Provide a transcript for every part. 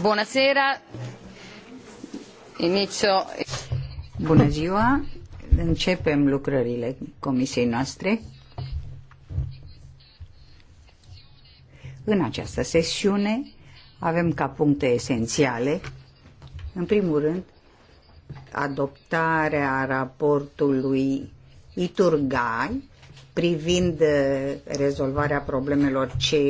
Buonasera. Inizio. Bună ziua. Începem lucrările comisiei noastre. În această sesiune avem ca puncte esențiale, în primul rând, adoptarea raportului Iturgai privind uh, rezolvarea problemelor ce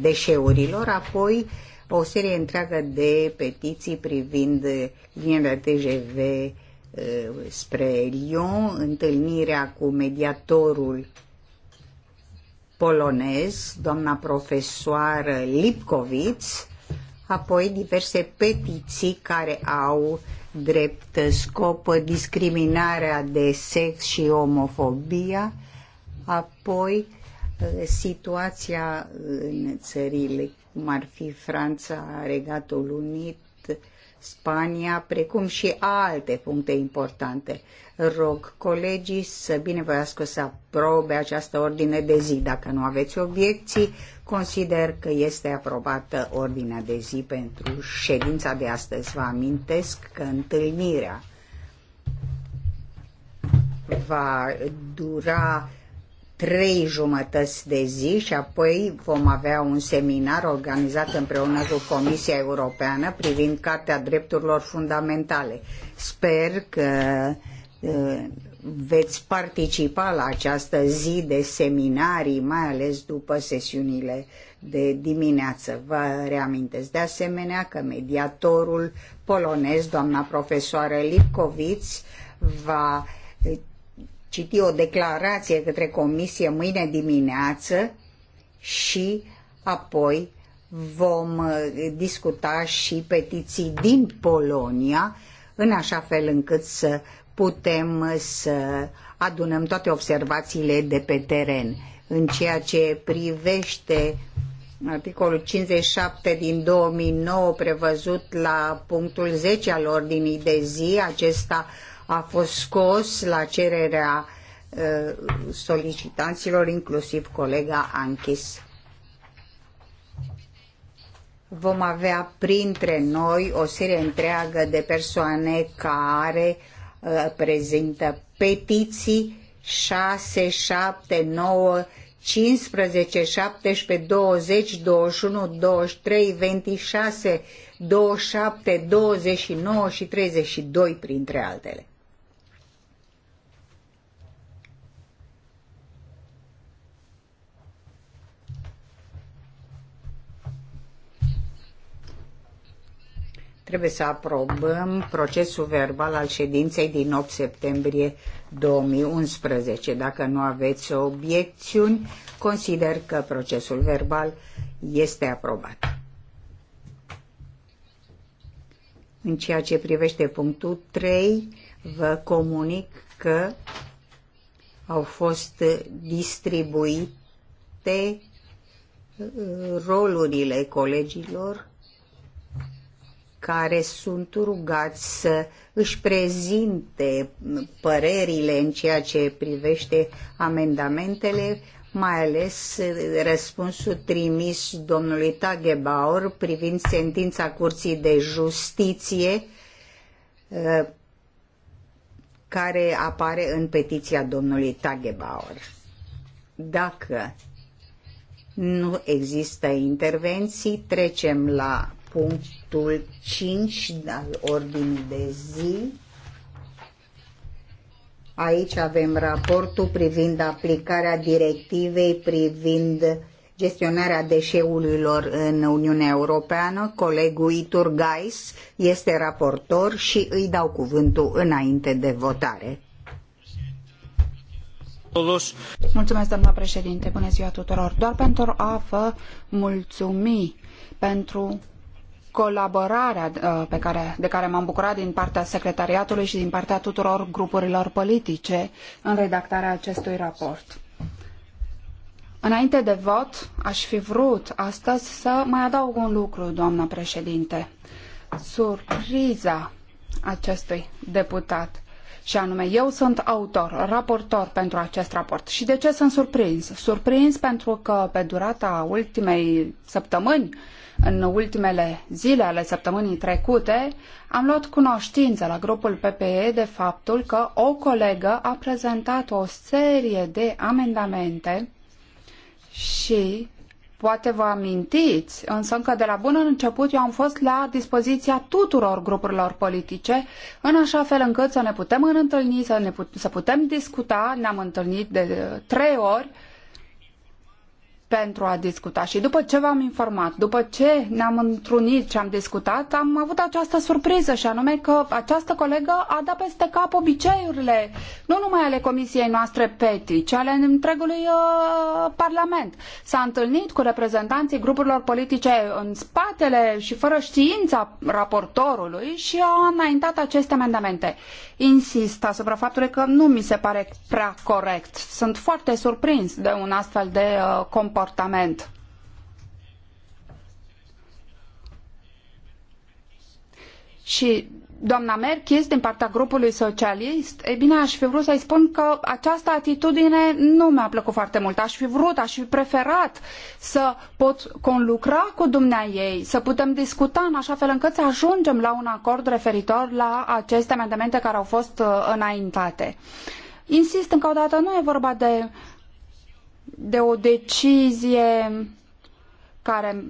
deșeurilor, apoi o serie întreagă de petiții privind uh, linia de TGV uh, spre Lyon, întâlnirea cu mediatorul polonez, doamna profesoară Lipkovitz, apoi diverse petiții care au drept scop discriminarea de sex și omofobia, apoi eh, situația în țările cum ar fi Franța, Regatul Unit, Spania, precum și alte puncte importante. Rog colegii să binevoiască să aprobe această ordine de zi. Dacă nu aveți obiecții, consider că este aprobată ordinea de zi pentru ședința de astăzi. Vă amintesc că întâlnirea va dura trei jumătăți de zi și apoi vom avea un seminar organizat împreună cu Comisia Europeană privind Cartea Drepturilor Fundamentale. Sper că uh, veți participa la această zi de seminarii, mai ales după sesiunile de dimineață. Vă reamintesc de asemenea că mediatorul polonez, doamna profesoară Lipcoviț, va citi o declarație către comisie mâine dimineață și apoi vom uh, discuta și petiții din Polonia în așa fel încât să putem uh, să adunăm toate observațiile de pe teren. În ceea ce privește articolul 57 din 2009 prevăzut la punctul 10 al ordinii de zi, acesta a fost scos la cererea solicitanților, inclusiv colega Anchis. Vom avea printre noi o serie întreagă de persoane care uh, prezintă petiții 6, 7, 9, 15, 17, 20, 21, 23, 26, 27, 29 și 32 printre altele. Trebuie să aprobăm procesul verbal al ședinței din 8 septembrie 2011. Dacă nu aveți obiecțiuni, consider că procesul verbal este aprobat. În ceea ce privește punctul 3, vă comunic că au fost distribuite rolurile colegilor care sunt rugați să își prezinte părerile în ceea ce privește amendamentele, mai ales răspunsul trimis domnului Tagebaur privind sentința Curții de Justiție care apare în petiția domnului Tagebauer. Dacă nu există intervenții, trecem la punctul 5 al ordinii de zi. Aici avem raportul privind aplicarea directivei privind gestionarea deșeurilor în Uniunea Europeană. Colegul Iturgais este raportor și îi dau cuvântul înainte de votare. Mulțumesc, doamna președinte. Bună ziua tuturor. Doar pentru a vă mulțumi pentru colaborarea uh, pe care, de care m-am bucurat din partea secretariatului și din partea tuturor grupurilor politice în redactarea acestui raport. Înainte de vot, aș fi vrut astăzi să mai adaug un lucru, doamnă președinte. Surpriza acestui deputat și anume eu sunt autor, raportor pentru acest raport. Și de ce sunt surprins? Surprins pentru că pe durata ultimei săptămâni în ultimele zile ale săptămânii trecute am luat cunoștință la grupul PPE de faptul că o colegă a prezentat o serie de amendamente și poate vă amintiți, însă încă de la bun început eu am fost la dispoziția tuturor grupurilor politice, în așa fel încât să ne putem întâlni, să, ne put- să putem discuta, ne-am întâlnit de trei ori, uh, pentru a discuta. Și după ce v-am informat, după ce ne-am întrunit și am discutat, am avut această surpriză și anume că această colegă a dat peste cap obiceiurile, nu numai ale comisiei noastre PETI, ci ale întregului uh, Parlament. S-a întâlnit cu reprezentanții grupurilor politice în spatele și fără știința raportorului și a înaintat aceste amendamente. Insist asupra faptului că nu mi se pare prea corect. Sunt foarte surprins de un astfel de uh, comportament. Și doamna Merkis, din partea grupului socialist, e bine, aș fi vrut să-i spun că această atitudine nu mi-a plăcut foarte mult. Aș fi vrut, aș fi preferat să pot conlucra cu dumnea ei, să putem discuta în așa fel încât să ajungem la un acord referitor la aceste amendamente care au fost uh, înaintate. Insist încă o dată, nu e vorba de de o decizie care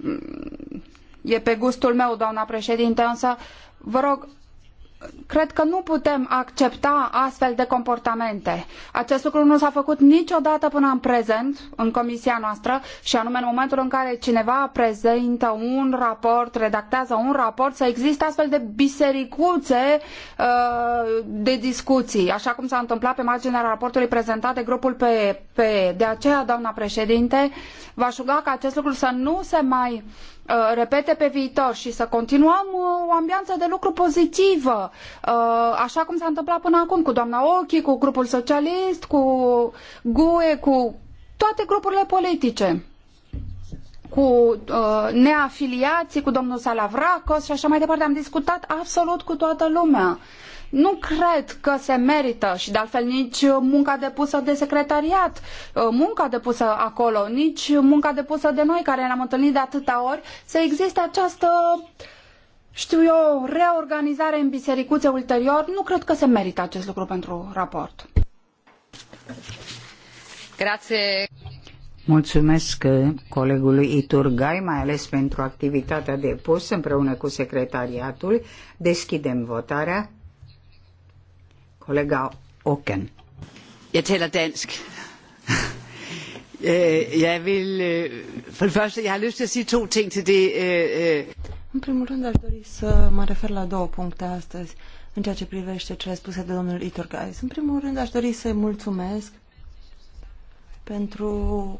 e pe gustul meu, doamna președinte, însă vă rog, cred că nu putem accepta astfel de comportamente. Acest lucru nu s-a făcut niciodată până în prezent în comisia noastră și anume în momentul în care cineva prezintă un raport, redactează un raport, să existe astfel de bisericuțe uh, de discuții, așa cum s-a întâmplat pe marginea raportului prezentat de grupul PE. De aceea, doamna președinte, v-aș ruga ca acest lucru să nu se mai uh, Uh, repete pe viitor și să continuăm uh, o ambianță de lucru pozitivă, uh, așa cum s-a întâmplat până acum cu doamna Ochi, cu grupul socialist, cu GUE, cu toate grupurile politice cu uh, neafiliații, cu domnul Salavracos și așa mai departe. Am discutat absolut cu toată lumea. Nu cred că se merită și de altfel nici munca depusă de secretariat, uh, munca depusă acolo, nici munca depusă de noi care ne-am întâlnit de atâtea ori, să existe această știu eu, reorganizare în bisericuțe ulterior, nu cred că se merită acest lucru pentru raport. Grazie. Mulțumesc colegului Iturgai, mai ales pentru activitatea depusă împreună cu secretariatul. Deschidem votarea. Kolega Åken. Jeg taler dansk. Øh, jeg vil, øh, for det første, jeg har lyst til at sige to ting til det. Øh, în primul rând aș dori să mă refer la două puncte astăzi în ceea ce privește cele spuse de domnul Iturgais. În primul rând aș dori să-i mulțumesc pentru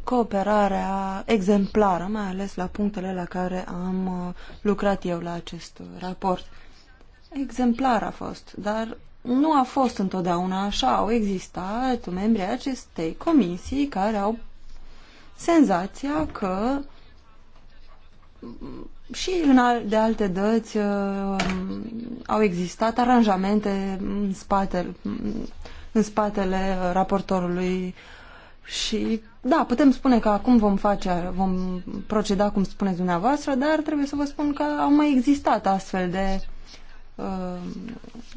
cooperarea exemplară, mai ales la punctele la care am uh, lucrat eu la acest raport. Exemplar a fost, dar nu a fost întotdeauna așa. Au existat membrii acestei comisii care au senzația că și în al, de alte dăți uh, au existat aranjamente în spatele, în spatele raportorului și da, putem spune că acum vom face, vom proceda cum spuneți dumneavoastră, dar trebuie să vă spun că au mai existat astfel de Uh,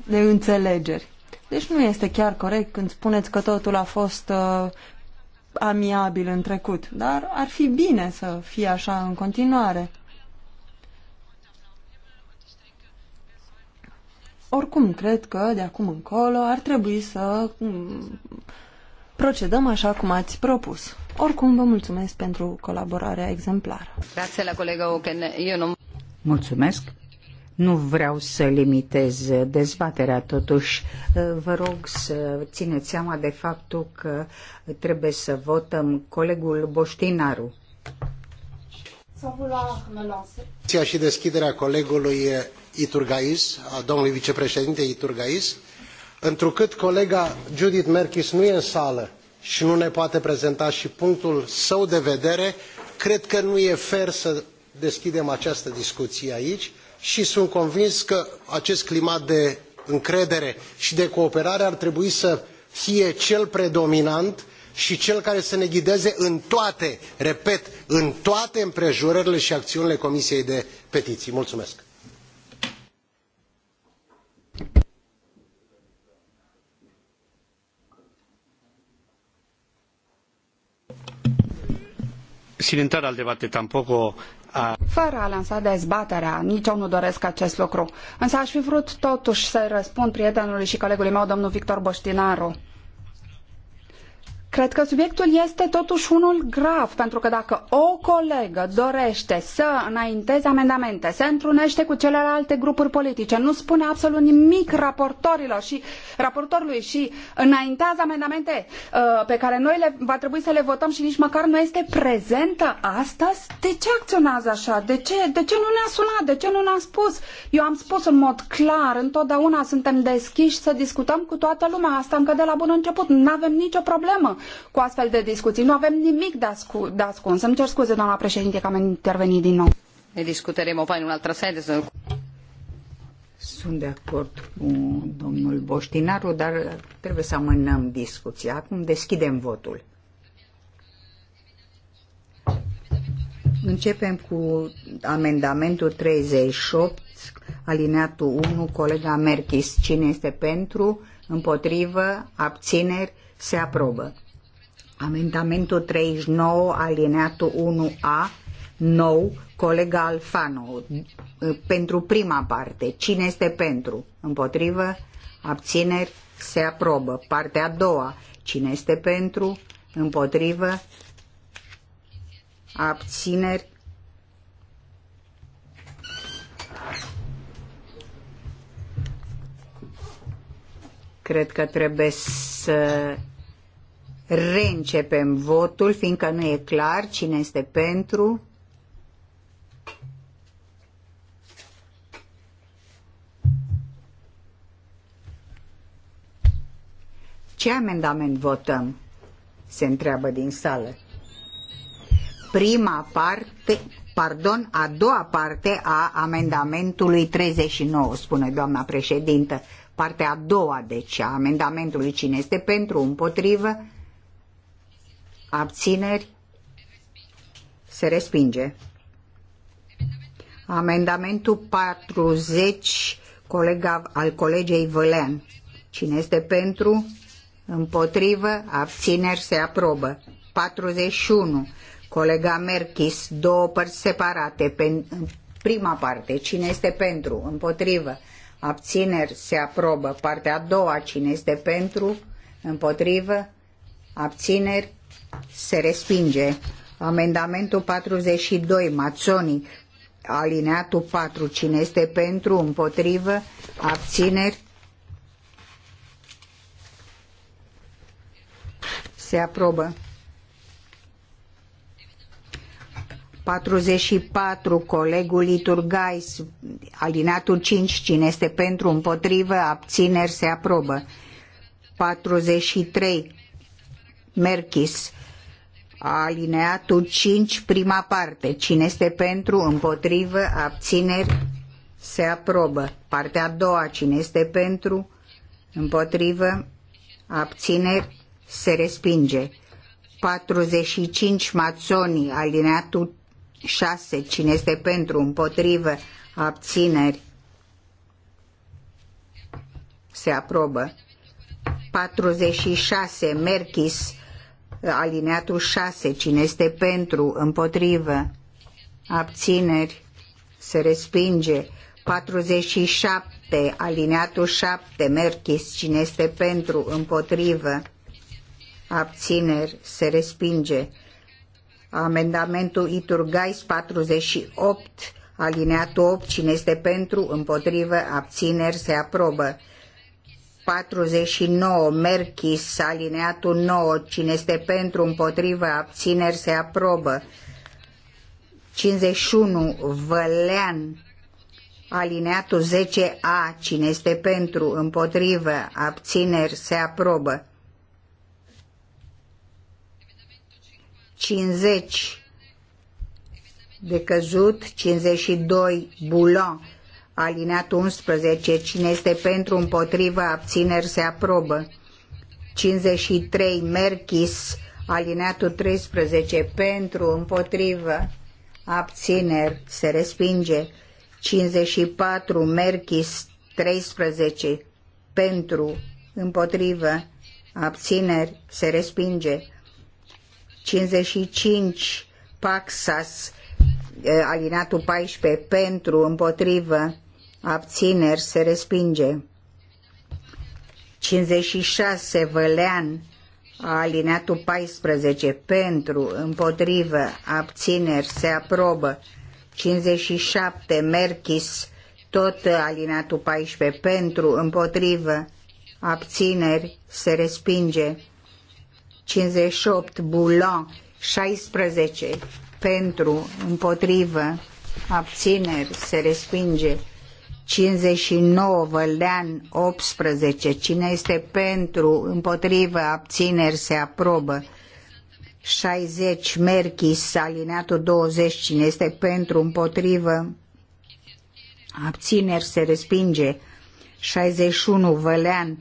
de înțelegeri. Deci nu este chiar corect când spuneți că totul a fost uh, amiabil în trecut, dar ar fi bine să fie așa în continuare. Oricum, cred că de acum încolo ar trebui să um, procedăm așa cum ați propus. Oricum, vă mulțumesc pentru colaborarea exemplară. Mulțumesc. Nu vreau să limitez dezbaterea, totuși uh, vă rog să țineți seama de faptul că trebuie să votăm colegul Boștinaru. Ția și deschiderea colegului uh, Iturgais, a domnului vicepreședinte Iturgais, întrucât colega Judith Merkis nu e în sală și nu ne poate prezenta și punctul său de vedere, cred că nu e fair să deschidem această discuție aici și sunt convins că acest climat de încredere și de cooperare ar trebui să fie cel predominant și cel care să ne ghideze în toate repet în toate împrejurările și acțiunile comisiei de petiții. Mulțumesc. al fără a lansa dezbaterea, nici eu nu doresc acest lucru. Însă aș fi vrut totuși să răspund prietenului și colegului meu, domnul Victor Boștinaru Cred că subiectul este totuși unul grav, pentru că dacă o colegă dorește să înainteze amendamente, se întrunește cu celelalte grupuri politice, nu spune absolut nimic raportorilor și raportorului și înaintează amendamente uh, pe care noi le, va trebui să le votăm și nici măcar nu este prezentă astăzi, de ce acționează așa? De ce, de ce nu ne-a sunat? De ce nu ne-a spus? Eu am spus în mod clar, întotdeauna suntem deschiși să discutăm cu toată lumea, asta încă de la bun început, nu avem nicio problemă cu astfel de discuții. Nu avem nimic de, ascu- de ascuns. Îmi cer scuze, doamna președinte, că am intervenit din nou. Ne discuteremo poi în altă sede. Sunt de acord cu domnul Boștinaru, dar trebuie să amânăm discuția. Acum deschidem votul. Începem cu amendamentul 38, alineatul 1, colega Merchis. Cine este pentru, împotrivă, abțineri, se aprobă. Amendamentul 39, alineatul 1A, nou, colega Alfano, pentru prima parte. Cine este pentru? Împotrivă? Abțineri? Se aprobă. Partea a doua. Cine este pentru? Împotrivă? Abțineri? Cred că trebuie să Reîncepem votul, fiindcă nu e clar cine este pentru. Ce amendament votăm? Se întreabă din sală. Prima parte, pardon, a doua parte a amendamentului 39, spune doamna președintă. Partea a doua, deci, a amendamentului cine este pentru, împotrivă, Abțineri? Se respinge. Amendamentul 40 colega, al colegei Vălean. Cine este pentru? Împotrivă? Abțineri? Se aprobă. 41. Colega Merchis, două părți separate. Pe, prima parte, cine este pentru? Împotrivă. Abțineri? Se aprobă. Partea a doua, cine este pentru? Împotrivă? Abțineri? se respinge. Amendamentul 42, Mazzoni, alineatul 4, cine este pentru, împotrivă, abțineri, se aprobă. 44, colegul Iturgais, alineatul 5, cine este pentru, împotrivă, abțineri, se aprobă. 43, Merchis, alineatul 5, prima parte. Cine este pentru, împotrivă, abțineri, se aprobă. Partea a doua, cine este pentru, împotrivă, abțineri, se respinge. 45 mațoni, alineatul 6, cine este pentru, împotrivă, abțineri, se aprobă. 46, Merchis, Alineatul 6. Cine este pentru? Împotrivă. Abțineri. Se respinge. 47. Alineatul 7. Merchis. Cine este pentru? Împotrivă. Abțineri. Se respinge. Amendamentul Iturgais 48. Alineatul 8. Cine este pentru? Împotrivă. Abțineri. Se aprobă. 49, Merchis, alineatul 9, cine este pentru, împotrivă, abțineri, se aprobă. 51, Vălean, alineatul 10A, cine este pentru, împotrivă, abțineri, se aprobă. 50, decăzut, 52, Boulon, Alineat 11. Cine este pentru, împotrivă, abțineri, se aprobă. 53. Merchis. Alineatul 13. Pentru, împotrivă, abțineri, se respinge. 54. Merchis. 13. Pentru, împotrivă, abțineri, se respinge. 55. Paxas alineatul 14 pentru, împotrivă, abțineri se respinge. 56 Vălean, alineatul 14, pentru, împotrivă, abțineri se aprobă. 57 Merchis, tot alineatul 14, pentru, împotrivă, abțineri se respinge. 58 Bulan, 16, pentru, împotrivă, abțineri se respinge. 59 Vălean 18. Cine este pentru, împotrivă, abțineri, se aprobă. 60 Merchis, alineatul 20. Cine este pentru, împotrivă, abțineri, se respinge. 61 Vălean,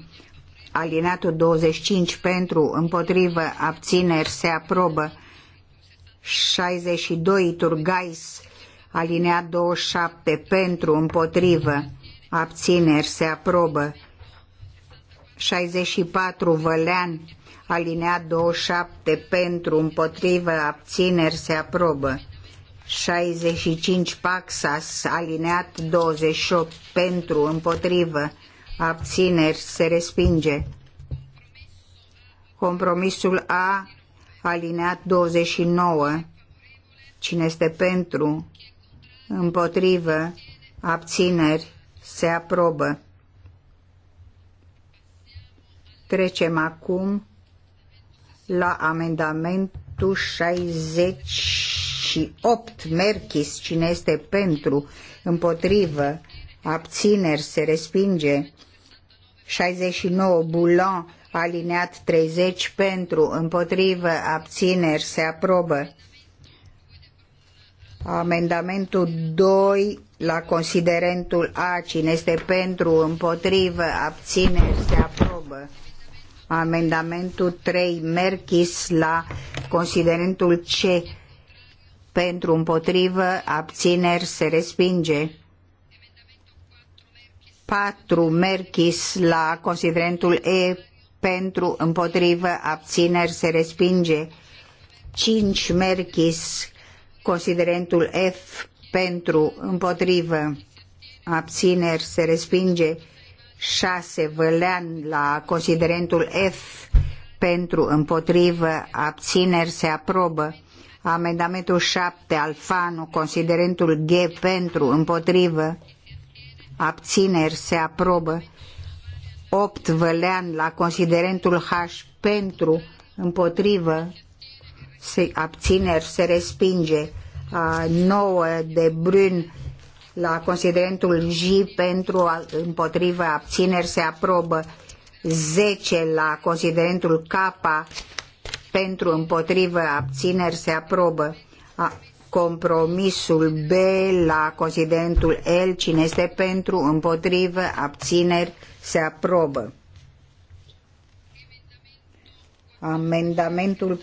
alineatul 25 pentru, împotrivă, abțineri, se aprobă. 62 Turgais, Alinea 27 pentru, împotrivă, abțineri se aprobă. 64 Vălean, alinea 27 pentru, împotrivă, abțineri se aprobă. 65 Paxas, alineat 28 pentru, împotrivă, abțineri se respinge. Compromisul A, alineat 29. Cine este pentru, împotrivă, abțineri, se aprobă. Trecem acum la amendamentul 68. Merchis, cine este pentru, împotrivă, abțineri, se respinge. 69. Bulan, alineat 30, pentru, împotrivă, abțineri, se aprobă. Amendamentul 2 la considerentul A, cine este pentru, împotrivă, abțineri, se aprobă. Amendamentul 3, Merchis, la considerentul C, pentru, împotrivă, abțineri, se respinge. 4, Merchis, la considerentul E, pentru, împotrivă, abțineri, se respinge. 5, Merchis, Considerentul F pentru, împotrivă, abțineri se respinge. 6. Vălean la considerentul F pentru, împotrivă, abțineri se aprobă. Amendamentul 7, Alfanu, considerentul G pentru, împotrivă, abțineri se aprobă. 8, Vălean la considerentul H pentru, împotrivă, se abțineri, se respinge. A, nouă de brân la considerentul J pentru împotrivă abțineri se aprobă. 10 la considerentul K pentru împotrivă abțineri se aprobă. A, compromisul B la considerentul L, cine este pentru, împotrivă, abțineri, se aprobă. Amendamentul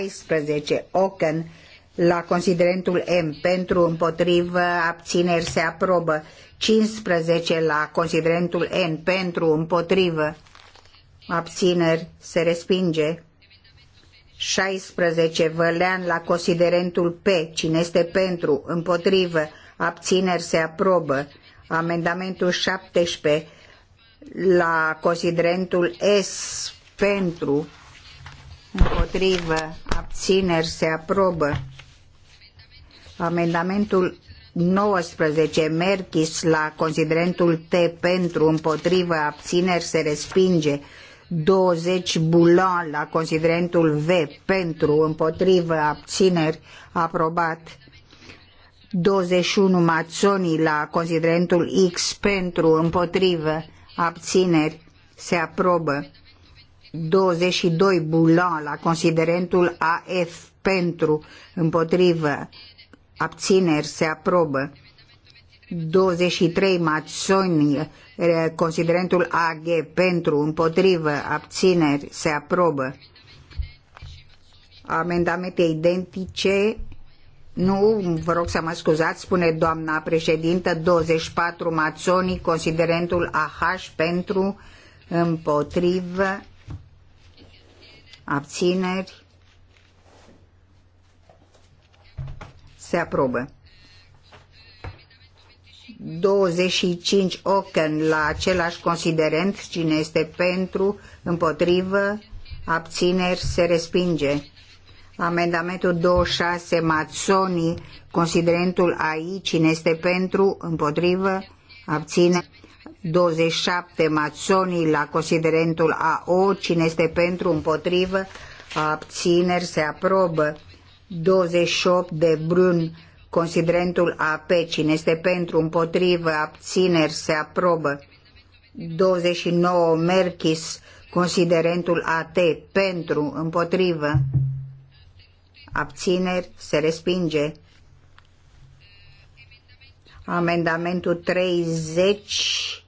14 Ocken la considerentul M pentru împotrivă abțineri se aprobă 15 la considerentul N pentru împotrivă abțineri se respinge 16 Vălean la considerentul P cine este pentru împotrivă abțineri se aprobă amendamentul 17 la considerentul S pentru împotrivă, abțineri, se aprobă. Amendamentul 19, Merchis, la considerentul T pentru, împotrivă, abțineri, se respinge. 20 bulan la considerentul V pentru, împotrivă, abțineri, aprobat. 21 mațonii la considerentul X pentru, împotrivă, abțineri, se aprobă. 22 bulan la considerentul AF pentru, împotrivă, abțineri se aprobă. 23 mațoni, considerentul AG pentru, împotrivă, abțineri se aprobă. Amendamente identice nu, vă rog să mă scuzați, spune doamna președintă, 24 mațoni, considerentul AH pentru împotrivă abțineri, se aprobă. 25 ochen la același considerent, cine este pentru, împotrivă, abțineri, se respinge. Amendamentul 26, Mazzoni, considerentul AI, cine este pentru, împotrivă, abțineri, 27 mațonii la considerentul AO, cine este pentru, împotrivă, abțineri, se aprobă. 28 de brun, considerentul AP, cine este pentru, împotrivă, abțineri, se aprobă. 29 merchis, considerentul AT, pentru, împotrivă, abțineri, se respinge. Amendamentul 30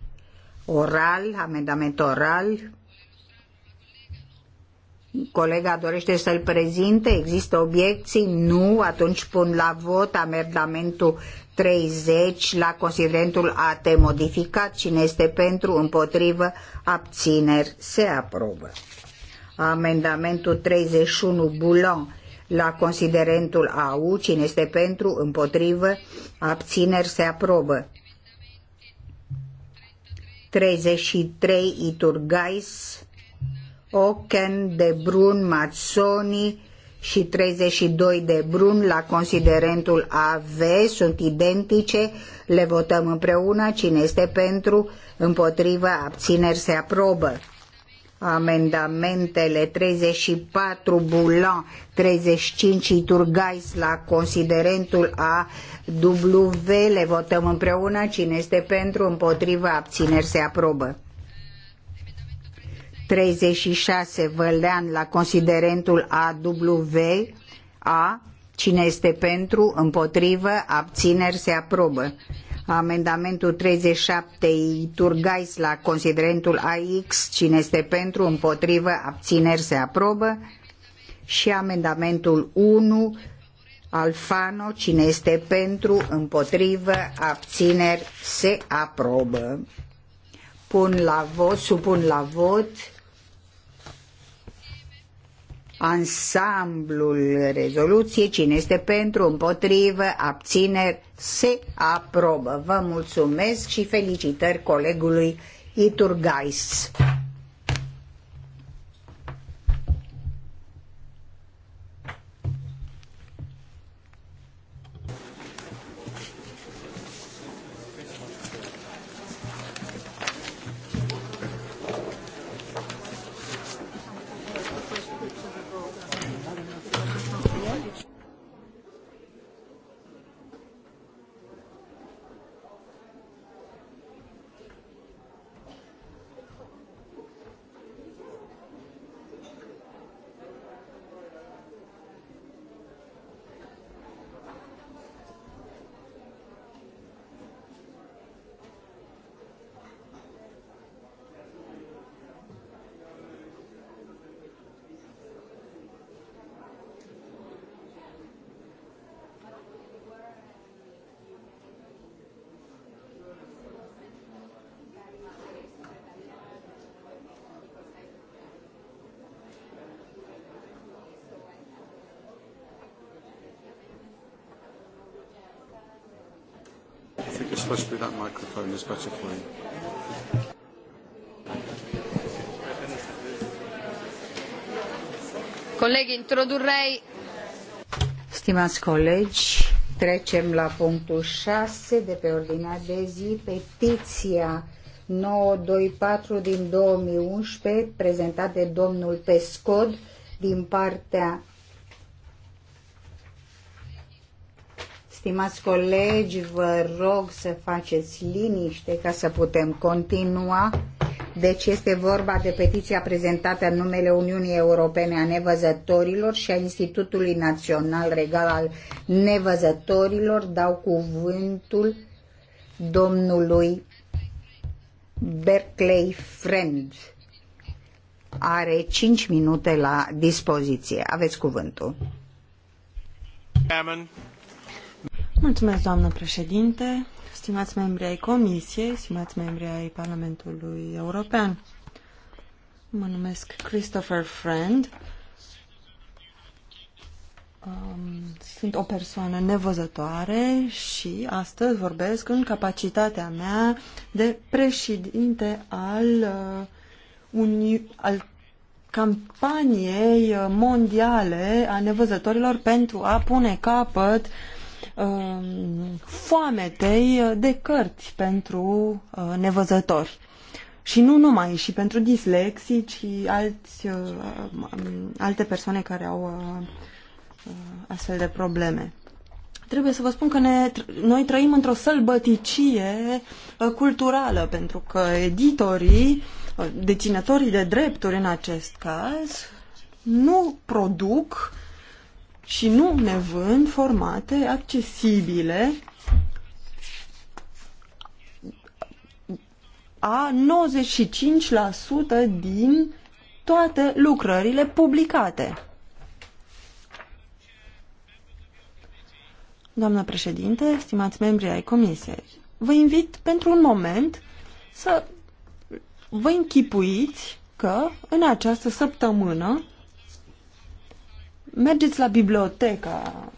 oral, amendament oral. Colega dorește să-l prezinte, există obiecții? Nu, atunci pun la vot amendamentul 30 la considerentul AT modificat. Cine este pentru, împotrivă, abțineri, se aprobă. Amendamentul 31 bulon, la considerentul AU. Cine este pentru, împotrivă, abțineri, se aprobă. 33 Iturgais, Oken de Brun, Mazzoni și 32 de Brun la considerentul AV sunt identice, le votăm împreună, cine este pentru, împotriva, abțineri se aprobă amendamentele 34 Bulan, 35 Turgais la considerentul A, W, le votăm împreună, cine este pentru, împotriva, abțineri se aprobă. 36 Vălean la considerentul A, W, A, cine este pentru, împotrivă, abțineri se aprobă. Amendamentul 37 Turgais la considerentul AX, cine este pentru, împotrivă, abțineri se aprobă. Și amendamentul 1 Alfano, cine este pentru, împotrivă, abțineri se aprobă. Pun la vot, supun la vot ansamblul rezoluției, cine este pentru, împotrivă, abțineri, se aprobă. Vă mulțumesc și felicitări colegului Iturgais. possibly that microphone is better for you. Colegi, introdurrei... Stimați colegi, trecem la punctul 6 de pe ordinea de zi, petiția 924 din 2011, prezentată de domnul Pescod din partea Stimați colegi, vă rog să faceți liniște ca să putem continua. Deci este vorba de petiția prezentată în numele Uniunii Europene a Nevăzătorilor și a Institutului Național Regal al Nevăzătorilor. Dau cuvântul domnului Berkeley Friend. Are 5 minute la dispoziție. Aveți cuvântul. Amen. Mulțumesc, doamnă președinte, stimați membri ai Comisiei, stimați membri ai Parlamentului European. Mă numesc Christopher Friend. Sunt o persoană nevăzătoare și astăzi vorbesc în capacitatea mea de președinte al, uh, uni- al campaniei mondiale a nevăzătorilor pentru a pune capăt uh, Um, foametei de cărți pentru uh, nevăzători. Și nu numai, și pentru dislexici și alți, uh, um, alte persoane care au uh, astfel de probleme. Trebuie să vă spun că ne, noi trăim într-o sălbăticie culturală, pentru că editorii, deținătorii de drepturi în acest caz, nu produc uh, și nu nevând formate accesibile a 95% din toate lucrările publicate. Doamna președinte, stimați membri ai comisiei, vă invit pentru un moment să vă închipuiți că în această săptămână mergeți la biblioteca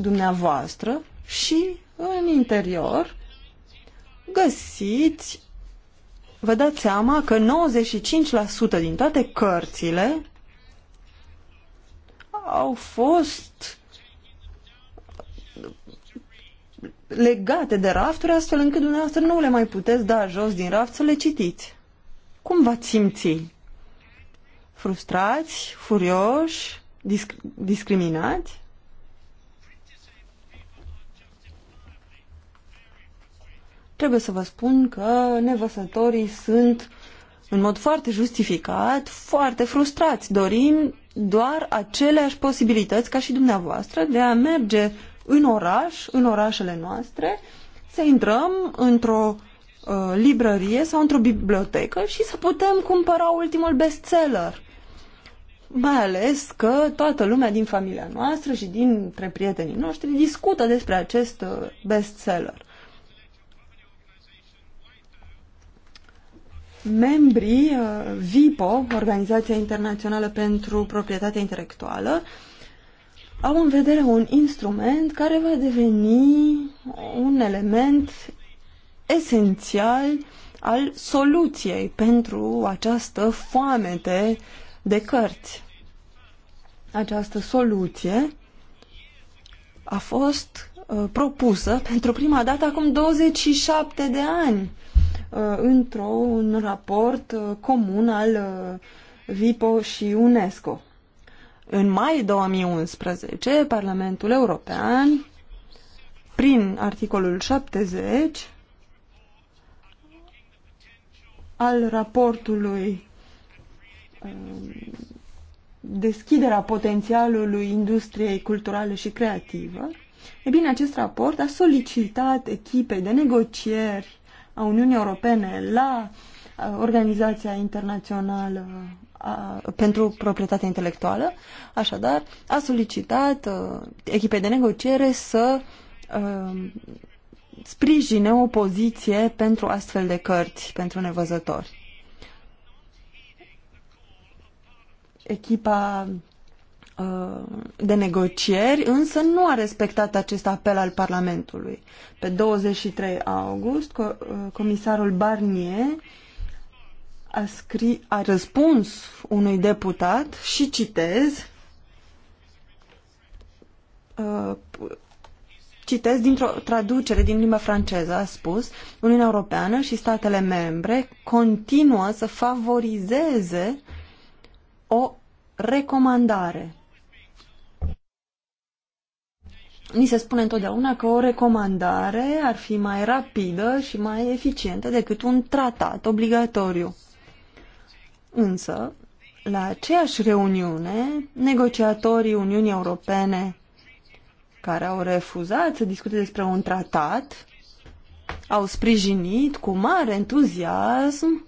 dumneavoastră și în interior găsiți, vă dați seama că 95% din toate cărțile au fost legate de rafturi astfel încât dumneavoastră nu le mai puteți da jos din raft să le citiți. Cum v-ați simți? Frustrați? Furioși? disc discriminați. Trebuie să vă spun că nevăsătorii sunt în mod foarte justificat, foarte frustrați. Dorim doar aceleași posibilități ca și dumneavoastră de a merge în oraș, în orașele noastre, să intrăm într-o uh, librărie sau într-o bibliotecă și să putem cumpăra ultimul bestseller mai ales că toată lumea din familia noastră și dintre prietenii noștri discută despre acest uh, bestseller. Membrii uh, VIPO, Organizația Internațională pentru Proprietatea Intelectuală, au în vedere un instrument care va deveni un element esențial al soluției pentru această foamete uh, de cărți. Această soluție a fost uh, propusă pentru prima dată acum 27 de ani uh, într-un raport uh, comun al uh, VIPO și UNESCO. În mai 2011, Parlamentul European, prin articolul 70 al raportului Um, deschiderea potențialului industriei culturale și creativă, e bine, acest raport a solicitat echipei de negocieri a Uniunii Europene la uh, Organizația Internațională a, pentru Proprietatea Intelectuală, așadar, a solicitat uh, echipei de negociere să uh, sprijine o poziție pentru astfel de cărți pentru nevăzători. echipa uh, de negocieri, însă nu a respectat acest apel al Parlamentului. Pe 23 august, uh, comisarul Barnier a, scri, a răspuns unui deputat și citez uh, citez dintr-o traducere din limba franceză, a spus Uniunea Europeană și statele membre continuă să favorizeze o recomandare. Ni se spune întotdeauna că o recomandare ar fi mai rapidă și mai eficientă decât un tratat obligatoriu. Însă, la aceeași reuniune, negociatorii Uniunii Europene care au refuzat să discute despre un tratat au sprijinit cu mare entuziasm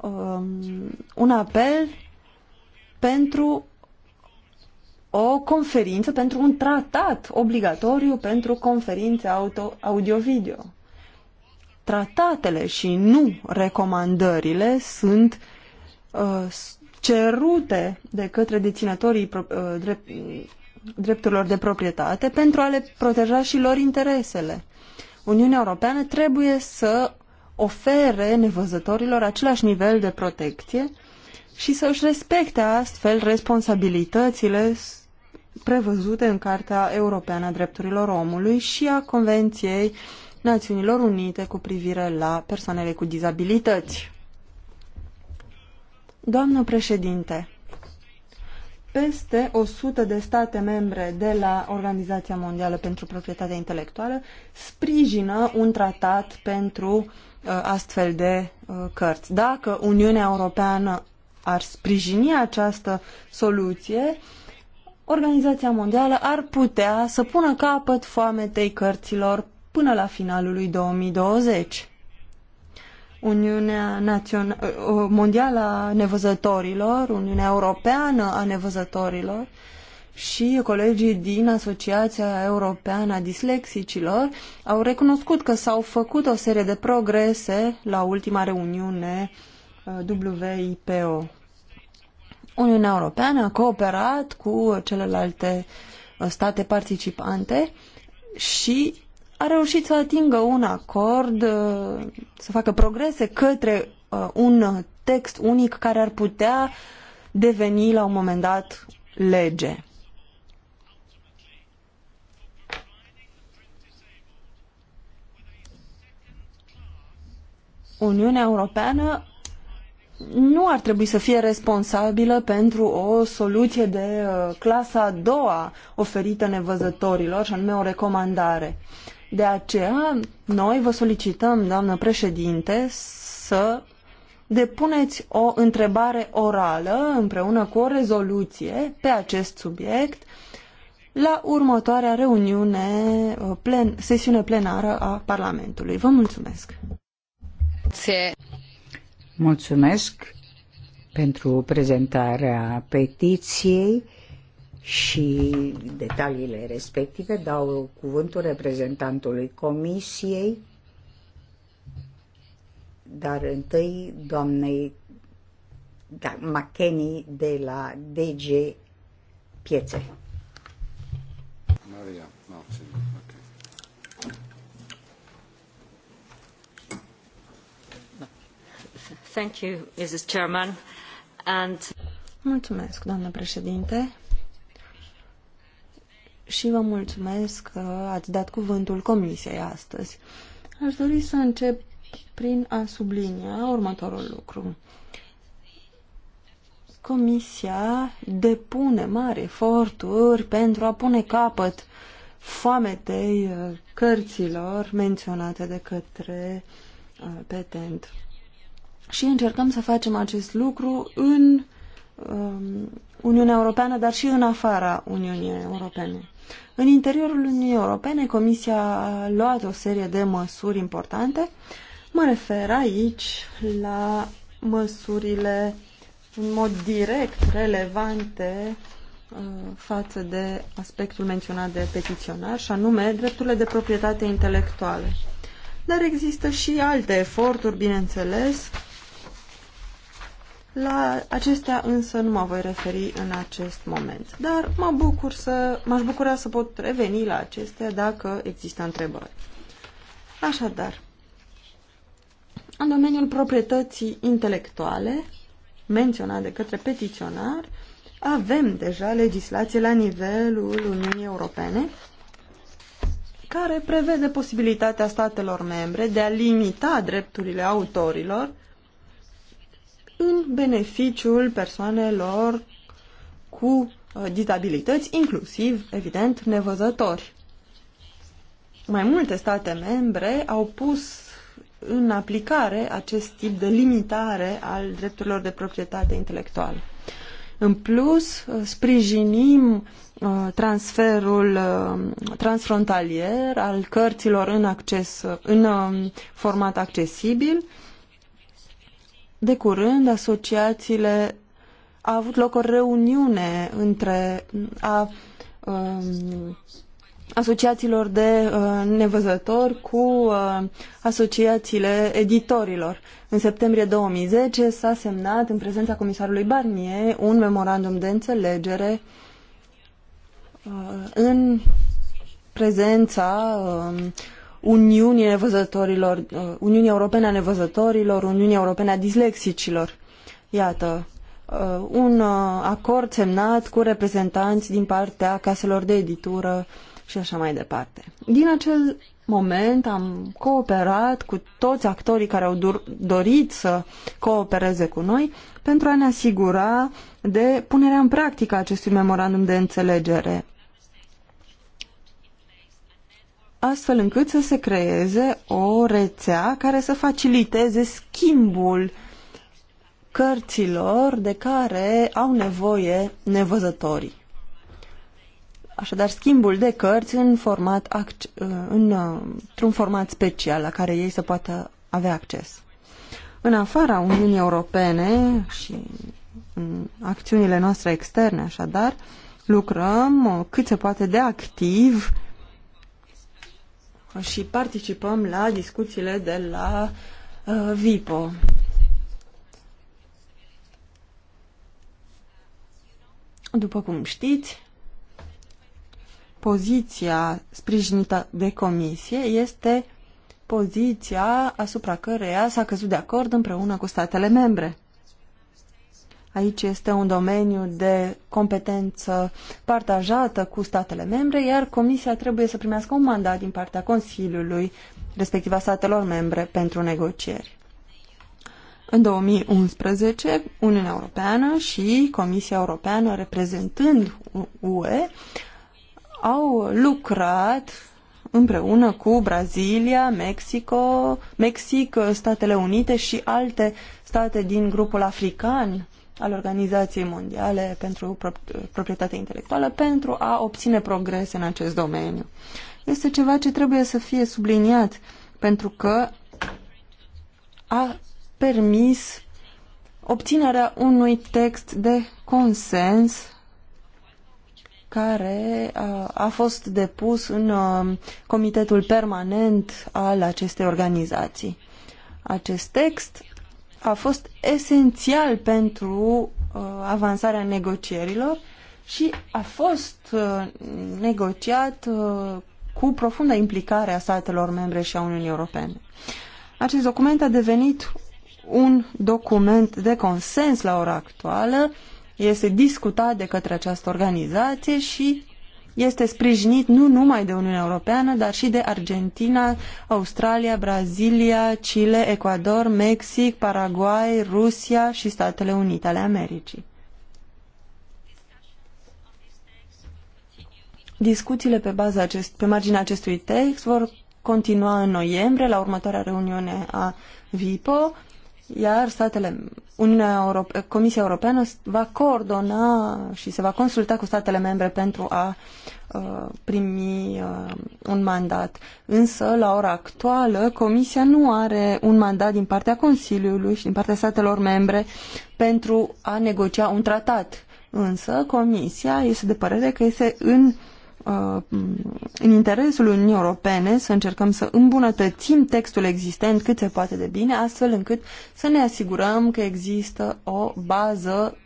Um, un apel pentru o conferință, pentru un tratat obligatoriu pentru conferințe audio-video. Tratatele și nu recomandările sunt uh, cerute de către deținătorii uh, drept, drepturilor de proprietate pentru a le proteja și lor interesele. Uniunea Europeană trebuie să ofere nevăzătorilor același nivel de protecție și să își respecte astfel responsabilitățile prevăzute în Carta Europeană a Drepturilor Omului și a Convenției Națiunilor Unite cu privire la persoanele cu dizabilități. Doamnă președinte, peste 100 de state membre de la Organizația Mondială pentru Proprietatea Intelectuală sprijină un tratat pentru Uh, astfel de uh, cărți. Dacă Uniunea Europeană ar sprijini această soluție, Organizația Mondială ar putea să pună capăt foametei cărților până la finalul lui 2020. Uniunea Națion uh, Mondială a Nevăzătorilor, Uniunea Europeană a Nevăzătorilor și colegii din Asociația Europeană a Dislexicilor au recunoscut că s-au făcut o serie de progrese la ultima reuniune uh, WIPO. Uniunea Europeană a cooperat cu celelalte uh, state participante și a reușit să atingă un acord, uh, să facă progrese către un text unic care ar putea deveni la un moment dat lege. Uniunea Europeană nu ar trebui să fie responsabilă pentru o soluție de uh, clasa a doua oferită nevăzătorilor, și anume o recomandare. De aceea, noi vă solicităm, doamnă președinte, să depuneți o întrebare orală împreună cu o rezoluție pe acest subiect la următoarea reuniune, uh, plen, sesiune plenară a Parlamentului. Vă mulțumesc! Mulțumesc pentru prezentarea petiției și detaliile respective. Dau cuvântul reprezentantului comisiei, dar întâi doamnei da, Macheni de la DG Piețe. Maria, no, Mulțumesc, doamnă președinte. Și vă mulțumesc că ați dat cuvântul comisiei astăzi. Aș dori să încep prin a sublinia următorul lucru. Comisia depune mari eforturi pentru a pune capăt foametei uh, cărților menționate de către uh, petent și încercăm să facem acest lucru în um, Uniunea Europeană, dar și în afara Uniunii Europene. În interiorul Uniunii Europene, Comisia a luat o serie de măsuri importante. Mă refer aici la măsurile în mod direct relevante uh, față de aspectul menționat de petiționar, și anume drepturile de proprietate intelectuale. Dar există și alte eforturi, bineînțeles, la acestea însă nu mă voi referi în acest moment, dar mă bucur să, m-aș bucura să pot reveni la acestea dacă există întrebări. Așadar, în domeniul proprietății intelectuale, menționat de către petiționar, avem deja legislație la nivelul Uniunii Europene care prevede posibilitatea statelor membre de a limita drepturile autorilor în beneficiul persoanelor cu uh, dizabilități, inclusiv, evident, nevăzători. Mai multe state membre au pus în aplicare acest tip de limitare al drepturilor de proprietate intelectuală. În plus, uh, sprijinim uh, transferul transfrontalier al cărților în, acces, în um, format accesibil, de curând, asociațiile a avut loc o reuniune între a, um, asociațiilor de uh, nevăzători cu uh, asociațiile editorilor. În septembrie 2010 s-a semnat în prezența comisarului Barnier un memorandum de înțelegere uh, în prezența uh, Uniunii Nevăzătorilor, uh, Uniunii Europene a Nevăzătorilor, Uniunii Europene a Dislexicilor. Iată, uh, un uh, acord semnat cu reprezentanți din partea caselor de editură și așa mai departe. Din acel moment am cooperat cu toți actorii care au dorit să coopereze cu noi pentru a ne asigura de punerea în practică acestui memorandum de înțelegere astfel încât să se creeze o rețea care să faciliteze schimbul cărților de care au nevoie nevăzătorii. Așadar, schimbul de cărți în format, într-un format special la care ei să poată avea acces. În afara Uniunii Europene și în acțiunile noastre externe, așadar, lucrăm cât se poate de activ uh, și participăm la discuțiile de la uh, VIPO. După cum știți, poziția sprijinită de comisie este poziția asupra căreia s-a căzut de acord împreună cu statele membre. Aici este un domeniu de competență partajată cu statele membre, iar Comisia trebuie să primească un mandat din partea Consiliului, respectiv a statelor membre, pentru negocieri. În 2011, Uniunea Europeană și Comisia Europeană, reprezentând UE, au lucrat împreună cu Brazilia, Mexico, Mexic, Statele Unite și alte state din grupul african al Organizației Mondiale pentru Proprietatea Intelectuală pentru a obține progrese în acest domeniu. Este ceva ce trebuie să fie subliniat pentru că a permis obținerea unui text de consens care a fost depus în comitetul permanent al acestei organizații. Acest text a fost esențial pentru uh, avansarea negocierilor și a fost uh, negociat uh, cu profundă implicare a statelor membre și a Uniunii Europene. Acest document a devenit un document de consens la ora actuală, este discutat de către această organizație și este sprijinit nu numai de Uniunea Europeană, dar și de Argentina, Australia, Brazilia, Chile, Ecuador, Mexic, Paraguay, Rusia și Statele Unite ale Americii. Discuțiile pe, baza acest, pe marginea acestui text vor continua în noiembrie la următoarea reuniune a VIPO iar statele, Uniunea Europe, Comisia Europeană va coordona și se va consulta cu statele membre pentru a uh, primi uh, un mandat. Însă, la ora actuală, Comisia nu are un mandat din partea Consiliului și din partea statelor membre pentru a negocia un tratat. Însă, Comisia este de părere că este în uh, Uh, în interesul Uniunii Europene să încercăm să îmbunătățim textul existent cât se poate de bine, astfel încât să ne asigurăm că există o bază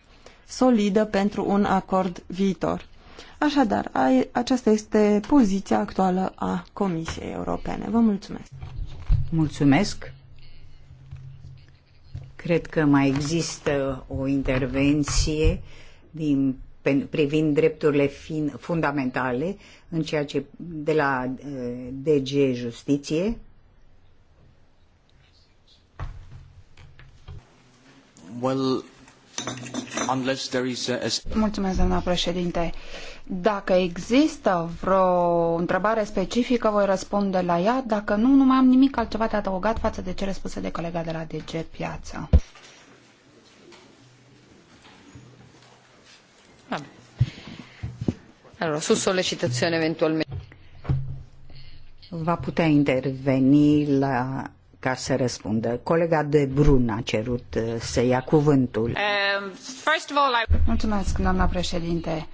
solidă pentru un acord viitor. Așadar, aceasta este poziția actuală a Comisiei Europene. Vă mulțumesc! Mulțumesc! Cred că mai există o intervenție din privind drepturile fin, fundamentale în ceea ce de la uh, DG Justiție. Well, unless there is a... Mulțumesc, doamna președinte. Dacă există vreo întrebare specifică, voi răspunde la ea. Dacă nu, nu mai am nimic altceva de adăugat față de cele spuse de colega de la DG Piață. Allora, su sollecitazione eventualmente. Va putea interveni la, ca să răspundă. Colega de Brun a cerut uh, să ia cuvântul. Uh, Mulțumesc, doamna președinte.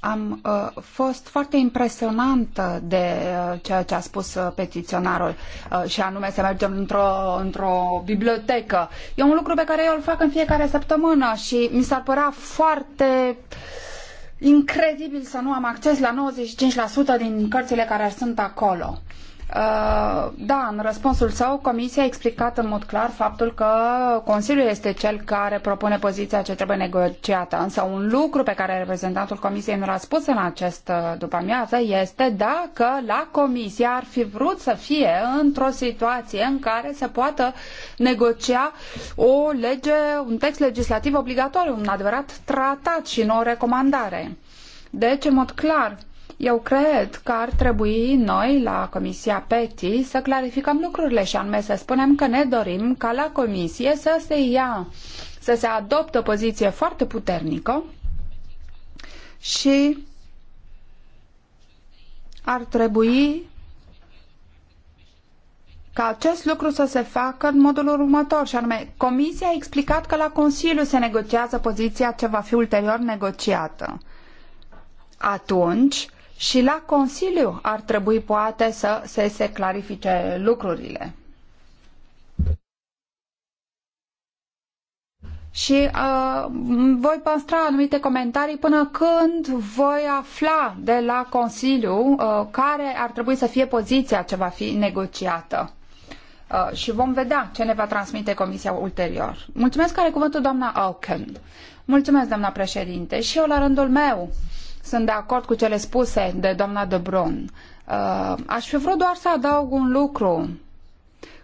Am uh, fost foarte impresionantă de uh, ceea ce a spus uh, petiționarul uh, și anume să mergem într-o, într bibliotecă. E un lucru pe care eu îl fac în fiecare săptămână și mi s-ar părea foarte uh, incredibil să nu am acces la 95% din cărțile care sunt acolo. Uh, da, în răspunsul său, Comisia a explicat în mod clar faptul că Consiliul este cel care propune poziția ce trebuie negociată. Însă un lucru pe care reprezentantul Comisiei nu l-a spus în acest uh, după amiază este dacă la Comisie ar fi vrut să fie într-o situație în care se poată negocia o lege, un text legislativ obligatoriu, un adevărat tratat și nu o recomandare. Deci, în mod clar, eu cred că ar trebui noi, la Comisia PETI, să clarificăm lucrurile și anume să spunem că ne dorim ca la Comisie să se ia, să se adopte o poziție foarte puternică și ar trebui ca acest lucru să se facă în modul următor, și anume, Comisia a explicat că la Consiliu se negociază poziția ce va fi ulterior negociată. Atunci, și la Consiliu ar trebui poate să se, se clarifice lucrurile. și uh, voi păstra anumite comentarii până când voi afla de la Consiliu uh, care ar trebui să fie poziția ce va fi negociată. Uh, și vom vedea ce ne va transmite Comisia ulterior. Mulțumesc, care cuvântul doamna Auken. Mulțumesc, doamna președinte. Și eu, la rândul meu, sunt de acord cu cele spuse de doamna De Bron. Uh, aș fi vrut doar să adaug un lucru.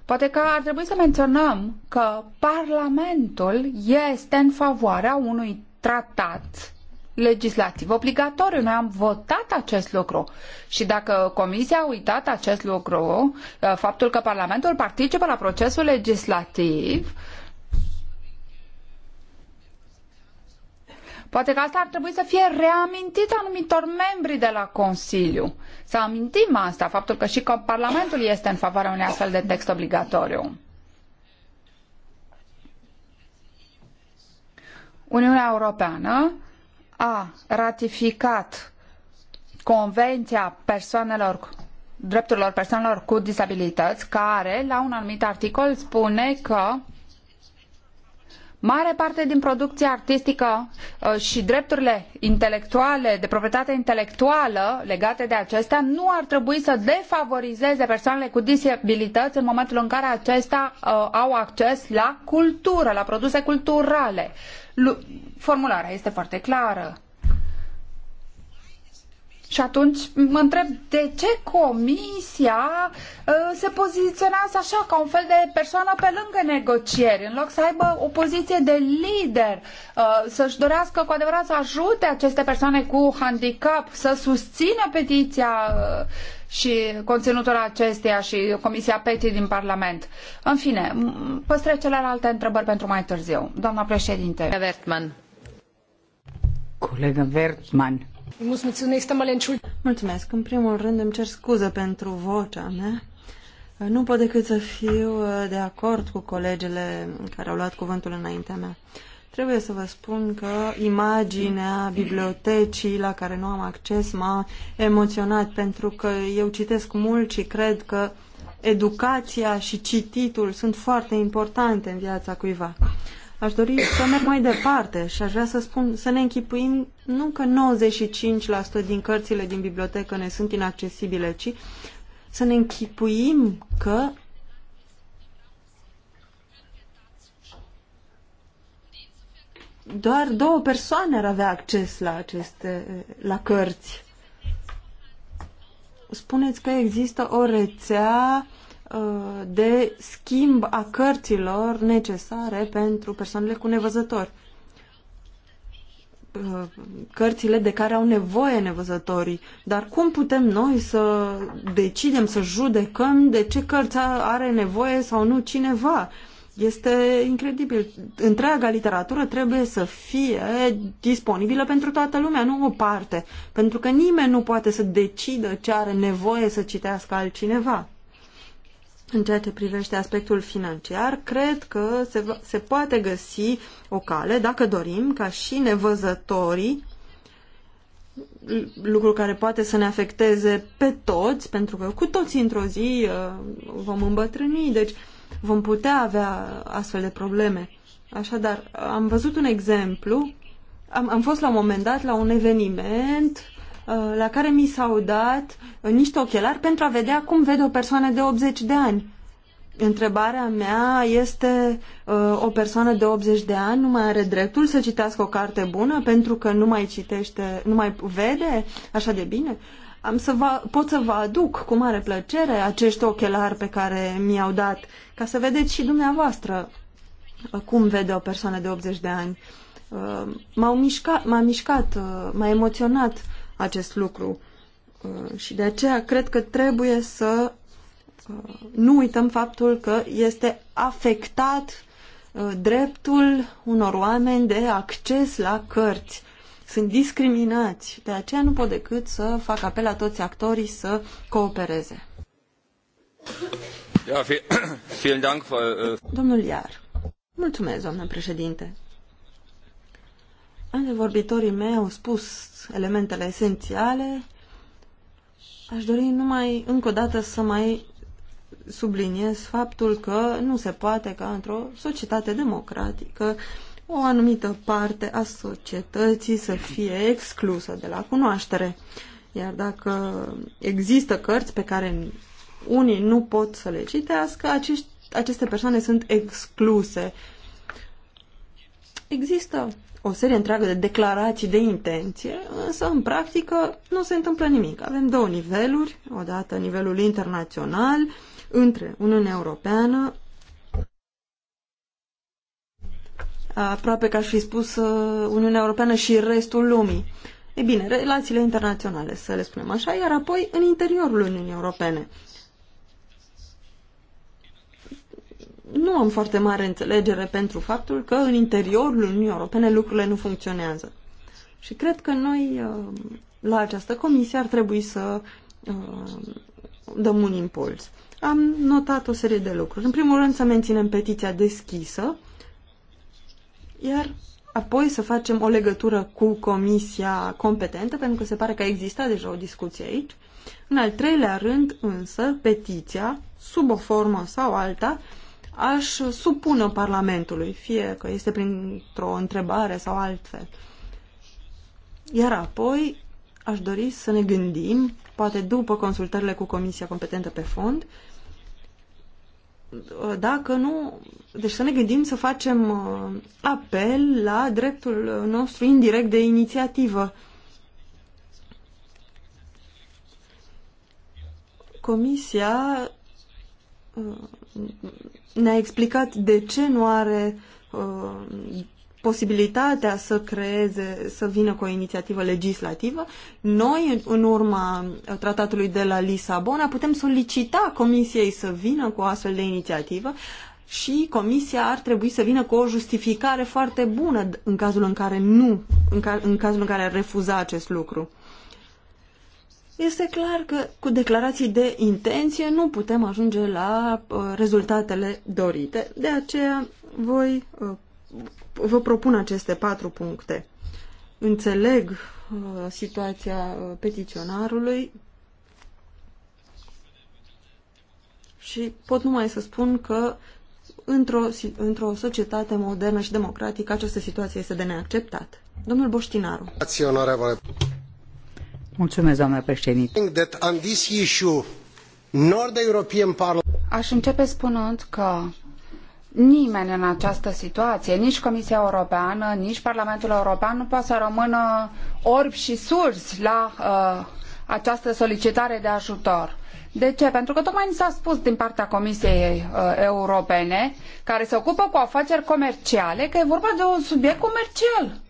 Poate că ar trebui să menționăm că Parlamentul este în favoarea unui tratat legislativ obligatoriu. Noi am votat acest lucru și dacă Comisia a uitat acest lucru, uh, faptul că Parlamentul participă la procesul legislativ, uh, Poate că asta ar trebui să fie reamintit anumitor membri de la Consiliu. Să amintim asta, faptul că și că Parlamentul este în favoarea unui astfel de text obligatoriu. Uniunea Europeană a ratificat Convenția persoanelor drepturilor persoanelor cu dizabilități, care la un anumit articol spune că Mare parte din producția artistică uh, și drepturile intelectuale, de proprietate intelectuală legate de acestea, nu ar trebui să defavorizeze persoanele cu disabilități în momentul în care acestea uh, au acces la cultură, la produse culturale. Formularea este foarte clară. Și atunci mă întreb de ce comisia uh, se poziționează așa, ca un fel de persoană pe lângă negocieri, în loc să aibă o poziție de lider, uh, să-și dorească cu adevărat să ajute aceste persoane cu handicap, să susțină petiția uh, și conținutul acesteia și Comisia PETI din Parlament. În fine, păstrez celelalte întrebări pentru mai târziu. Doamna președinte. Vertman. Colegă Vertman. Mulțumesc. În primul rând îmi cer scuze pentru vocea mea. Nu pot decât să fiu uh, de acord cu colegele care au luat cuvântul înaintea mea. Trebuie să vă spun că imaginea bibliotecii la care nu am acces m-a emoționat pentru că eu citesc mult și cred că educația și cititul sunt foarte importante în viața cuiva. Aș dori să merg mai departe și aș vrea să spun, să ne închipuim nu că 95% din cărțile din bibliotecă ne sunt inaccesibile, ci să ne închipuim că doar două persoane ar avea acces la aceste, la cărți. Spuneți că există o rețea Uh, de schimb a cărților necesare pentru persoanele cu nevăzători. Uh, cărțile de care au nevoie nevăzătorii. Dar cum putem noi să decidem, să judecăm de ce cărți are nevoie sau nu cineva? Este incredibil. Întreaga literatură trebuie să fie disponibilă pentru toată lumea, nu o parte. Pentru că nimeni nu poate să decidă ce are nevoie să citească altcineva. În ceea ce privește aspectul financiar, cred că se, se poate găsi o cale, dacă dorim, ca și nevăzătorii, lucru care poate să ne afecteze pe toți, pentru că cu toți într-o zi uh, vom îmbătrâni, deci vom putea avea astfel de probleme. Așadar, am văzut un exemplu, am, am fost la un moment dat la un eveniment uh, Uh, la care mi s-au dat uh, niște ochelari pentru a vedea cum vede o persoană de 80 de ani. Întrebarea mea este uh, o persoană de 80 de ani nu mai are dreptul să citească o carte bună pentru că nu mai citește, nu mai vede așa de bine? Am să vă, pot să vă aduc cu mare plăcere acești ochelari pe care mi-au dat ca să vedeți și dumneavoastră cum vede o persoană de 80 de ani. M-au mișcat, m-a mișcat, m-a emoționat acest lucru. Uh, și de aceea cred că trebuie să uh, nu uităm faptul că este afectat uh, dreptul unor oameni de acces la cărți. Sunt discriminați. De aceea nu pot decât să fac apel la toți actorii să coopereze. Domnul Iar. Mulțumesc, doamnă președinte. Antevorbitorii mei au spus elementele esențiale. Aș dori numai încă o dată să mai subliniez faptul că nu se poate ca într-o societate democratică o anumită parte a societății să fie exclusă de la cunoaștere. Iar dacă există cărți pe care unii nu pot să le citească, acești, aceste persoane sunt excluse. Există o serie întreagă de declarații de intenție, însă în practică nu se întâmplă nimic. Avem două niveluri, odată nivelul internațional între Uniunea Europeană, aproape că aș fi spus uh, Uniunea Europeană și restul lumii. e bine, relațiile internaționale, să le spunem așa, iar apoi în interiorul Uniunii Europene. nu am foarte mare înțelegere pentru faptul că în interiorul Uniunii Europene lucrurile nu funcționează. Și cred că noi uh, la această comisie ar trebui să uh, dăm un impuls. Am notat o serie de lucruri. În primul rând să menținem petiția deschisă, iar apoi să facem o legătură cu comisia competentă, pentru că se pare că exista deja o discuție aici. În al treilea rând, însă, petiția, sub o formă sau alta, aș supună Parlamentului, fie că este printr-o întrebare sau altfel. Iar apoi aș dori să ne gândim, poate după consultările cu Comisia Competentă pe Fond, dacă nu, deci să ne gândim să facem uh, apel la dreptul nostru indirect de inițiativă. Comisia uh, ne-a explicat de ce nu are uh, posibilitatea să creeze, să vină cu o inițiativă legislativă, noi, în urma tratatului de la Lisabona, putem solicita Comisiei să vină cu o astfel de inițiativă și Comisia ar trebui să vină cu o justificare foarte bună în cazul în care nu, în, ca, în cazul în care ar refuza acest lucru. Este clar că cu declarații de intenție nu putem ajunge la uh, rezultatele dorite. De aceea voi uh, vă propun aceste patru puncte. Înțeleg uh, situația uh, petiționarului și pot numai să spun că într-o, într-o societate modernă și democratică această situație este de neacceptat. Domnul Boștinaru. Mulțumesc, doamnă președinte. Aș începe spunând că nimeni în această situație, nici Comisia Europeană, nici Parlamentul European nu poate să rămână orbi și surzi la uh, această solicitare de ajutor. De ce? Pentru că tocmai ni s-a spus din partea Comisiei uh, Europene, care se ocupă cu afaceri comerciale, că e vorba de un subiect comercial.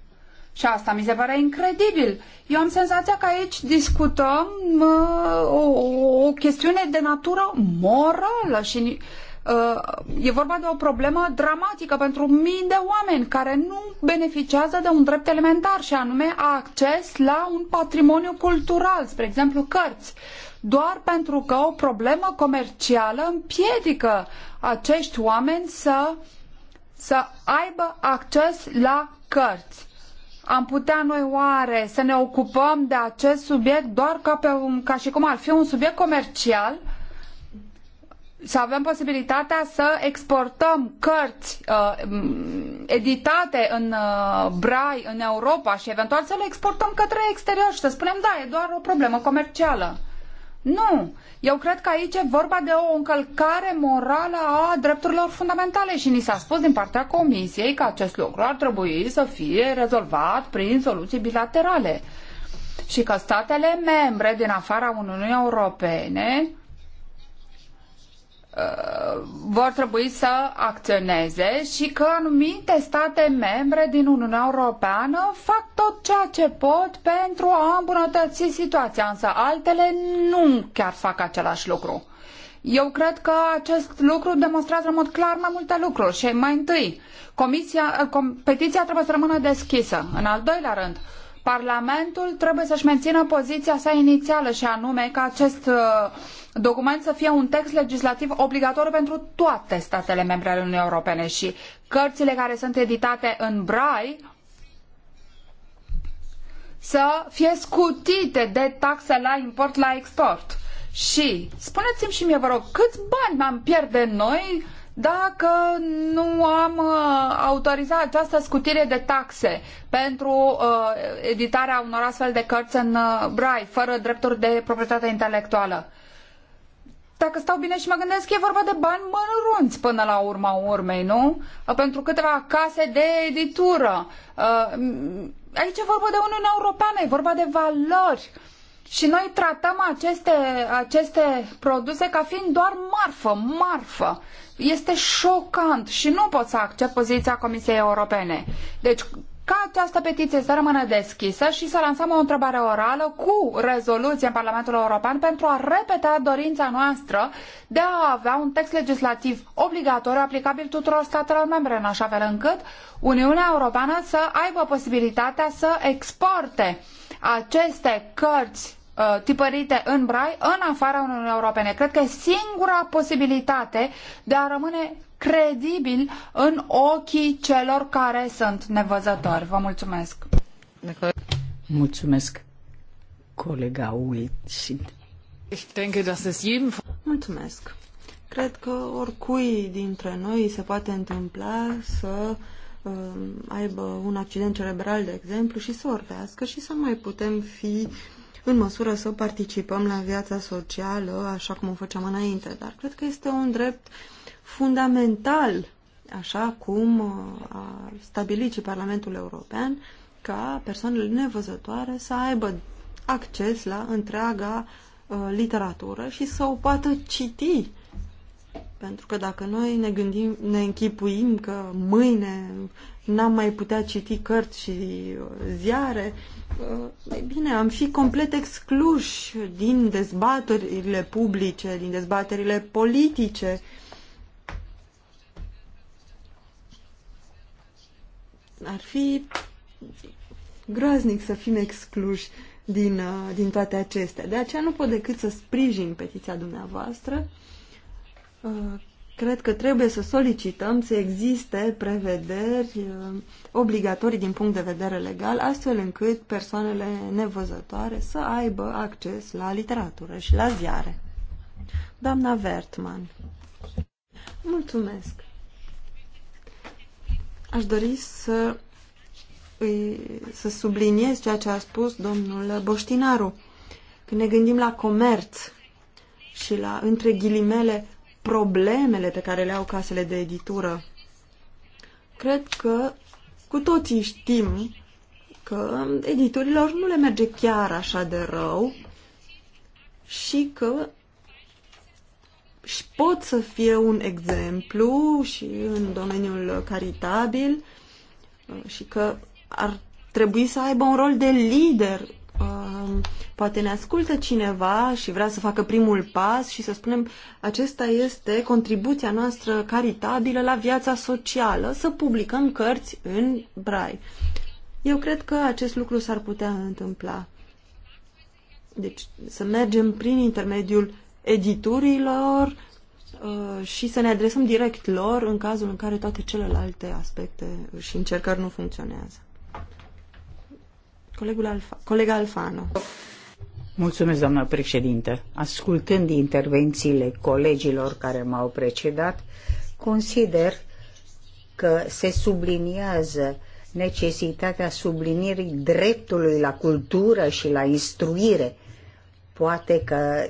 Și asta mi se pare incredibil. Eu am senzația că aici discutăm uh, o, o chestiune de natură morală și uh, e vorba de o problemă dramatică pentru mii de oameni care nu beneficiază de un drept elementar și anume acces la un patrimoniu cultural, spre exemplu cărți doar pentru că o problemă comercială împiedică acești oameni să, să aibă acces la cărți. Am putea noi oare să ne ocupăm de acest subiect doar ca, pe un, ca și cum ar fi un subiect comercial? Să avem posibilitatea să exportăm cărți uh, editate în uh, brai în Europa și eventual să le exportăm către exterior și să spunem da, e doar o problemă comercială. Nu! Eu cred că aici e vorba de o încălcare morală a drepturilor fundamentale și ni s-a spus din partea Comisiei că acest lucru ar trebui să fie rezolvat prin soluții bilaterale și că statele membre din afara Uniunii Europene Uh, vor trebui să acționeze și că anumite state membre din Uniunea Europeană fac tot ceea ce pot pentru a îmbunătăți situația, însă altele nu chiar fac același lucru. Eu cred că acest lucru demonstrează în mod clar mai multe lucruri și mai întâi, comisia, uh, competiția trebuie să rămână deschisă. În al doilea rând, Parlamentul trebuie să-și mențină poziția sa inițială și anume că acest uh, document să fie un text legislativ obligatoriu pentru toate statele membre ale Uniunii Europene și cărțile care sunt editate în brai să fie scutite de taxe la import, la export. Și spuneți-mi și mie, vă rog, câți bani am pierde noi dacă nu am uh, autorizat această scutire de taxe pentru uh, editarea unor astfel de cărți în uh, brai, fără drepturi de proprietate intelectuală? dacă stau bine și mă gândesc, e vorba de bani mărunți până la urma urmei, nu? Uh, pentru câteva case de editură. Uh, aici e vorba de Uniunea Europeană, e vorba de valori. Și noi tratăm aceste, aceste produse ca fiind doar marfă, marfă. Este șocant și nu pot să accept poziția Comisiei Europene. Deci, ca această petiție să rămână deschisă și să lansăm o întrebare orală cu rezoluție în Parlamentul European pentru a repeta dorința noastră de a avea un text legislativ obligatoriu aplicabil tuturor statelor membre, în așa fel încât Uniunea Europeană să aibă posibilitatea să exporte aceste cărți Uh, tipărite în brai în afara Uniunii Europene. Cred că e singura posibilitate de a rămâne credibil în ochii celor care sunt nevăzători. Vă mulțumesc! Mulțumesc, colega Uitsin. Mulțumesc! Cred că oricui dintre noi se poate întâmpla să um, aibă un accident cerebral, de exemplu, și să orbească și să mai putem fi uh, în măsură să participăm la viața socială așa cum o făceam înainte, dar cred că este un drept fundamental, așa cum uh, a stabilit și Parlamentul European, ca persoanele nevăzătoare să aibă acces la întreaga uh, literatură și să o poată citi. Pentru că dacă noi ne gândim, ne închipuim că mâine n-am mai putea citi cărți și ziare, mai uh, bine, am fi complet excluși din dezbaterile publice, din dezbaterile politice. Ar fi groaznic să fim excluși din, uh, din toate acestea. De aceea nu pot decât să sprijin petiția dumneavoastră uh, cred că trebuie să solicităm să existe prevederi uh, obligatorii din punct de vedere legal, astfel încât persoanele nevăzătoare să aibă acces la literatură și la ziare. Doamna Vertman. Mulțumesc. Aș dori să, îi, să subliniez ceea ce a spus domnul Boștinaru. Când ne gândim la comerț și la, între ghilimele, problemele pe care le au casele de editură. Cred că cu toții știm că editorilor nu le merge chiar așa de rău și că și pot să fie un exemplu și în domeniul caritabil uh, și că ar trebui să aibă un rol de lider poate ne ascultă cineva și vrea să facă primul pas și să spunem acesta este contribuția noastră caritabilă la viața socială, să publicăm cărți în brai. Eu cred că acest lucru s-ar putea întâmpla. Deci să mergem prin intermediul editurilor uh, și să ne adresăm direct lor în cazul în care toate celelalte aspecte și încercări nu funcționează. Colegul Alfa, colega Alfano. Mulțumesc, doamnă președinte. Ascultând intervențiile colegilor care m-au precedat, consider că se subliniază necesitatea sublinierii dreptului la cultură și la instruire. Poate că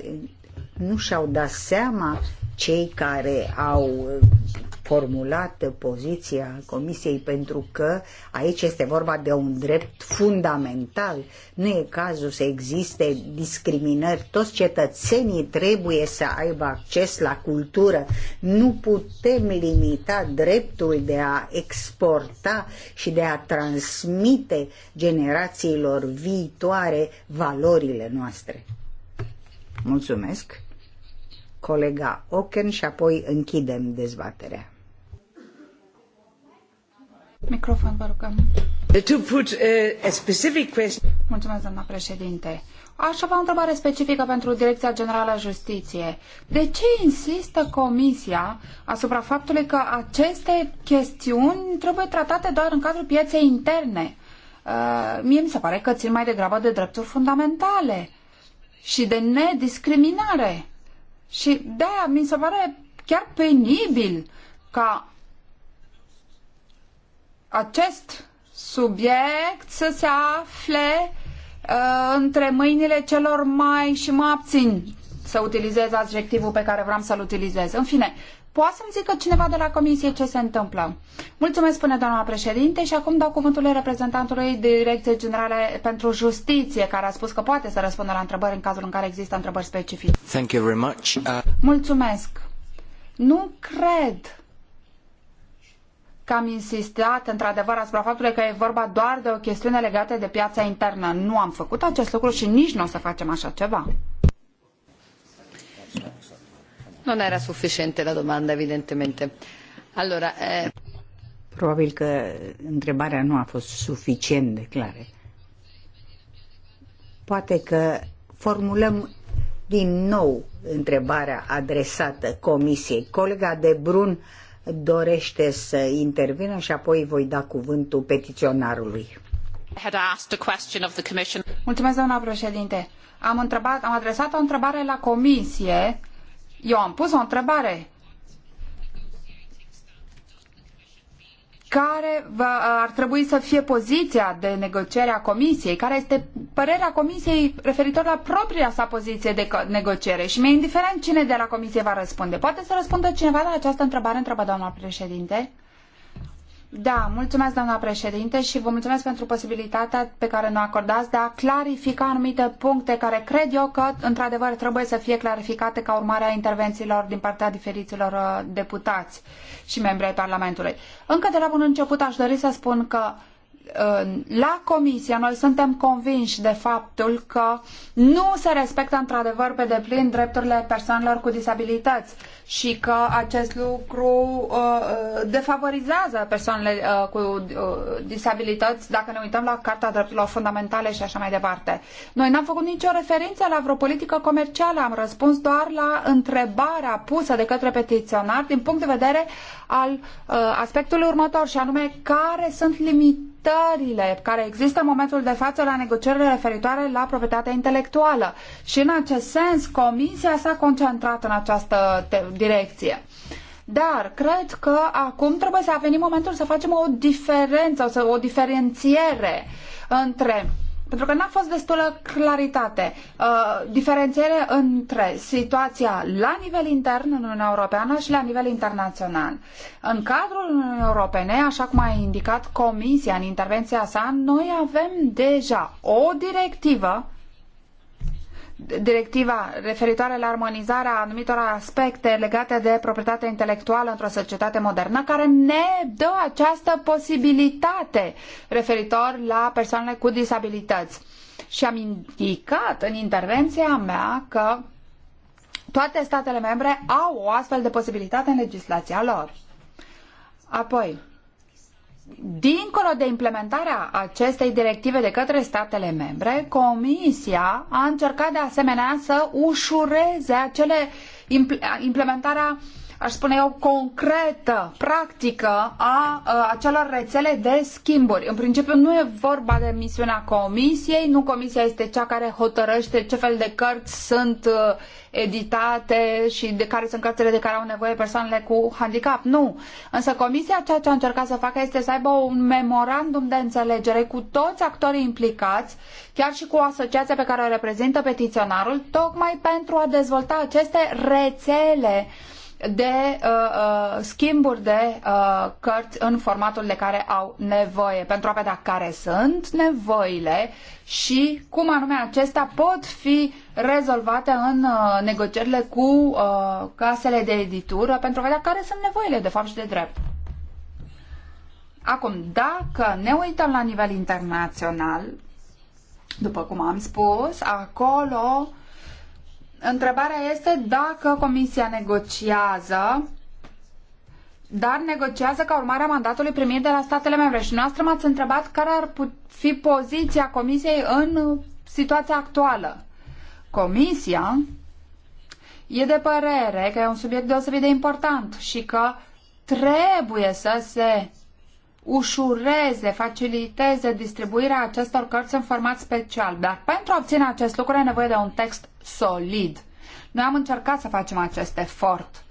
nu și-au dat seama cei care au formulată poziția Comisiei pentru că aici este vorba de un drept fundamental. Nu e cazul să existe discriminări. Toți cetățenii trebuie să aibă acces la cultură. Nu putem limita dreptul de a exporta și de a transmite generațiilor viitoare valorile noastre. Mulțumesc! colega Oken și apoi închidem dezbaterea. Microfon, vă rugăm. To put a specific question. Mulțumesc, doamna președinte. Aș avea o întrebare specifică pentru Direcția Generală Justiție. De ce insistă Comisia asupra faptului că aceste chestiuni trebuie tratate doar în cadrul pieței interne? Uh, mie mi se pare că țin mai degrabă de drepturi fundamentale și de nediscriminare. Și de-aia mi se pare chiar penibil ca acest subiect să se afle uh, între mâinile celor mai și mă abțin să utilizez adjectivul pe care vreau să-l utilizez. În fine, poate să-mi zică cineva de la comisie ce se întâmplă. Mulțumesc, spune doamna președinte, și acum dau cuvântul reprezentantului Direcției Generale pentru Justiție, care a spus că poate să răspundă la întrebări în cazul în care există întrebări specifice. Thank you very much. Uh... Mulțumesc. Nu cred că am insistat într-adevăr asupra faptului că e vorba doar de o chestiune legată de piața internă. Nu am făcut acest lucru și nici nu o să facem așa ceva. Nu era suficientă la domanda, evidentemente. Allora, eh... Probabil că întrebarea nu a fost suficient de clară. Poate că formulăm din nou întrebarea adresată Comisiei. Colega de Brun dorește să intervină și apoi voi da cuvântul petiționarului. Mulțumesc, doamna președinte. Am, întrebat, am adresat o întrebare la comisie. Eu am pus o întrebare care va, ar trebui să fie poziția de negociere a Comisiei, care este părerea Comisiei referitor la propria sa poziție de negociere. Și mi-e indiferent cine de la Comisie va răspunde. Poate să răspundă cineva la această întrebare, întreabă doamna președinte. Da, mulțumesc, doamna președinte, și vă mulțumesc pentru posibilitatea pe care ne o acordați de a clarifica anumite puncte care cred eu că, într-adevăr, trebuie să fie clarificate ca urmare a intervențiilor din partea diferiților uh, deputați și membri ai Parlamentului. Încă de la bun început aș dori să spun că uh, la comisie noi suntem convinși de faptul că nu se respectă într-adevăr pe deplin drepturile persoanelor cu disabilități și că acest lucru uh, uh, defavorizează persoanele uh, cu disabilități dacă ne uităm la Carta Drepturilor Fundamentale și așa mai departe. Noi n-am făcut nicio referință la vreo politică comercială, am răspuns doar la întrebarea pusă de către petiționar din punct de vedere al aspectului următor și anume care sunt limite limitările care există în momentul de față la negocierile referitoare la proprietatea intelectuală. Și în acest sens, Comisia s-a concentrat în această direcție. Dar cred că acum trebuie să a venit momentul să facem o diferență, o, să, o diferențiere între pentru că n-a fost destulă claritate. Uh, diferențiere între situația la nivel intern în Uniunea Europeană și la nivel internațional. În cadrul Uniunii Europene, așa cum a indicat Comisia în intervenția sa, noi avem deja o directivă directiva referitoare la armonizarea anumitor aspecte legate de proprietatea intelectuală într-o societate modernă, care ne dă această posibilitate referitor la persoanele cu disabilități. Și am indicat în intervenția mea că toate statele membre au o astfel de posibilitate în legislația lor. Apoi, dincolo de implementarea acestei directive de către statele membre, Comisia a încercat de asemenea să ușureze acele implementarea uh, aș spune eu, concretă, practică a, a acelor rețele de schimburi. În principiu nu e vorba de misiunea comisiei, nu comisia este cea care hotărăște ce fel de cărți sunt uh, editate și de care sunt cărțile de care au nevoie persoanele cu handicap. Nu. Însă comisia ceea ce a încercat să facă este să aibă un memorandum de înțelegere cu toți actorii implicați, chiar și cu asociația pe care o reprezintă petiționarul, tocmai pentru a dezvolta aceste rețele de uh, uh, schimburi de uh, cărți în formatul de care au nevoie, pentru a vedea care sunt nevoile și cum anume acestea pot fi rezolvate în uh, negocierile cu uh, casele de editură, pentru a vedea care sunt nevoile de fapt și de drept. Acum, dacă ne uităm la nivel internațional, după cum am spus, acolo întrebarea este dacă Comisia negociază dar negociază ca urmare a mandatului primit de la statele membre. Și noastră m-ați întrebat care ar fi poziția Comisiei în situația actuală. Comisia e de părere că e un subiect deosebit de important și că trebuie să se ușureze, faciliteze distribuirea acestor cărți în format special. Dar pentru a obține acest lucru e nevoie de un text solid. Noi am încercat să facem acest efort.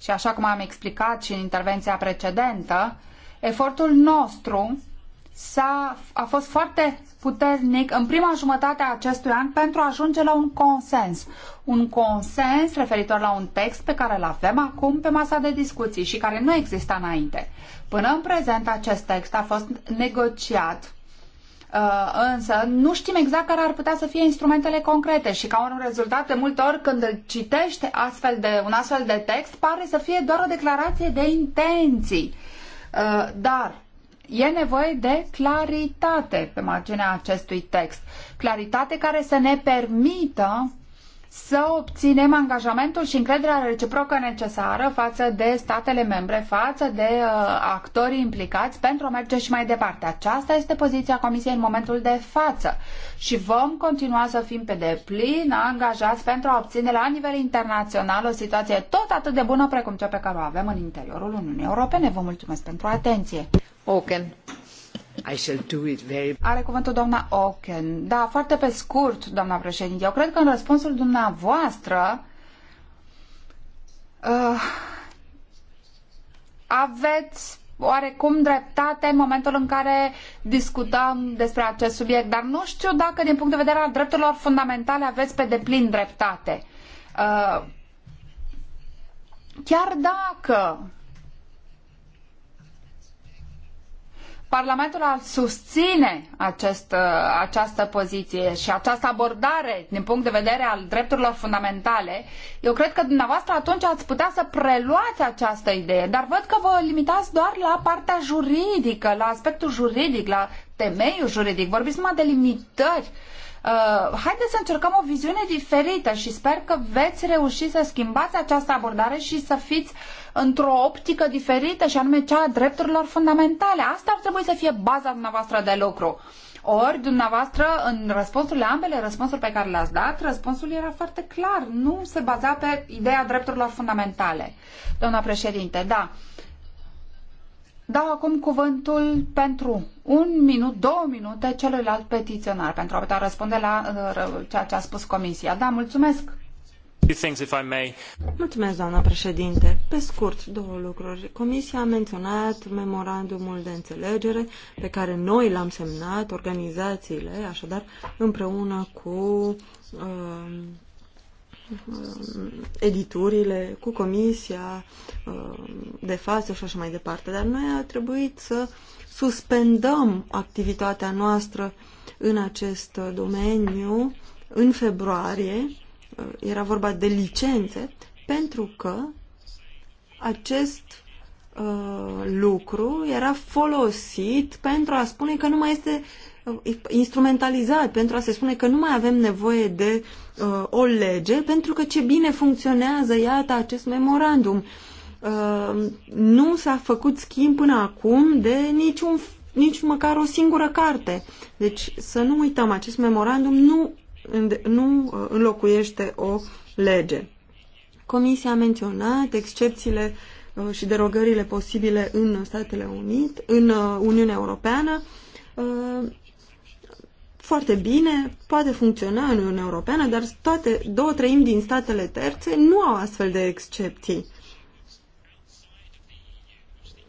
Și așa cum am explicat și în intervenția precedentă, efortul nostru a a fost foarte puternic în prima jumătate a acestui an pentru a ajunge la un consens. Un consens referitor la un text pe care îl avem acum pe masa de discuții și care nu exista înainte. Până în prezent acest text a fost negociat uh, însă nu știm exact care ar putea să fie instrumentele concrete și ca un rezultat de multe ori când citești astfel de, un astfel de text pare să fie doar o declarație de intenții. Uh, dar E nevoie de claritate pe marginea acestui text. Claritate care să ne permită să obținem angajamentul și încrederea reciprocă necesară față de statele membre, față de uh, actorii implicați pentru a merge și mai departe. Aceasta este poziția Comisiei în momentul de față și vom continua să fim pe deplin angajați pentru a obține la nivel internațional o situație tot atât de bună precum cea pe care o avem în interiorul Uniunii Europene. Vă mulțumesc pentru atenție. Oken. I shall do it very... Are cuvântul doamna Oken. Da, foarte pe scurt, doamna președinte. Eu cred că în răspunsul dumneavoastră uh, aveți oarecum dreptate în momentul în care discutăm despre acest subiect, dar nu știu dacă din punct de vedere al drepturilor fundamentale aveți pe deplin dreptate. Uh, chiar dacă Parlamentul ar susține acest, uh, această poziție și această abordare din punct de vedere al drepturilor fundamentale, eu cred că dumneavoastră atunci ați putea să preluați această idee, dar văd că vă limitați doar la partea juridică, la aspectul juridic, la temeiul juridic. Vorbiți numai de limitări. Uh, haideți să încercăm o viziune diferită și sper că veți reuși să schimbați această abordare și să fiți uh, într-o optică diferită și anume cea a drepturilor fundamentale. Asta ar trebui să fie baza dumneavoastră de lucru. Ori, dumneavoastră, în răspunsurile ambele răspunsuri pe care le-ați dat, răspunsul era foarte clar. Nu se baza pe ideea drepturilor fundamentale. Doamna președinte, da. Dau acum cuvântul pentru un minut, două minute celuilalt petiționar pentru a putea răspunde la uh, ceea ce a spus comisia. Da, mulțumesc. Mulțumesc, doamna președinte. Pe scurt, două lucruri. Comisia a menționat memorandumul de înțelegere pe care noi l-am semnat, organizațiile, așadar, împreună cu uh, editurile, cu comisia uh, de față și așa mai departe. Dar noi a trebuit să suspendăm activitatea noastră în acest domeniu în februarie era vorba de licențe, pentru că acest uh, lucru era folosit pentru a spune că nu mai este uh, instrumentalizat, pentru a se spune că nu mai avem nevoie de uh, o lege, pentru că ce bine funcționează, iată, acest memorandum. Uh, nu s-a făcut schimb până acum de niciun nici măcar o singură carte. Deci să nu uităm, acest memorandum nu nu uh, înlocuiește o lege. Comisia a menționat excepțiile uh, și derogările posibile în Statele Unite, în uh, Uniunea Europeană. Foarte bine, poate funcționa în Uniunea Europeană, dar toate două treimi din statele terțe nu au astfel de excepții.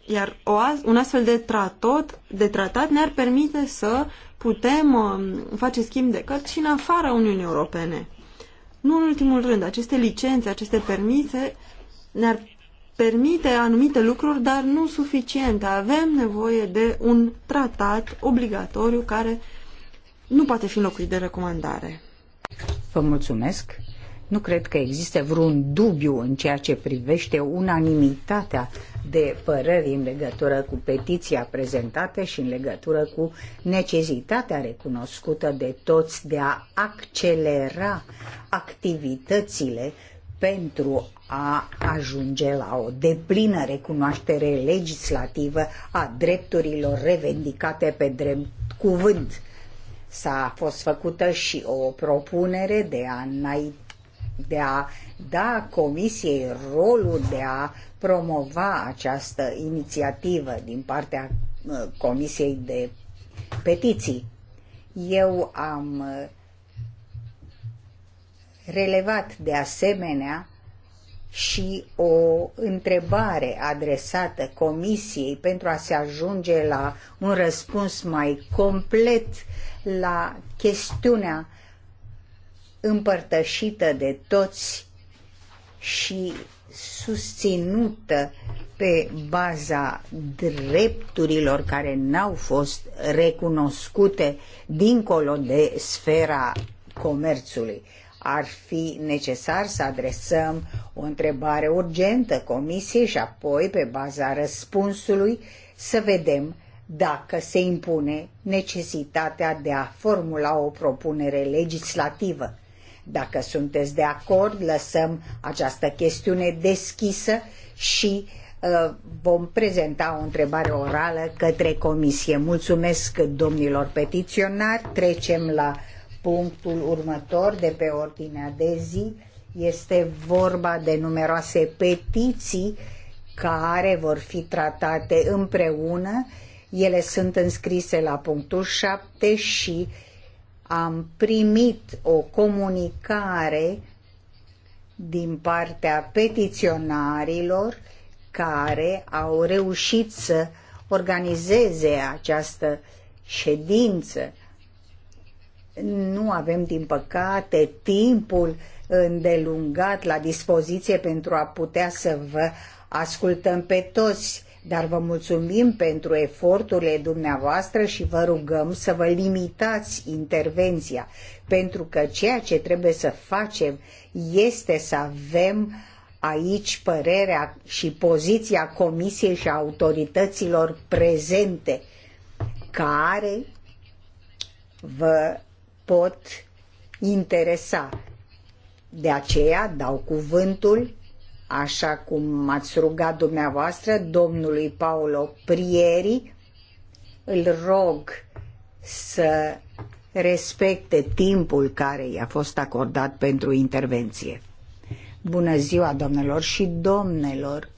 Iar o, un astfel de tratat, de tratat ne-ar permite să putem um, face schimb de cărți și în afara Uniunii Europene. Nu în ultimul rând, aceste licențe, aceste permise ne-ar permite anumite lucruri, dar nu suficiente. Avem nevoie de un tratat obligatoriu care nu poate fi înlocuit de recomandare. Vă mulțumesc. Nu cred că există vreun dubiu în ceea ce privește unanimitatea de păreri în legătură cu petiția prezentată și în legătură cu necesitatea recunoscută de toți de a accelera activitățile pentru a ajunge la o deplină recunoaștere legislativă a drepturilor revendicate pe drept cuvânt. S-a fost făcută și o propunere de a de a da Comisiei rolul de a promova această inițiativă din partea uh, Comisiei de Petiții. Eu am uh, relevat de asemenea și o întrebare adresată Comisiei pentru a se ajunge la un răspuns mai complet la chestiunea împărtășită de toți și susținută pe baza drepturilor care n-au fost recunoscute dincolo de sfera comerțului. Ar fi necesar să adresăm o întrebare urgentă comisiei și apoi, pe baza răspunsului, să vedem dacă se impune necesitatea de a formula o propunere legislativă. Dacă sunteți de acord, lăsăm această chestiune deschisă și uh, vom prezenta o întrebare orală către comisie. Mulțumesc domnilor petiționari. Trecem la punctul următor de pe ordinea de zi. Este vorba de numeroase petiții care vor fi tratate împreună. Ele sunt înscrise la punctul 7 și am primit o comunicare din partea petiționarilor care au reușit să organizeze această ședință. Nu avem, din păcate, timpul îndelungat la dispoziție pentru a putea să vă ascultăm pe toți dar vă mulțumim pentru eforturile dumneavoastră și vă rugăm să vă limitați intervenția, pentru că ceea ce trebuie să facem este să avem aici părerea și poziția Comisiei și a autorităților prezente care vă pot interesa. De aceea dau cuvântul așa cum ați rugat dumneavoastră, domnului Paolo Prieri, îl rog să respecte timpul care i-a fost acordat pentru intervenție. Bună ziua, domnilor și domnilor!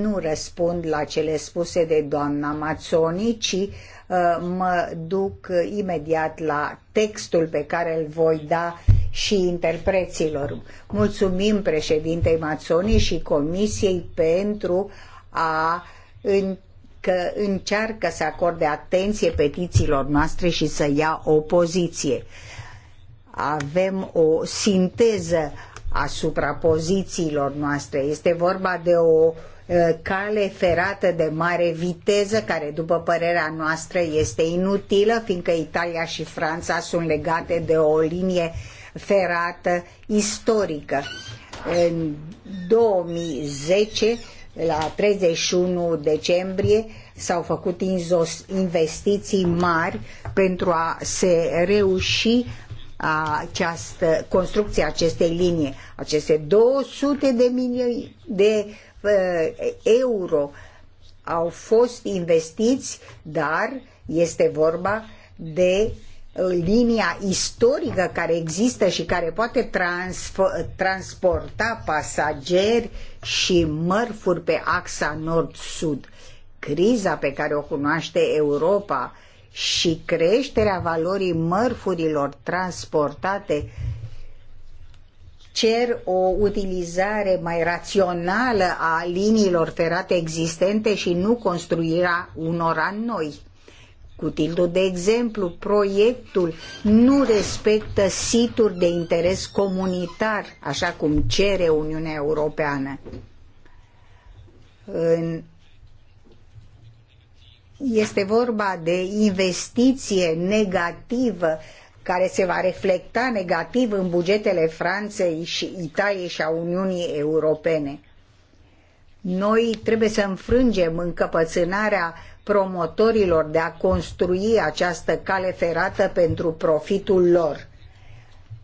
Nu răspund la cele spuse de doamna Mazzoni, ci uh, mă duc imediat la textul pe care îl voi da uh, și interpreților. Mulțumim președintei Mazzoni și Comisiei pentru a în, că încearcă să acorde atenție petițiilor noastre și să ia o poziție. Avem o sinteză asupra pozițiilor noastre. Este vorba de o uh, cale ferată de mare viteză, care, după părerea noastră, este inutilă, fiindcă Italia și Franța sunt legate de o linie uh, ferată istorică. În 2010, la 31 decembrie, s-au făcut investiții mari pentru a se reuși această, construcția acestei linii, aceste 200 de milioane de uh, euro au fost investiți, dar este vorba de linia istorică care există și care poate transporta pasageri și mărfuri pe axa nord-sud. Criza pe care o cunoaște Europa și creșterea valorii mărfurilor transportate cer o utilizare mai rațională a liniilor ferate existente și nu construirea unora noi cu tildul de exemplu, proiectul nu respectă situri de interes comunitar, așa cum cere Uniunea Europeană. În este vorba de investiție negativă care se va reflecta negativ în bugetele Franței și Italiei și a Uniunii Europene. Noi trebuie să înfrângem încăpățânarea promotorilor de a construi această cale ferată pentru profitul lor.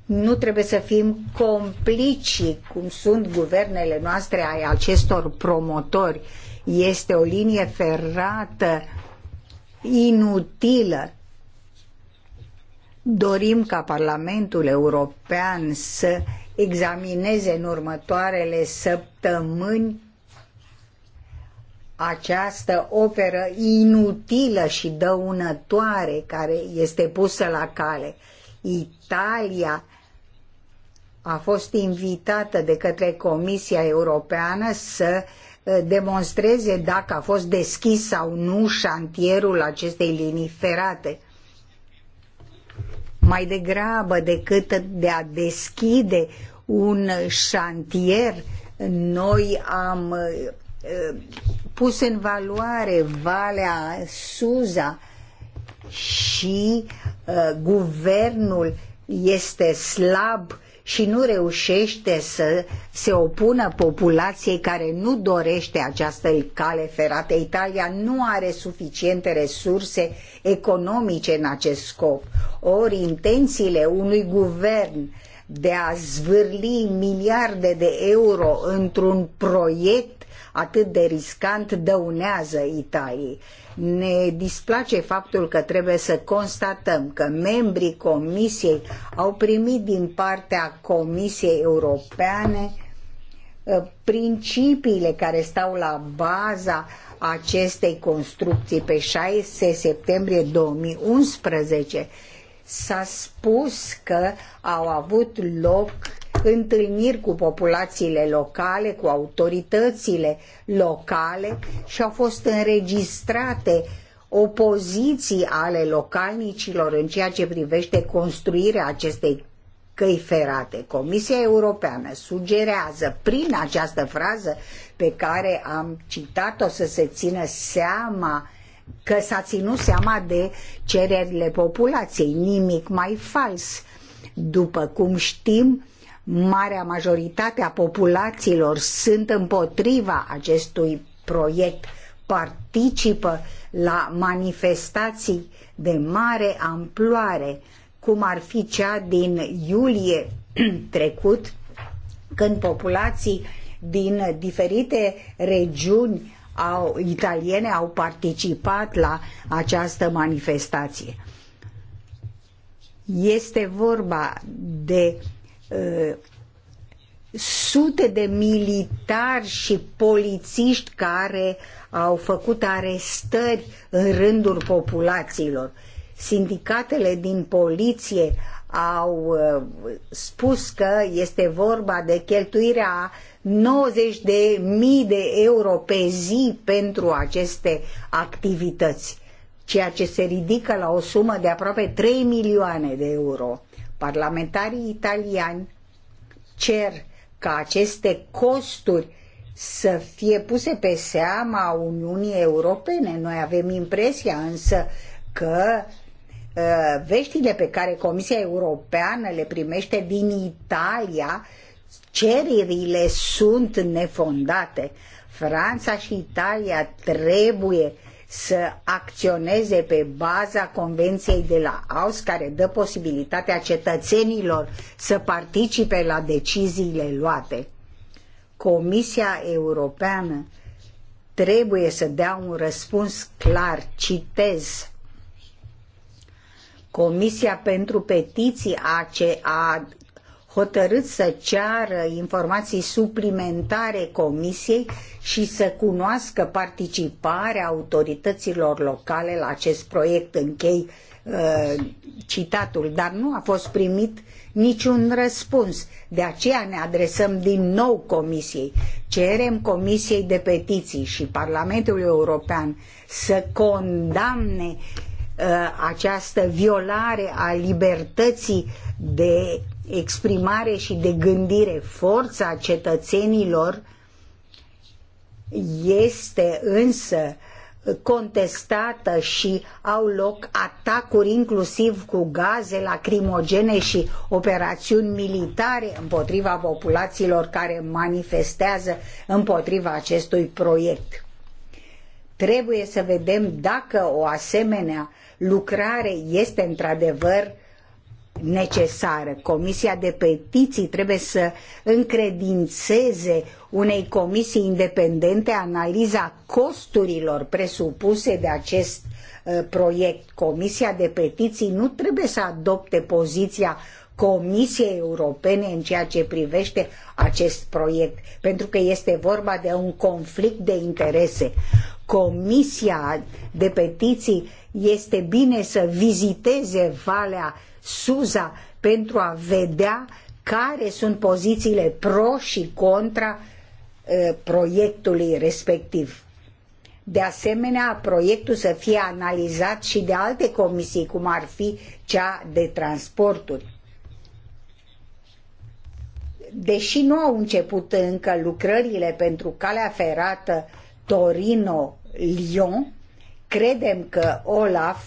Nu trebuie să fim complici cum sunt guvernele noastre ai acestor promotori. Este o linie ferată inutilă. Dorim ca Parlamentul European să examineze în următoarele săptămâni această operă inutilă și dăunătoare care este pusă la cale. Italia a fost invitată de către Comisia Europeană să uh, demonstreze dacă a fost deschis sau nu șantierul acestei linii ferate. Mai degrabă decât de a deschide un șantier, noi am uh, pus în valoare Valea Suza și uh, guvernul este slab și nu reușește să se opună populației care nu dorește această cale ferată. Italia nu are suficiente resurse economice în acest scop. Ori intențiile unui guvern de a zvârli miliarde de euro într-un proiect atât de riscant dăunează Italiei. Ne displace faptul că trebuie să constatăm că membrii Comisiei au primit din partea Comisiei Europene uh, principiile care stau la baza acestei construcții pe 6 septembrie 2011 s-a spus că au avut loc întâlniri cu populațiile locale, cu autoritățile locale și au fost înregistrate opoziții ale localnicilor în ceea ce privește construirea acestei căi ferate. Comisia Europeană sugerează prin această frază pe care am citat-o să se țină seama că s-a ținut seama de cererile populației, nimic mai fals. După cum știm, marea majoritate a populațiilor sunt împotriva acestui proiect, participă la manifestații de mare amploare, cum ar fi cea din iulie trecut, când populații din diferite regiuni au, italiene au participat la această manifestație. Este vorba de Uh, sute de militari și polițiști care au făcut arestări în rândul populațiilor. Sindicatele din poliție au uh, spus că este vorba de cheltuirea 90 de mii de euro pe zi pentru aceste activități, ceea ce se ridică la o sumă de aproape 3 milioane de euro. Parlamentarii italiani cer ca aceste costuri să fie puse pe seama Uniunii Europene. Noi avem impresia însă că ă, veștile pe care Comisia Europeană le primește din Italia, cererile sunt nefondate. Franța și Italia trebuie să acționeze pe baza Convenției de la AUS, care dă posibilitatea cetățenilor să participe la deciziile luate. Comisia Europeană trebuie să dea un răspuns clar, citez. Comisia pentru Petiții a, a hotărât să ceară informații suplimentare comisiei și să cunoască participarea autorităților locale la acest proiect. Închei uh, citatul, dar nu a fost primit niciun răspuns. De aceea ne adresăm din nou Comisiei. Cerem Comisiei de Petiții și Parlamentul European să condamne uh, această violare a libertății de exprimare și de gândire, forța cetățenilor este însă contestată și au loc atacuri inclusiv cu gaze lacrimogene și operațiuni militare împotriva populațiilor care manifestează împotriva acestui proiect. Trebuie să vedem dacă o asemenea lucrare este într-adevăr necesară. Comisia de petiții trebuie să încredințeze unei comisii independente analiza costurilor presupuse de acest uh, proiect. Comisia de petiții nu trebuie să adopte poziția Comisiei Europene în ceea ce privește acest proiect, pentru că este vorba de un conflict de interese. Comisia de petiții este bine să viziteze Valea Suza pentru a vedea care sunt pozițiile pro și contra proiectului respectiv. De asemenea, proiectul să fie analizat și de alte comisii, cum ar fi cea de transporturi. Deși nu au început încă lucrările pentru calea ferată Torino-Lyon, credem că Olaf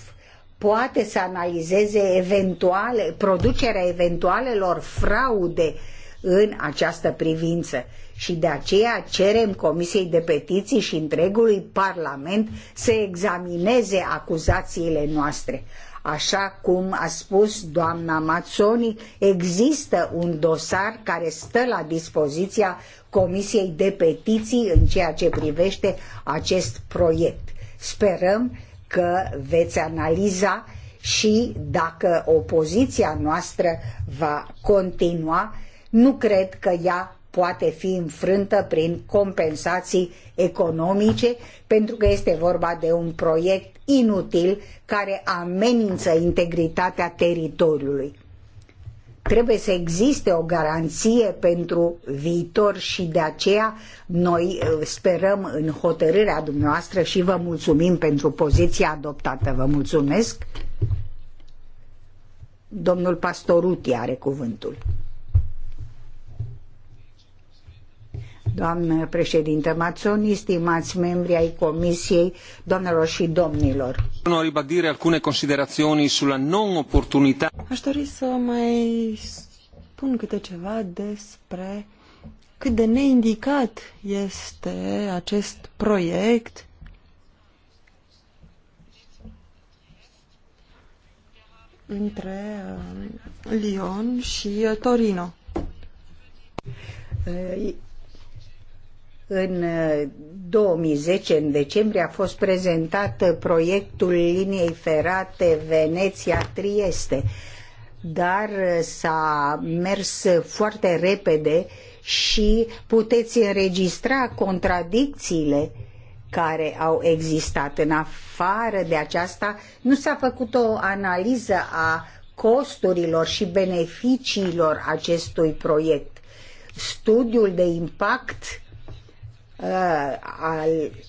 poate să analizeze eventuale, producerea eventualelor fraude în această privință și de aceea cerem Comisiei de Petiții și întregului Parlament să examineze acuzațiile noastre. Așa cum a spus doamna Mazzoni, există un dosar care stă la dispoziția Comisiei de Petiții în ceea ce privește acest proiect. Sperăm că veți analiza și dacă opoziția noastră va continua, nu cred că ea poate fi înfrântă prin compensații economice, pentru că este vorba de un proiect inutil care amenință integritatea teritoriului. Trebuie să existe o garanție pentru viitor și de aceea noi uh, sperăm în hotărârea dumneavoastră și vă mulțumim pentru poziția adoptată. Vă mulțumesc. Domnul Pastoruti are cuvântul. doamnă președinte Mazzoni, stimați membri ai Comisiei, doamnelor și domnilor. Vreau ribadire alcune considerații sulla non opportunità. Aș dori să mai spun câte ceva despre cât de neindicat este acest proiect între uh, Lyon și uh, Torino. Uh, în 2010, uh, în decembrie, a fost prezentat uh, proiectul liniei ferate Veneția-Trieste, dar uh, s-a mers foarte repede și puteți înregistra contradicțiile care au existat. În afară de aceasta, nu s-a făcut o analiză a costurilor și beneficiilor acestui proiect. Studiul de impact Uh,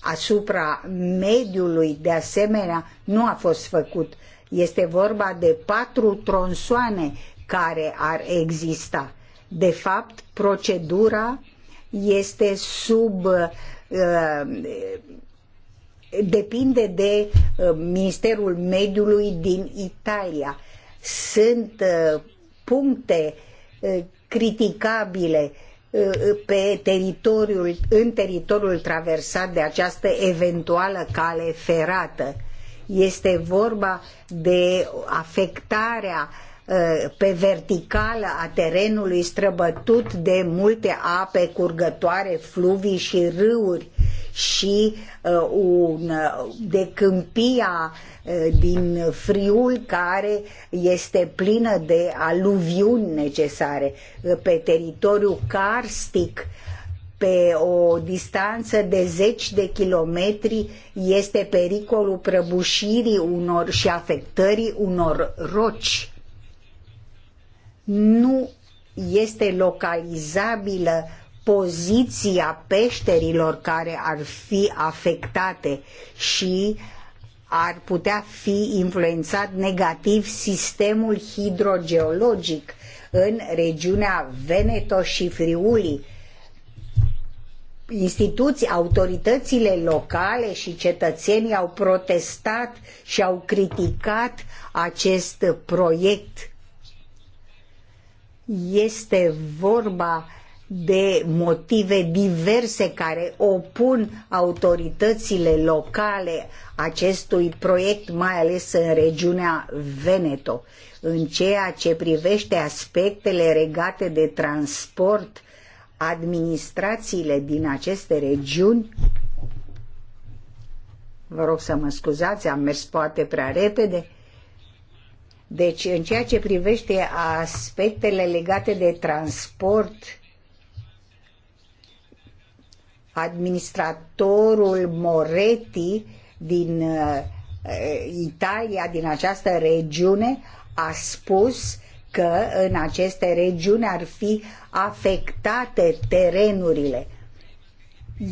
asupra mediului de asemenea nu a fost făcut. Este vorba de patru tronsoane care ar exista. De fapt, procedura este sub uh, depinde de uh, Ministerul Mediului din Italia. Sunt puncte criticabile Uh, uh, pe teritoriul, în teritoriul traversat de această eventuală cale ferată. Este vorba de afectarea uh, Uh, pe verticală a terenului străbătut de multe ape curgătoare, fluvii și râuri și uh, un, uh, de câmpia din Friul care este plină de aluviuni necesare pe teritoriul karstic pe o distanță de zeci de kilometri este pericolul prăbușirii unor și afectării unor roci nu este localizabilă poziția peșterilor care ar fi afectate și ar putea fi influențat negativ sistemul hidrogeologic în regiunea Veneto și Friuli. Instituții, autoritățile locale și cetățenii au protestat și au criticat acest proiect este vorba de motive diverse care opun autoritățile locale acestui proiect, mai ales în regiunea Veneto. În ceea ce privește aspectele regate de transport, administrațiile din aceste regiuni Vă rog să mă scuzați, am mers poate prea repede. Deci, în ceea ce privește aspectele legate de transport, administratorul Moretti din uh, Italia, din această regiune, a spus că în aceste regiuni ar fi afectate terenurile.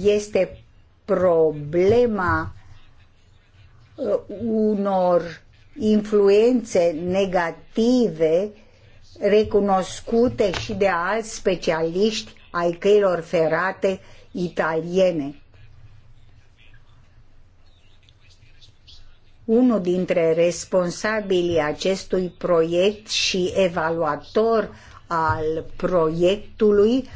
Este problema uh, unor influențe negative recunoscute și de alți specialiști ai căilor ferate italiene. Unul dintre responsabilii acestui proiect și evaluator al proiectului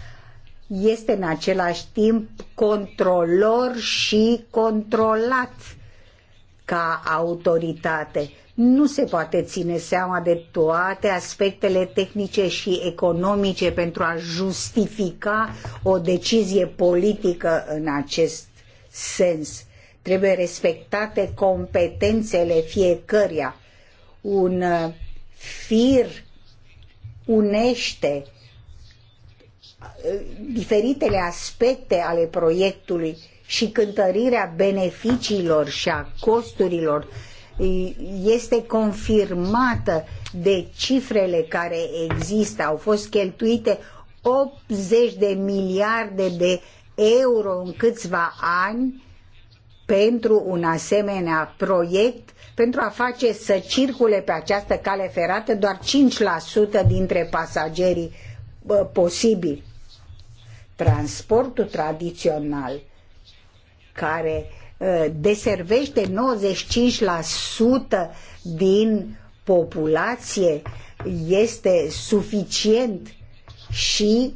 este în același timp controlor și controlat ca autoritate nu se poate ține seama de toate aspectele tehnice și economice pentru a justifica o decizie politică în acest sens. Trebuie respectate competențele fiecăruia. Un uh, fir unește uh, diferitele aspecte ale proiectului și cântărirea beneficiilor și a costurilor este confirmată de cifrele care există. Au fost cheltuite 80 de miliarde de euro în câțiva ani pentru un asemenea proiect, pentru a face să circule pe această cale ferată doar 5% dintre pasagerii bă, posibili. Transportul tradițional care deservește 95% din populație este suficient și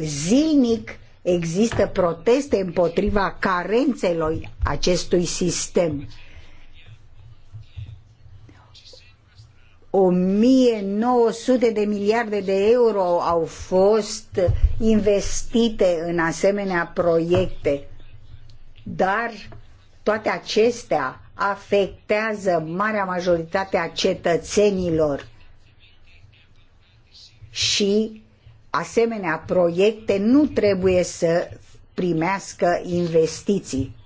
zilnic există proteste împotriva carențelor acestui sistem. 1900 de miliarde de euro au fost investite în asemenea proiecte dar toate acestea afectează marea majoritate a cetățenilor și asemenea proiecte nu trebuie să primească investiții.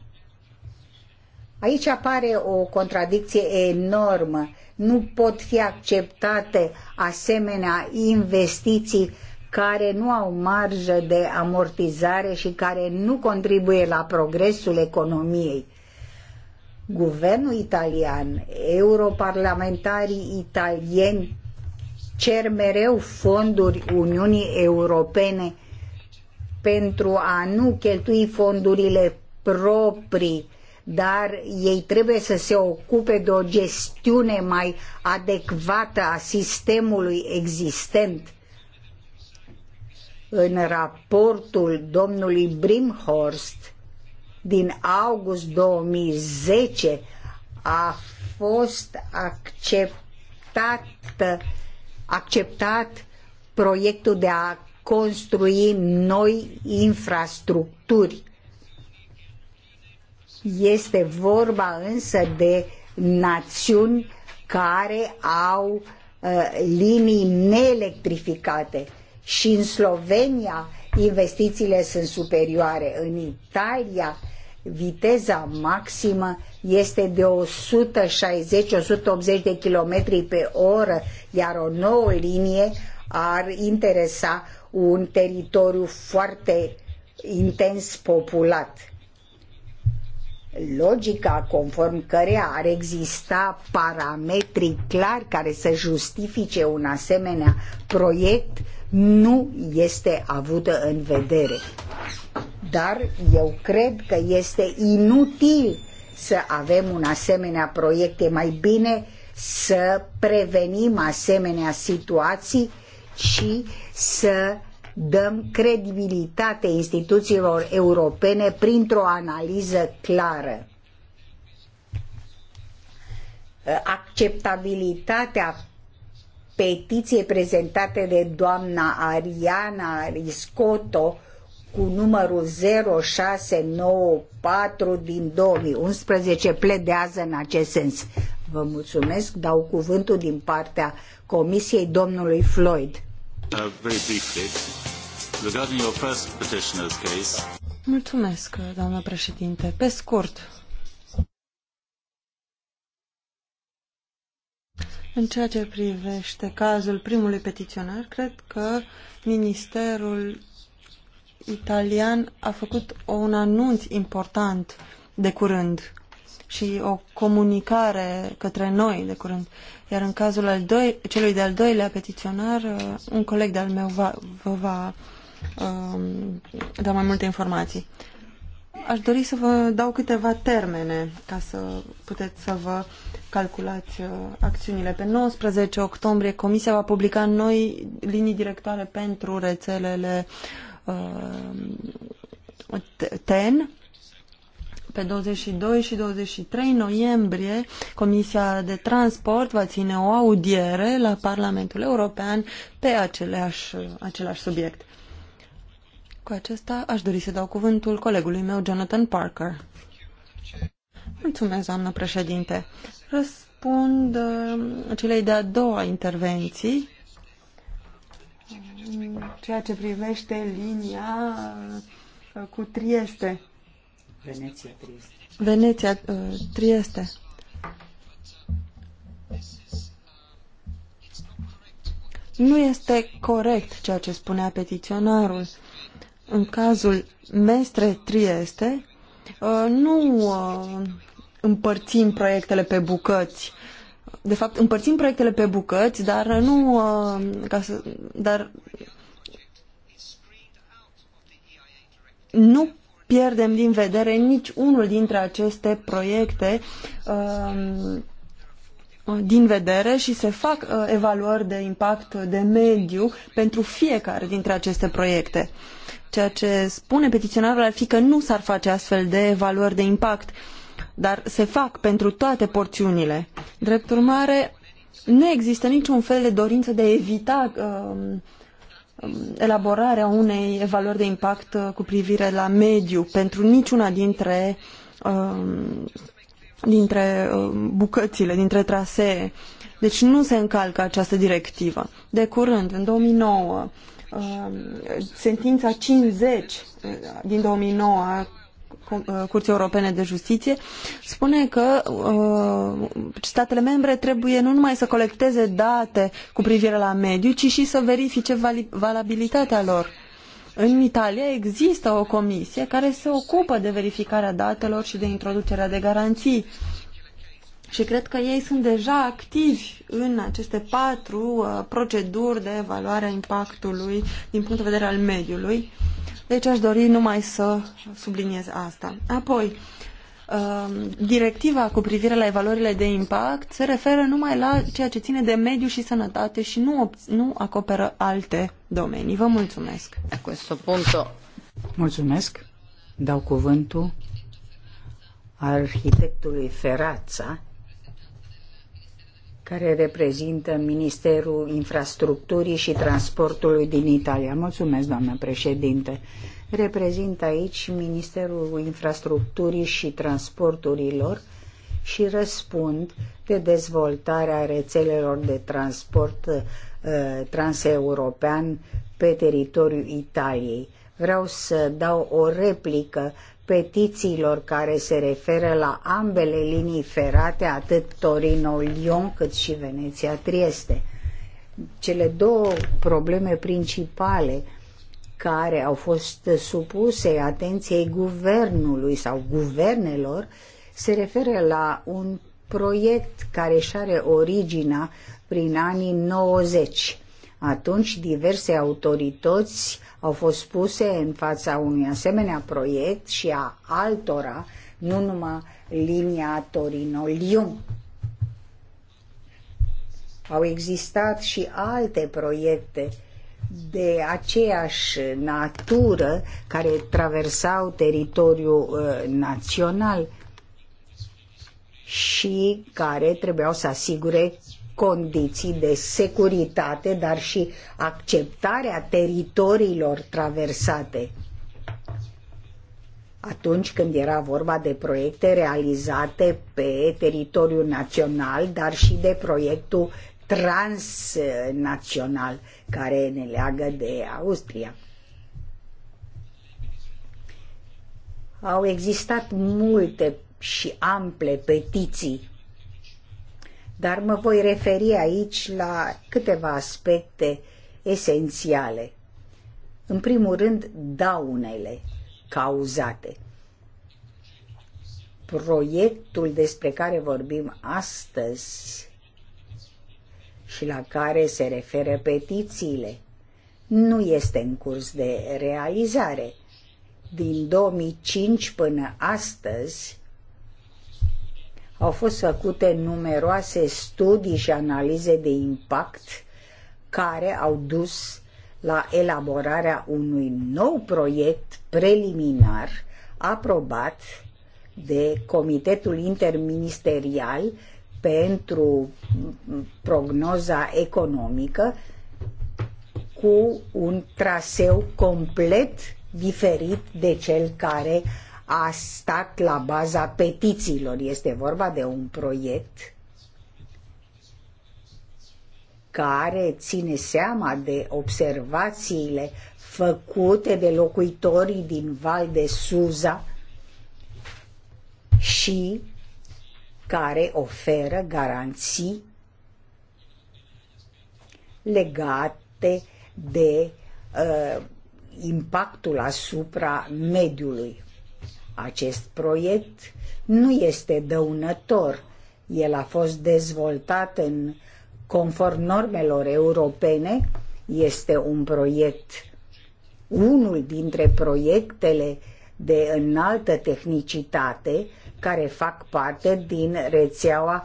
Aici apare o contradicție enormă. Nu pot fi acceptate asemenea investiții care nu au marjă de amortizare și care nu contribuie la progresul economiei. Guvernul italian, europarlamentarii italieni cer mereu fonduri Uniunii Europene pentru a nu cheltui fondurile proprii, dar ei trebuie să se ocupe de o gestiune mai adecvată a sistemului existent în raportul domnului Brimhorst din august 2010 a fost acceptat, acceptat proiectul de a construi noi infrastructuri. Este vorba însă de națiuni care au uh, linii neelectrificate și în Slovenia investițiile sunt superioare. În Italia viteza maximă este de 160-180 de km pe oră, iar o nouă linie ar interesa un teritoriu foarte intens populat. Logica conform căreia ar exista parametri clari care să justifice un asemenea proiect nu este avută în vedere. Dar eu cred că este inutil să avem un asemenea proiect, e mai bine să prevenim asemenea situații și să dăm credibilitate instituțiilor europene printr-o analiză clară. Acceptabilitatea petiție prezentate de doamna Ariana Riscotto cu numărul 0694 din 2011 pledează în acest sens. Vă mulțumesc, dau cuvântul din partea Comisiei domnului Floyd. Uh, very briefly, regarding your first petitioner's case... Mulțumesc, doamnă președinte. Pe scurt, În ceea ce privește cazul primului petiționar, cred că Ministerul Italian a făcut un anunț important de curând și o comunicare către noi de curând. Iar în cazul al doi, celui de-al doilea petiționar, uh, un coleg de-al meu va, vă va um, da mai multe informații. Aș dori să vă dau câteva termene ca să puteți să vă calculați uh, acțiunile. Pe 19 octombrie Comisia va publica noi linii directoare pentru rețelele uh, TEN. Pe 22 și 23 noiembrie, Comisia de Transport va ține o audiere la Parlamentul European pe aceleași, același subiect. Cu acesta aș dori să dau cuvântul colegului meu, Jonathan Parker. Mulțumesc, doamnă președinte. Răspund uh, de-a doua intervenții, ceea ce privește linia uh, cu Trieste. Veneția, Trieste. Veneția, uh, Trieste. Nu este corect ceea ce spunea petiționarul. Uh, în cazul Mestre Trieste, uh, nu uh, împărțim proiectele pe bucăți. De fapt, împărțim proiectele pe bucăți, dar nu uh, ca să, dar nu pierdem din vedere nici unul dintre aceste proiecte din vedere și se fac evaluări de impact de mediu pentru fiecare dintre aceste proiecte. Ceea ce spune petiționarul ar fi că nu s-ar face astfel de evaluări de impact, dar se fac pentru toate porțiunile. Drept urmare, nu există niciun fel de dorință de a evita um, um, elaborarea unei evaluări de impact uh, cu privire la mediu pentru niciuna dintre, uh, dintre bucățile, dintre trasee. Deci nu se încalcă această directivă. De curând, în 2009, Um, sentința 50 uh, din 2009 a uh, Curții Europene de Justiție spune că uh, statele membre trebuie nu numai să colecteze date cu privire la mediu, ci și să verifice valabilitatea lor. În Italia există o comisie care se ocupă de verificarea datelor și de introducerea de garanții. Uh, și cred că ei sunt deja activi în aceste patru uh, proceduri de evaluare a impactului din punct de vedere al mediului. Deci aș dori numai să subliniez asta. Apoi, uh, directiva cu privire la evaluările de impact se referă numai la ceea ce ține de mediu și sănătate și nu, nu acoperă alte domenii. Vă mulțumesc. Mulțumesc. Dau cuvântul arhitectului Ferața care reprezintă Ministerul Infrastructurii și Transportului din Italia. Mulțumesc, doamnă președinte. Reprezint aici Ministerul Infrastructurii și Transporturilor și răspund de dezvoltarea rețelelor de transport uh, transeuropean pe teritoriul Italiei. Vreau să dau o replică petițiilor care se referă la ambele linii ferate, atât Torino-Lyon cât și Veneția-Trieste. Cele două probleme principale care au fost supuse atenției guvernului sau guvernelor se referă la un proiect care își are originea prin anii 90. Atunci diverse autorități au fost puse în fața unui asemenea proiect și a altora, nu numai linia Torino-Lium. Au existat și alte proiecte de aceeași natură care traversau teritoriul uh, național și care trebuiau să asigure condiții de securitate, dar și acceptarea teritoriilor traversate. Atunci când era vorba de proiecte realizate pe teritoriul național, dar și de proiectul transnațional care ne leagă de Austria. Au existat multe și ample petiții dar mă voi referi aici la câteva aspecte esențiale. În primul rând, daunele cauzate. Proiectul despre care vorbim astăzi și la care se referă petițiile nu este în curs de realizare. Din 2005 până astăzi, au fost făcute numeroase studii și analize de impact care au dus la elaborarea unui nou proiect preliminar aprobat de Comitetul Interministerial pentru prognoza economică cu un traseu complet diferit de cel care a stat la baza petițiilor. Este vorba de un proiect care ține seama de observațiile făcute de locuitorii din Val de Suza și care oferă garanții legate de uh, impactul asupra mediului. Acest proiect nu este dăunător. El a fost dezvoltat în conform normelor europene, este un proiect, unul dintre proiectele de înaltă tehnicitate care fac parte din rețeaua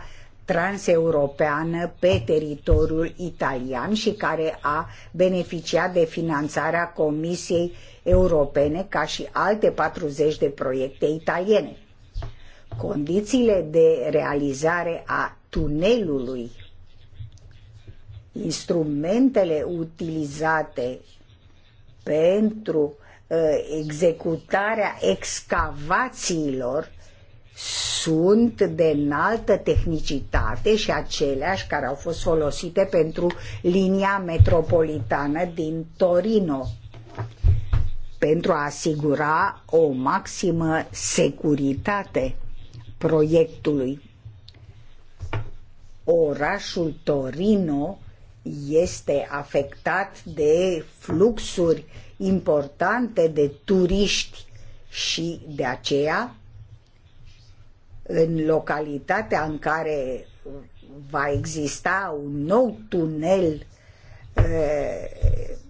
transeuropeană pe teritoriul italian și care a beneficiat de finanțarea Comisiei Europene ca și alte 40 de proiecte italiene. Condițiile de realizare a tunelului, instrumentele utilizate pentru uh, executarea excavațiilor sunt de înaltă tehnicitate și aceleași care au fost folosite pentru linia metropolitană din Torino pentru a asigura o maximă securitate proiectului. Orașul Torino este afectat de fluxuri importante de turiști și de aceea în localitatea în care va exista un nou tunel uh,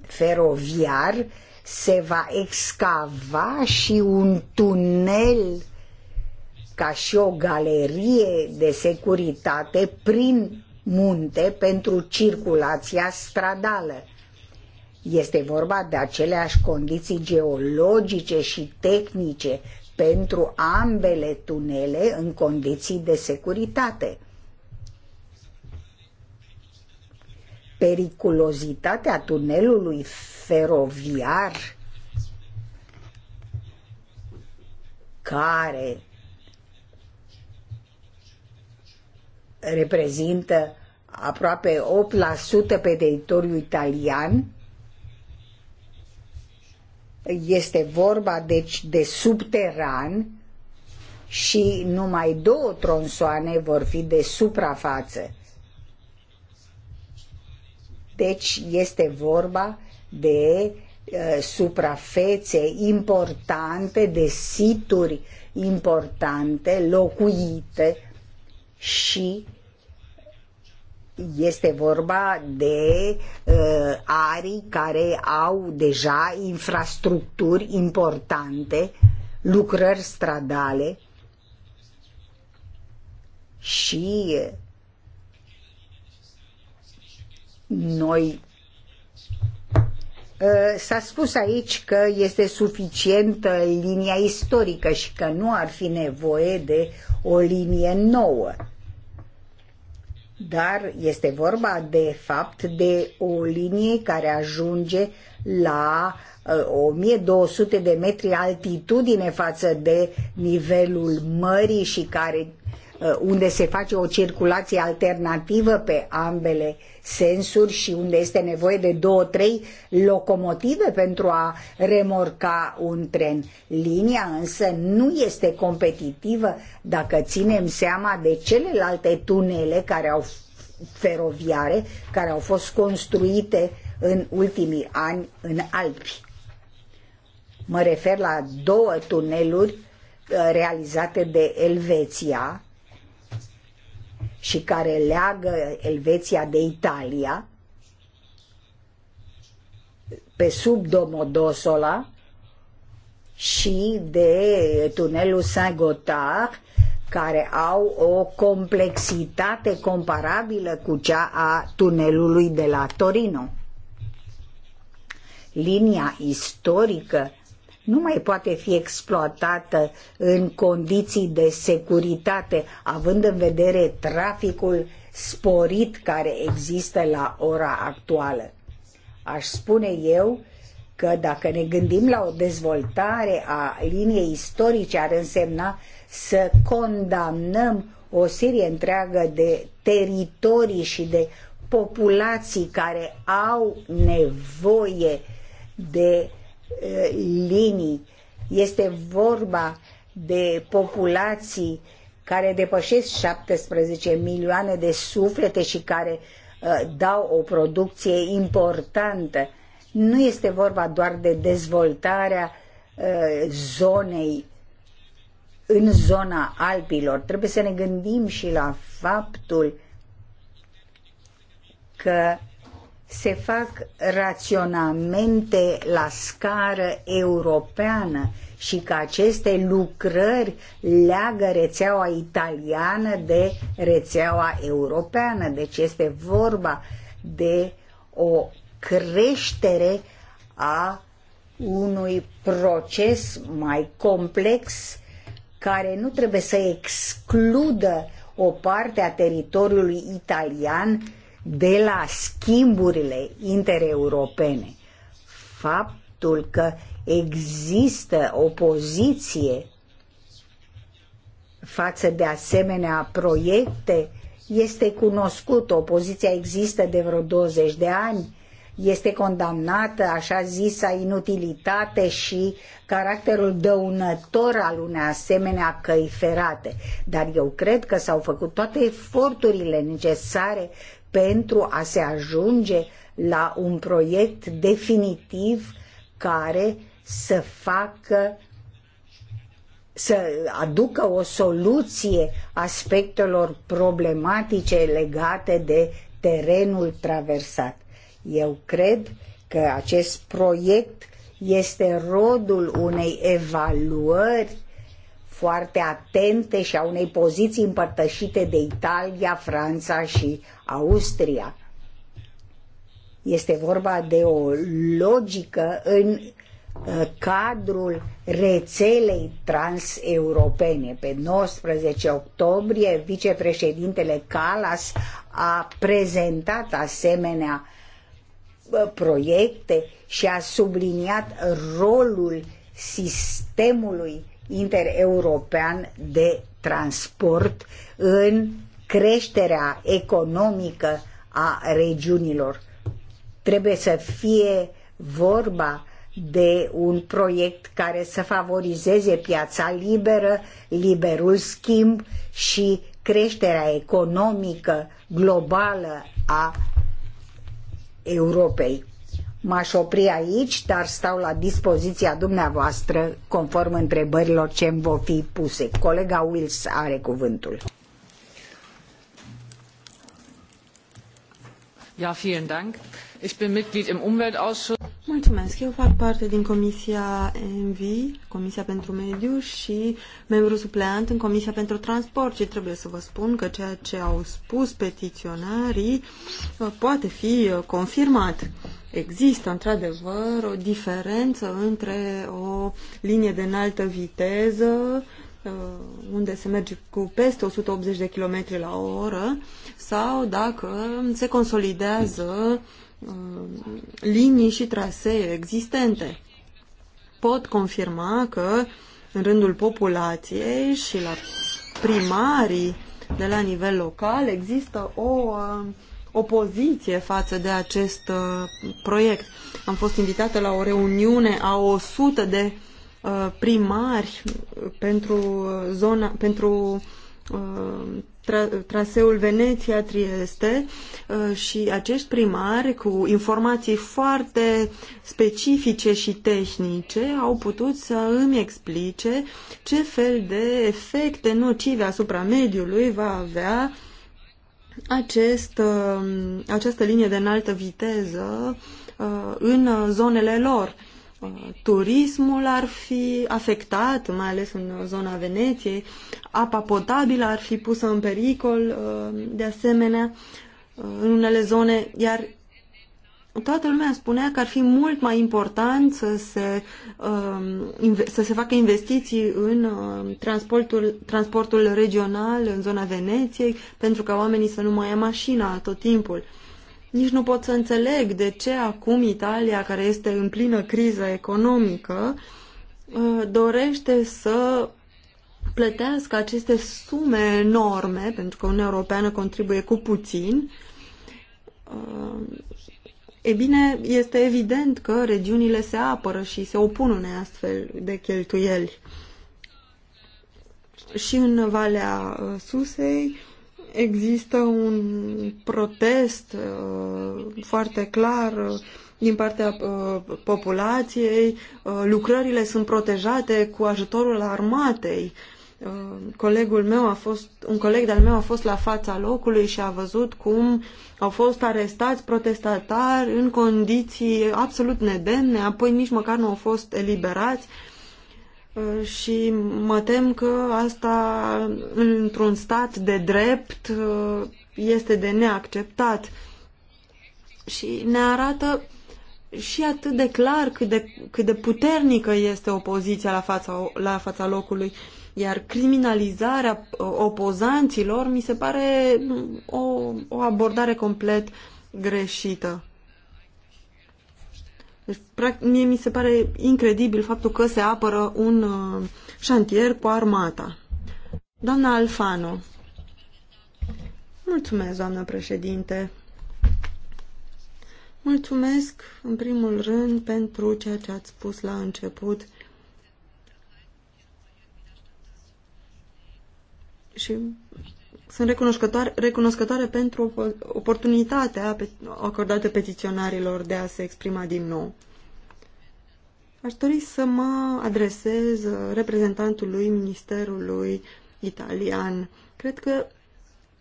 feroviar, se va excava și un tunel ca și o galerie de securitate prin munte pentru circulația stradală. Este vorba de aceleași condiții geologice și tehnice pentru ambele tunele în condiții de securitate. Periculozitatea tunelului feroviar care reprezintă aproape 8% pe teritoriul italian este vorba deci de subteran și numai două tronsoane vor fi de suprafață. Deci este vorba de uh, suprafețe importante, de situri importante, locuite și este vorba de uh, arii care au deja infrastructuri importante, lucrări stradale și noi uh, S-a spus aici că este suficientă linia istorică și că nu ar fi nevoie de o linie nouă dar este vorba de fapt de o linie care ajunge la 1200 uh, de metri altitudine față de nivelul mării și care Uh, unde se face o circulație alternativă pe ambele sensuri și unde este nevoie de două, trei locomotive pentru a remorca un tren. Linia însă nu este competitivă dacă ținem seama de celelalte tunele care au feroviare care au fost construite în ultimii ani în Alpi. Mă refer la două tuneluri uh, realizate de Elveția, și care leagă Elveția de Italia, pe sub Domodosola și de tunelul Saint-Gothard, care au o complexitate comparabilă cu cea a tunelului de la Torino. Linia istorică nu mai poate fi exploatată în condiții de securitate, având în vedere traficul sporit care există la ora actuală. Aș spune eu că dacă ne gândim la o dezvoltare a liniei istorice, ar însemna să condamnăm o serie întreagă de teritorii și de populații care au nevoie de linii. Este vorba de populații care depășesc 17 milioane de suflete și care uh, dau o producție importantă. Nu este vorba doar de dezvoltarea uh, zonei în zona Alpilor. Trebuie să ne gândim și la faptul că se fac raționamente la scară europeană și că aceste lucrări leagă rețeaua italiană de rețeaua europeană. Deci este vorba de o creștere a unui proces mai complex care nu trebuie să excludă o parte a teritoriului italian de la schimburile intereuropene. Faptul că există opoziție față de asemenea proiecte este cunoscut. Opoziția există de vreo 20 de ani, este condamnată, așa zisa, inutilitate și caracterul dăunător al unei asemenea căi ferate. Dar eu cred că s-au făcut toate eforturile necesare pentru a se ajunge la un proiect definitiv care să facă să aducă o soluție aspectelor problematice legate de terenul traversat. Eu cred că acest proiect este rodul unei evaluări foarte atente și a unei poziții împărtășite de Italia, Franța și Austria. Este vorba de o logică în uh, cadrul rețelei transeuropene. Pe 19 octombrie, vicepreședintele Calas a prezentat asemenea uh, proiecte și a subliniat rolul sistemului intereuropean de transport în creșterea economică a regiunilor. Trebuie să fie vorba de un proiect care să favorizeze piața liberă, liberul schimb și creșterea economică globală a Europei. M-aș opri aici, dar stau la dispoziția dumneavoastră conform întrebărilor ce îmi vor fi puse. Colega Wills are cuvântul. Ja, vielen Dank. Ich bin Mitglied im Umweltausschuss. Mulțumesc. Eu fac parte din Comisia ENVI, Comisia pentru Mediu și membru supleant în Comisia pentru Transport și trebuie să vă spun că ceea ce au spus petiționarii uh, poate fi uh, confirmat. Există, într-adevăr, o diferență între o linie de înaltă viteză uh, unde se merge cu peste 180 de km la oră sau dacă se consolidează uh, linii și trasee existente. Pot confirma că în rândul populației și la primarii de la nivel local există o uh, opoziție față de acest uh, proiect. Am fost invitată la o reuniune a 100 de uh, primari pentru uh, zona, pentru uh, tra traseul Veneția-Trieste uh, și acești primari cu informații foarte specifice și tehnice au putut să îmi explice ce fel de efecte nocive asupra mediului va avea acest, um, această linie de înaltă viteză uh, în uh, zonele lor. Uh, turismul ar fi afectat, mai ales în zona Veneției, apa potabilă ar fi pusă în pericol, de asemenea, în unele zone, iar Toată lumea spunea că ar fi mult mai important să se, um, să se facă investiții în um, transportul, transportul regional, în zona Veneției, pentru ca oamenii să nu mai ia mașina tot timpul. Nici nu pot să înțeleg de ce acum Italia, care este în plină criză economică, uh, dorește să plătească aceste sume enorme, pentru că Uniunea Europeană contribuie cu puțin, uh, E bine, este evident că regiunile se apără și se opun unei astfel de cheltuieli. Și în Valea uh, Susei există un protest uh, foarte clar uh, din partea populației, lucrările sunt protejate cu ajutorul armatei Uh, colegul meu a fost, un coleg de-al meu a fost la fața locului și a văzut cum au fost arestați protestatari în condiții absolut nedemne, apoi nici măcar nu au fost eliberați uh, și mă tem că asta într-un stat de drept uh, este de neacceptat și ne arată și atât de clar cât de, cât de puternică este opoziția la fața, la fața locului. Uh, iar criminalizarea uh, opozanților mi se pare o, o abordare complet greșită. Deci, practic, mie mi se pare incredibil faptul că se apără un uh, șantier cu armata. Doamna Alfano. Mulțumesc, doamnă președinte. Mulțumesc, în primul rând, pentru ceea ce ați spus la început și sunt recunoscătoare, recunoscătoare pentru oportunitatea acordată petiționarilor de a se exprima din nou. Aș dori să mă adresez reprezentantului Ministerului Italian. Cred că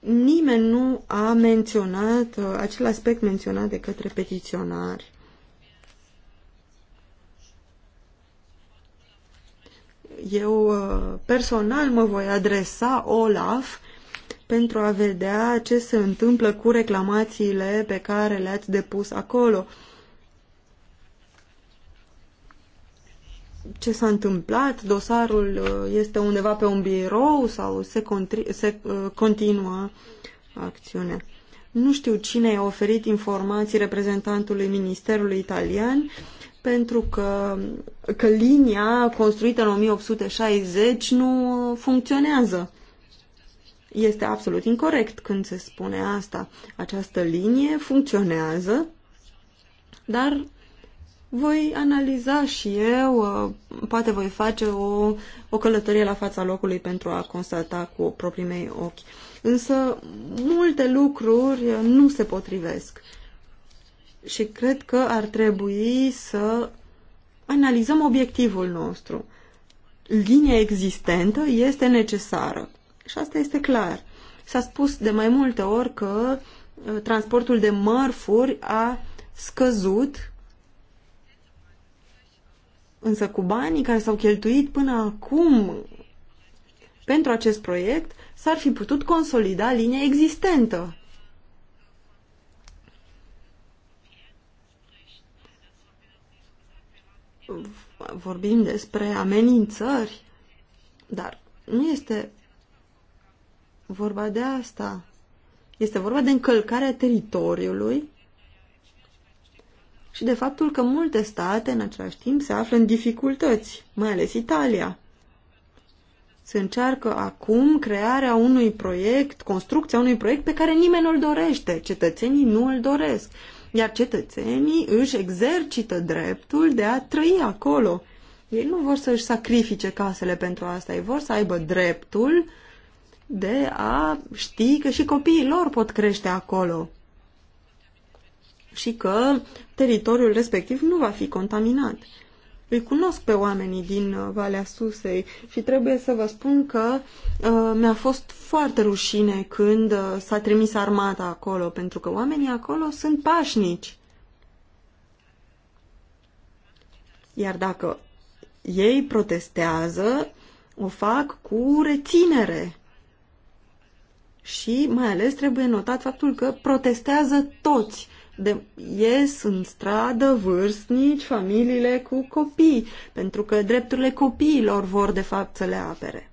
nimeni nu a menționat uh, acel aspect menționat de către petiționari. eu uh, personal mă voi adresa Olaf pentru a vedea ce se întâmplă cu reclamațiile pe care le-ați depus acolo. Ce s-a întâmplat? Dosarul uh, este undeva pe un birou sau se, se uh, continuă acțiunea? Nu știu cine a oferit informații reprezentantului Ministerului Italian, uh, pentru că, că linia construită în 1860 nu funcționează. Este absolut incorrect când se spune asta. Această linie funcționează, dar voi analiza și eu, uh, poate voi face o, o călătorie la fața locului pentru a constata cu proprii mei ochi. Însă multe lucruri nu se potrivesc și cred că ar trebui să analizăm obiectivul nostru. Linia existentă este necesară și asta este clar. S-a spus de mai multe ori că uh, transportul de mărfuri a scăzut, însă cu banii care s-au cheltuit până acum pentru acest proiect, s-ar fi putut consolida linia existentă. vorbim despre amenințări, dar nu este vorba de asta. Este vorba de încălcarea teritoriului și de faptul că multe state în același timp se află în dificultăți, mai ales Italia. Se încearcă acum crearea unui proiect, construcția unui proiect pe care nimeni nu-l dorește, cetățenii nu îl doresc iar cetățenii își exercită dreptul de a trăi acolo. Ei nu vor să-și sacrifice casele pentru asta, ei vor să aibă dreptul de a ști că și copiii lor pot crește acolo și că teritoriul respectiv nu va fi contaminat. Îi cunosc pe oamenii din uh, Valea Susei și trebuie să vă spun că uh, mi-a fost foarte rușine când uh, s-a trimis armata acolo, pentru că oamenii acolo sunt pașnici. Iar dacă ei protestează, o fac cu reținere. Și mai ales trebuie notat faptul că protestează toți de, ies în stradă vârstnici, familiile cu copii, pentru că drepturile copiilor vor de fapt să le apere.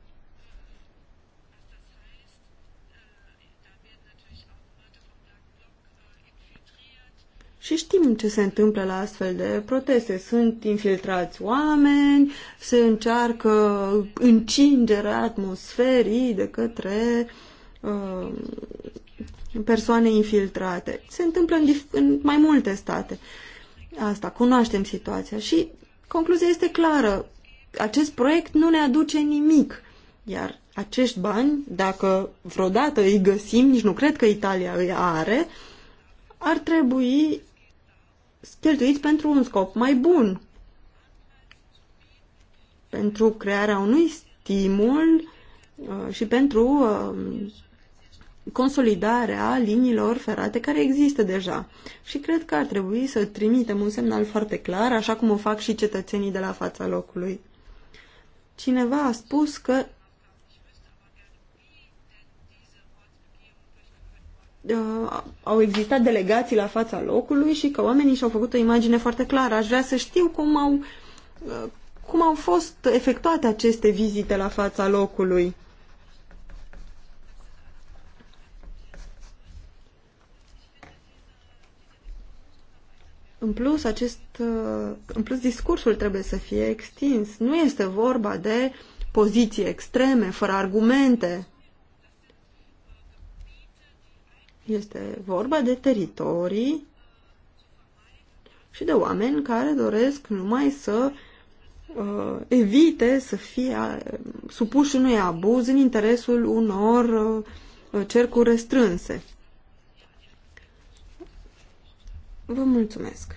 Și știm ce se întâmplă la astfel de proteste. Sunt infiltrați oameni, se încearcă încingerea atmosferii de către uh, persoane infiltrate. Se întâmplă în, în mai multe state. Asta, cunoaștem situația și concluzia este clară. Acest proiect nu ne aduce nimic, iar acești bani, dacă vreodată îi găsim, nici nu cred că Italia îi are, ar trebui cheltuiți pentru un scop mai bun, pentru crearea unui stimul uh, și pentru uh, consolidarea liniilor ferate care există deja. Și cred că ar trebui să trimitem un semnal foarte clar, așa cum o fac și cetățenii de la fața locului. Cineva a spus că uh, au existat delegații la fața locului și că oamenii și-au făcut o imagine foarte clară. Aș vrea să știu cum au, uh, cum au fost efectuate aceste vizite la fața locului În plus, acest, uh, în plus, discursul trebuie să fie extins. Nu este vorba de poziții extreme, fără argumente. Este vorba de teritorii și de oameni care doresc numai să uh, evite să fie uh, supuși unui abuz în interesul unor uh, cercuri restrânse. Vă mulțumesc!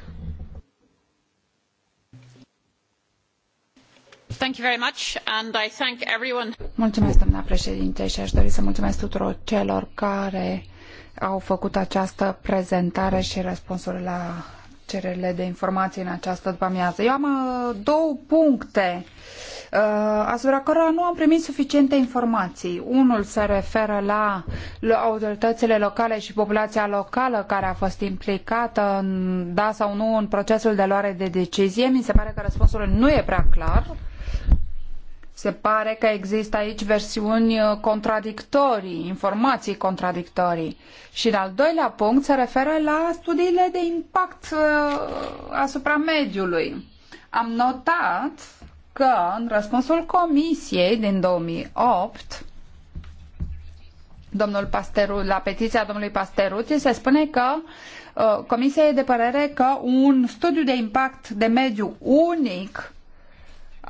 Thank thank you very much, and I everyone. Mulțumesc, doamna președinte, și aș dori să mulțumesc tuturor celor care au făcut această prezentare și răspunsuri la cererile de informații în această după-amiază. Eu am uh, două puncte uh, Uh, asupra cărora nu am primit suficiente informații. Unul se referă la autoritățile locale și populația locală care a fost implicată, în, da sau nu, în procesul de luare de decizie. Mi se pare că răspunsul nu e prea clar. Se pare că există aici versiuni uh, contradictorii, informații contradictorii. Și în al doilea punct se referă la studiile de impact uh, asupra mediului. Am notat că în răspunsul comisiei din 2008 domnul Pasteru, la petiția domnului Pasteruti se spune că uh, comisia e de părere că un studiu de impact de mediu unic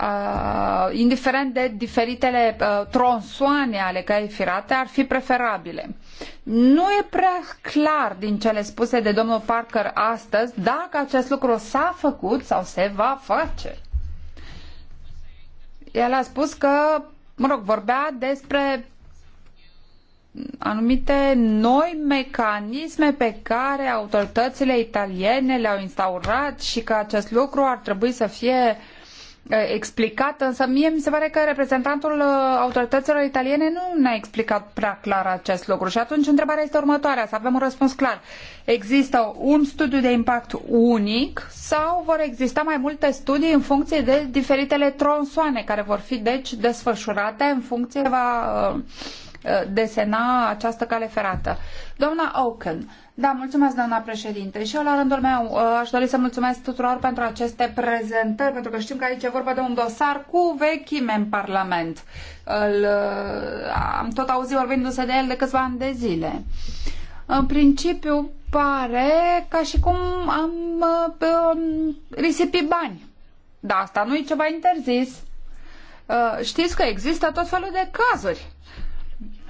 Uh, indiferent de diferitele uh, tronsoane ale căi firate, ar fi preferabile. Nu e prea clar din cele spuse de domnul Parker astăzi dacă acest lucru s-a făcut sau se va face el a spus că, mă rog, vorbea despre anumite noi mecanisme pe care autoritățile italiene le-au instaurat și că acest lucru ar trebui să fie uh, explicat, însă mie mi se pare că reprezentantul autorităților italiene nu ne-a explicat prea clar acest lucru. Și atunci întrebarea este următoarea, să avem un răspuns clar. Există un studiu de impact unic sau vor exista mai multe studii în funcție de diferitele tronsoane care vor fi deci desfășurate în funcție va, Uh, desena această cale ferată. Doamna Oaken, da, mulțumesc, doamna președinte. Și eu, la rândul meu, uh, aș dori să mulțumesc tuturor pentru aceste prezentări, pentru că știm că aici e vorba de un dosar cu vechime în Parlament. Îl, uh, am tot auzit vorbindu-se de el de câțiva ani de zile. În principiu, pare ca și cum am uh, um, risipit bani. Dar asta nu e ceva interzis. Uh, știți că există tot felul de cazuri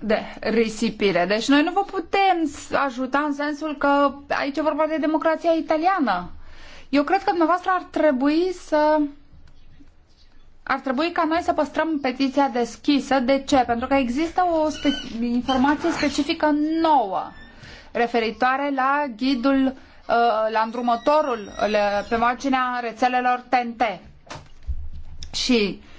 de risipire. Deci noi nu vă putem ajuta în sensul că aici e vorba de democrația italiană. Eu cred că dumneavoastră ar trebui să ar trebui ca noi să păstrăm petiția deschisă. De ce? Pentru că există o spe- informație specifică nouă referitoare la ghidul, uh, la îndrumătorul pe marginea rețelelor TNT. Și uh,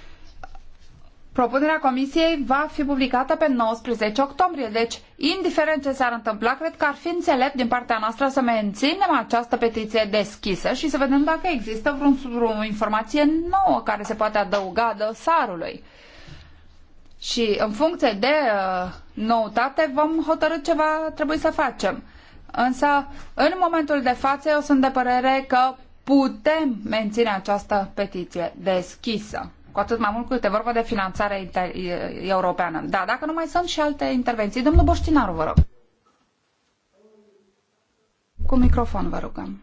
Propunerea comisiei va fi publicată pe 19 octombrie, deci, indiferent ce s-ar întâmpla, cred că ar fi înțelept din partea noastră să menținem această petiție deschisă și să vedem dacă există vreun, vreo informație nouă care se poate adăuga dosarului. Și în funcție de uh, noutate vom hotărâ ce va trebui să facem. Însă, în momentul de față, eu sunt de părere că putem menține această petiție deschisă cu atât mai mult cât e vorba de finanțare europeană. Da, dacă nu mai sunt și alte intervenții, domnul Boștinaru, vă rog. Cu microfon, vă rugăm.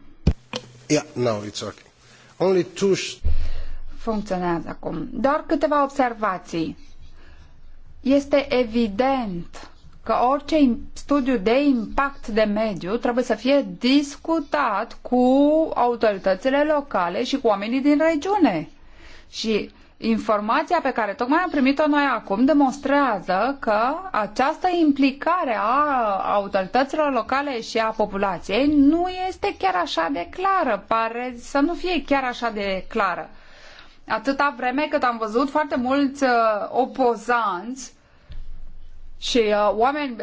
Yeah, now it's okay. Only two... Funcționează acum. Doar câteva observații. Este evident că orice studiu de impact de mediu trebuie să fie discutat cu autoritățile locale și cu oamenii din regiune. Și Informația pe care tocmai am primit-o noi acum demonstrează că această implicare a autorităților locale și a populației nu este chiar așa de clară, pare să nu fie chiar așa de clară. Atâta vreme cât am văzut foarte mulți uh, opozanți și uh, oameni,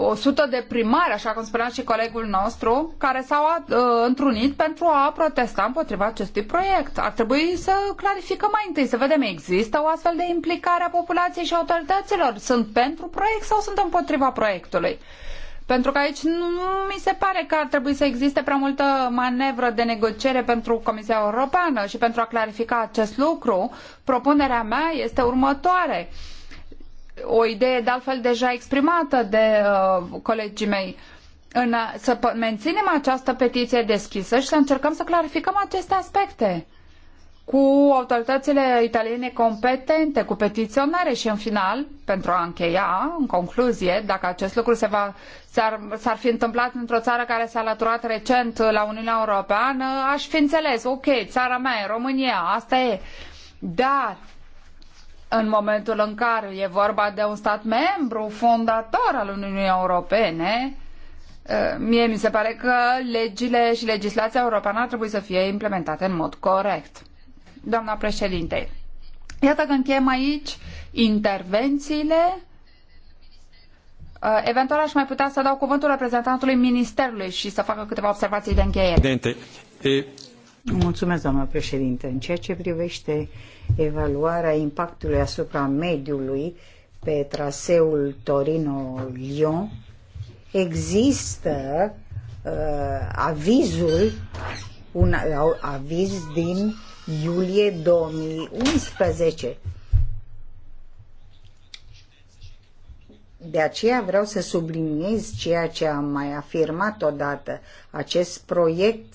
uh, 100 uh, de primari, așa cum spunea și colegul nostru, care s-au uh, întrunit pentru a protesta împotriva acestui proiect. Ar trebui să clarificăm mai întâi, să vedem, există o astfel de implicare a populației și autorităților? Sunt pentru proiect sau sunt împotriva proiectului? Pentru că aici nu mi se pare că ar trebui să existe prea multă manevră de negociere pentru Comisia Europeană și pentru a clarifica acest lucru, propunerea mea este următoare. Uh, o idee de altfel deja exprimată de uh, colegii mei, în a, să menținem această petiție deschisă și să încercăm să clarificăm aceste aspecte cu autoritățile italiene competente, cu petiționare și în final, pentru a încheia, în concluzie, dacă acest lucru se va, s-ar, s-ar fi întâmplat într-o țară care s-a alăturat recent la Uniunea Europeană, aș fi înțeles, ok, țara mea e România, asta e. Dar în momentul în care e vorba de un stat membru fondator al Uniunii Europene, eh, mie mi se pare că legile și legislația europeană ar trebui să fie implementate în mod corect. Doamna președinte, iată că încheiem aici intervențiile. Eh, eventual aș mai putea să dau cuvântul reprezentantului Ministerului și să facă câteva observații de încheiere. Mulțumesc, doamna președinte. În ceea ce privește evaluarea impactului asupra mediului pe traseul Torino-Lyon, există uh, avizul, un aviz din iulie 2011. De aceea vreau să subliniez ceea ce am mai afirmat odată. Acest proiect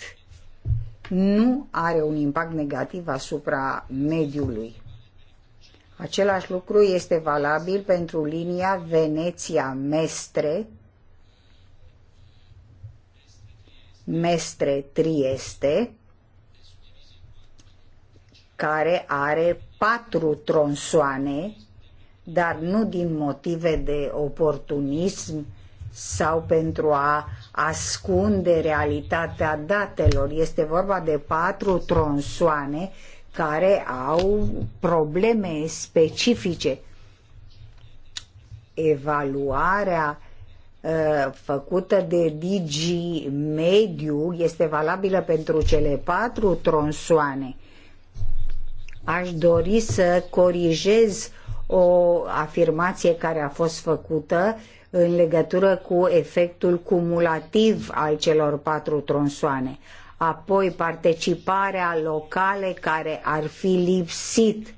nu are un impact negativ asupra mediului. Același lucru este valabil pentru linia Veneția-Mestre, Mestre-Trieste, care are patru tronsoane, dar nu din motive de oportunism sau pentru a ascunde realitatea datelor. Este vorba de patru tronsoane care au probleme specifice. Evaluarea ă, făcută de Digi Mediu este valabilă pentru cele patru tronsoane. Aș dori să corijez o afirmație care a fost făcută uh, în legătură cu efectul cumulativ al celor patru tronsoane. Apoi participarea locale care ar fi lipsit.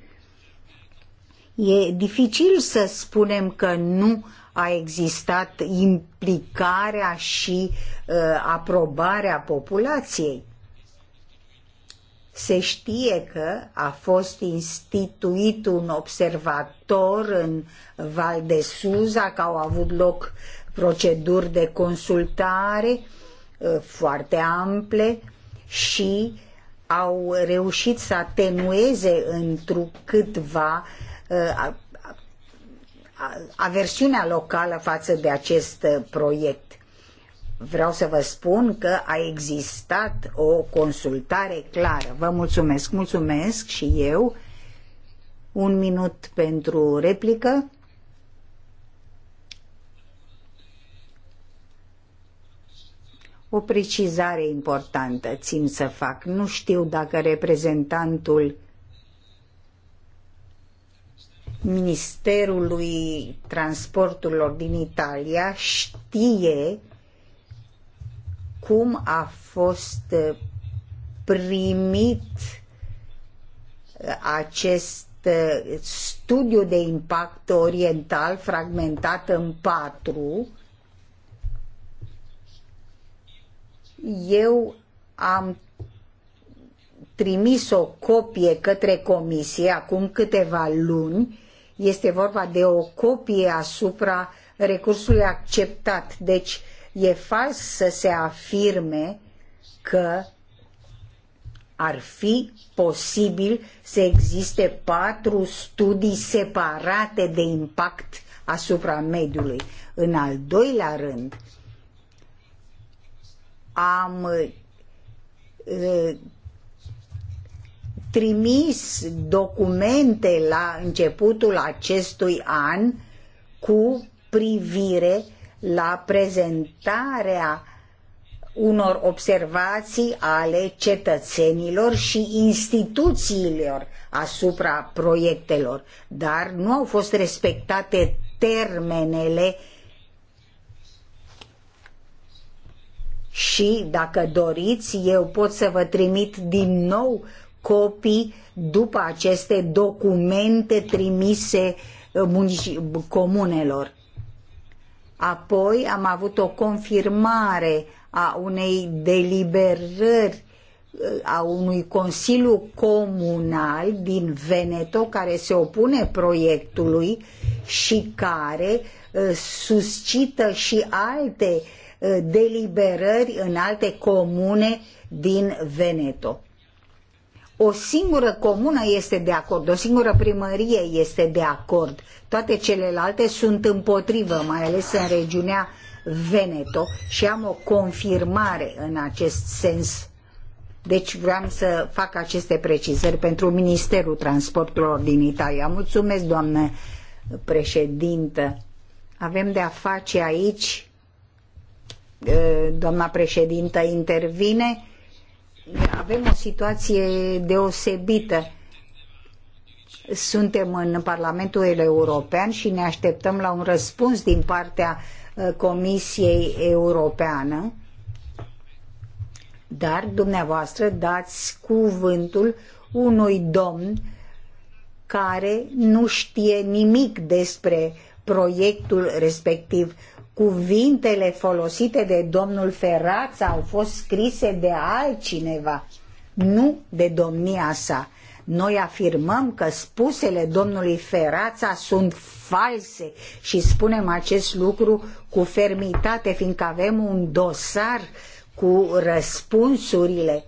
E dificil să spunem că nu a existat implicarea și uh, aprobarea populației se știe că a fost instituit un observator în Val de Suza, că au avut loc proceduri de consultare ă, foarte ample și au reușit să atenueze întrucâtva ă, aversiunea locală față de acest proiect. Vreau să vă spun că a existat o consultare clară. Vă mulțumesc, mulțumesc și eu. Un minut pentru replică. O precizare importantă țin să fac. Nu știu dacă reprezentantul Ministerului Transporturilor din Italia știe cum a fost uh, primit uh, acest uh, studiu de impact oriental fragmentat în patru, eu am trimis o copie către comisie acum câteva luni. Este vorba de o copie asupra recursului acceptat. Deci, E fals să se afirme că ar fi posibil să existe patru studii separate de impact asupra mediului. În al doilea rând, am trimis documente la începutul acestui an cu privire la prezentarea unor observații ale cetățenilor și instituțiilor asupra proiectelor, dar nu au fost respectate termenele și, dacă doriți, eu pot să vă trimit din nou copii după aceste documente trimise comunelor. Apoi am avut o confirmare a unei deliberări a unui consiliu comunal din Veneto care se opune proiectului și care uh, suscită și alte uh, deliberări în alte comune din Veneto o singură comună este de acord, o singură primărie este de acord. Toate celelalte sunt împotrivă, mai ales în regiunea Veneto și am o confirmare în acest sens. Deci vreau să fac aceste precizări pentru Ministerul Transporturilor din Italia. Mulțumesc, doamnă președintă. Avem de a face aici, eh, doamna președintă intervine, avem o situație deosebită. Suntem în Parlamentul European și ne așteptăm la un răspuns din partea uh, Comisiei Europeană, dar dumneavoastră dați cuvântul unui domn care nu știe nimic despre proiectul respectiv cuvintele folosite de domnul Ferrața au fost scrise de altcineva, nu de domnia sa. Noi afirmăm că spusele domnului Ferața sunt false și spunem acest lucru cu fermitate, fiindcă avem un dosar cu răspunsurile.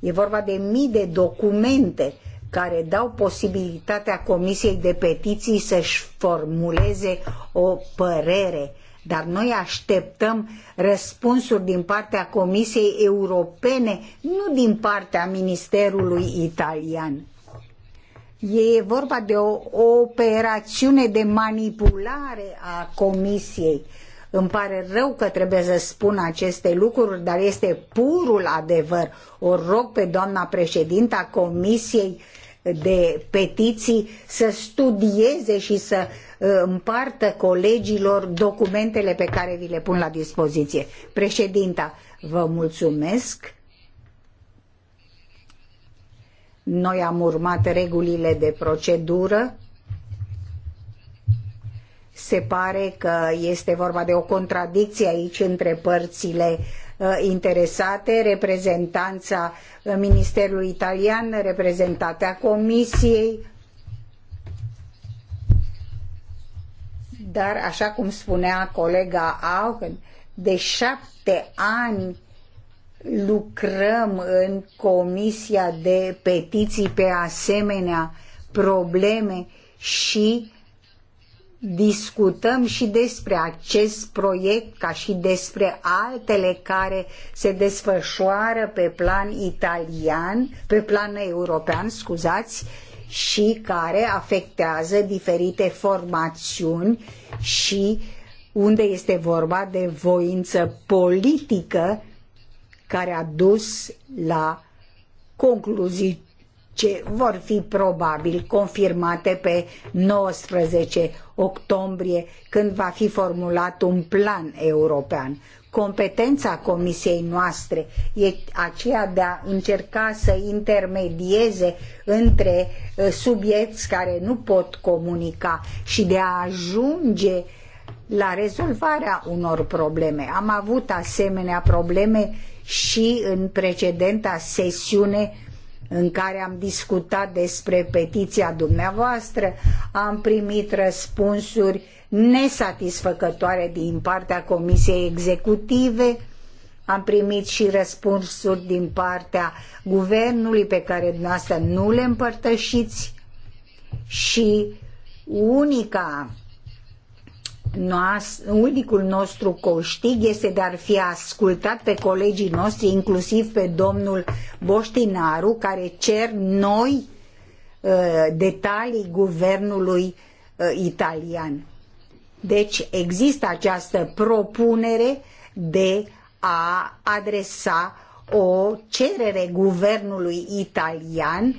E vorba de mii de documente care dau posibilitatea Comisiei de Petiții să-și formuleze o părere. Dar noi așteptăm răspunsuri din partea Comisiei Europene, nu din partea Ministerului Italian. E vorba de o operațiune de manipulare a Comisiei îmi pare rău că trebuie să spun aceste lucruri, dar este purul adevăr. O rog pe doamna președinta Comisiei de petiții să studieze și să uh, împartă colegilor documentele pe care vi le pun la dispoziție. Președinta, vă mulțumesc. Noi am urmat regulile de procedură se pare că este vorba de o contradicție aici între părțile uh, interesate, reprezentanța uh, Ministerului Italian, reprezentarea Comisiei, dar așa cum spunea colega Augen, de șapte ani lucrăm în Comisia de Petiții pe asemenea probleme și discutăm și despre acest proiect ca și despre altele care se desfășoară pe plan italian, pe plan european, scuzați, și care afectează diferite formațiuni și unde este vorba de voință politică care a dus la concluzii ce vor fi probabil confirmate pe 19 octombrie, când va fi formulat un plan european. Competența comisiei noastre e aceea de a încerca să intermedieze între ă, subiecti care nu pot comunica și de a ajunge la rezolvarea unor probleme. Am avut asemenea probleme și în precedenta sesiune în care am discutat despre petiția dumneavoastră, am primit răspunsuri nesatisfăcătoare din partea Comisiei Executive, am primit și răspunsuri din partea guvernului pe care dumneavoastră nu le împărtășiți și unica noas, unicul nostru coștig este de a fi ascultat pe colegii noștri, inclusiv pe domnul Boștinaru, care cer noi uh, detalii guvernului uh, italian. Deci există această propunere de a adresa o cerere guvernului italian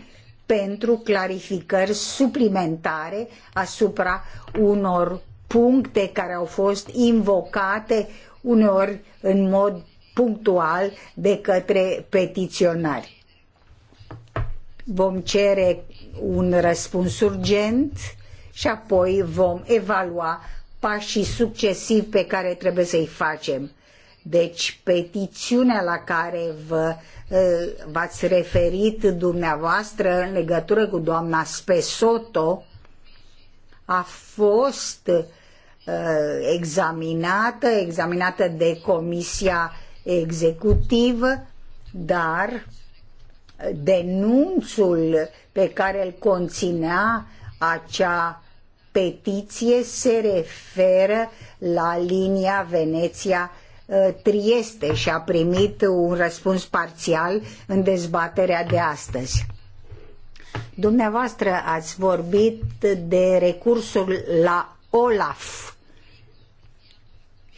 pentru clarificări suplimentare asupra unor puncte care au fost invocate uneori în mod punctual de către petiționari. Vom cere un răspuns urgent și apoi vom evalua pașii succesivi pe care trebuie să-i facem. Deci petițiunea la care vă, ă, v-ați referit dumneavoastră în legătură cu doamna Spesoto a fost Uh, examinată, examinată de Comisia Executivă, dar denunțul pe care îl conținea acea petiție se referă la linia Veneția uh, Trieste și a primit un răspuns parțial în dezbaterea de astăzi. Dumneavoastră ați vorbit de recursul la OLAF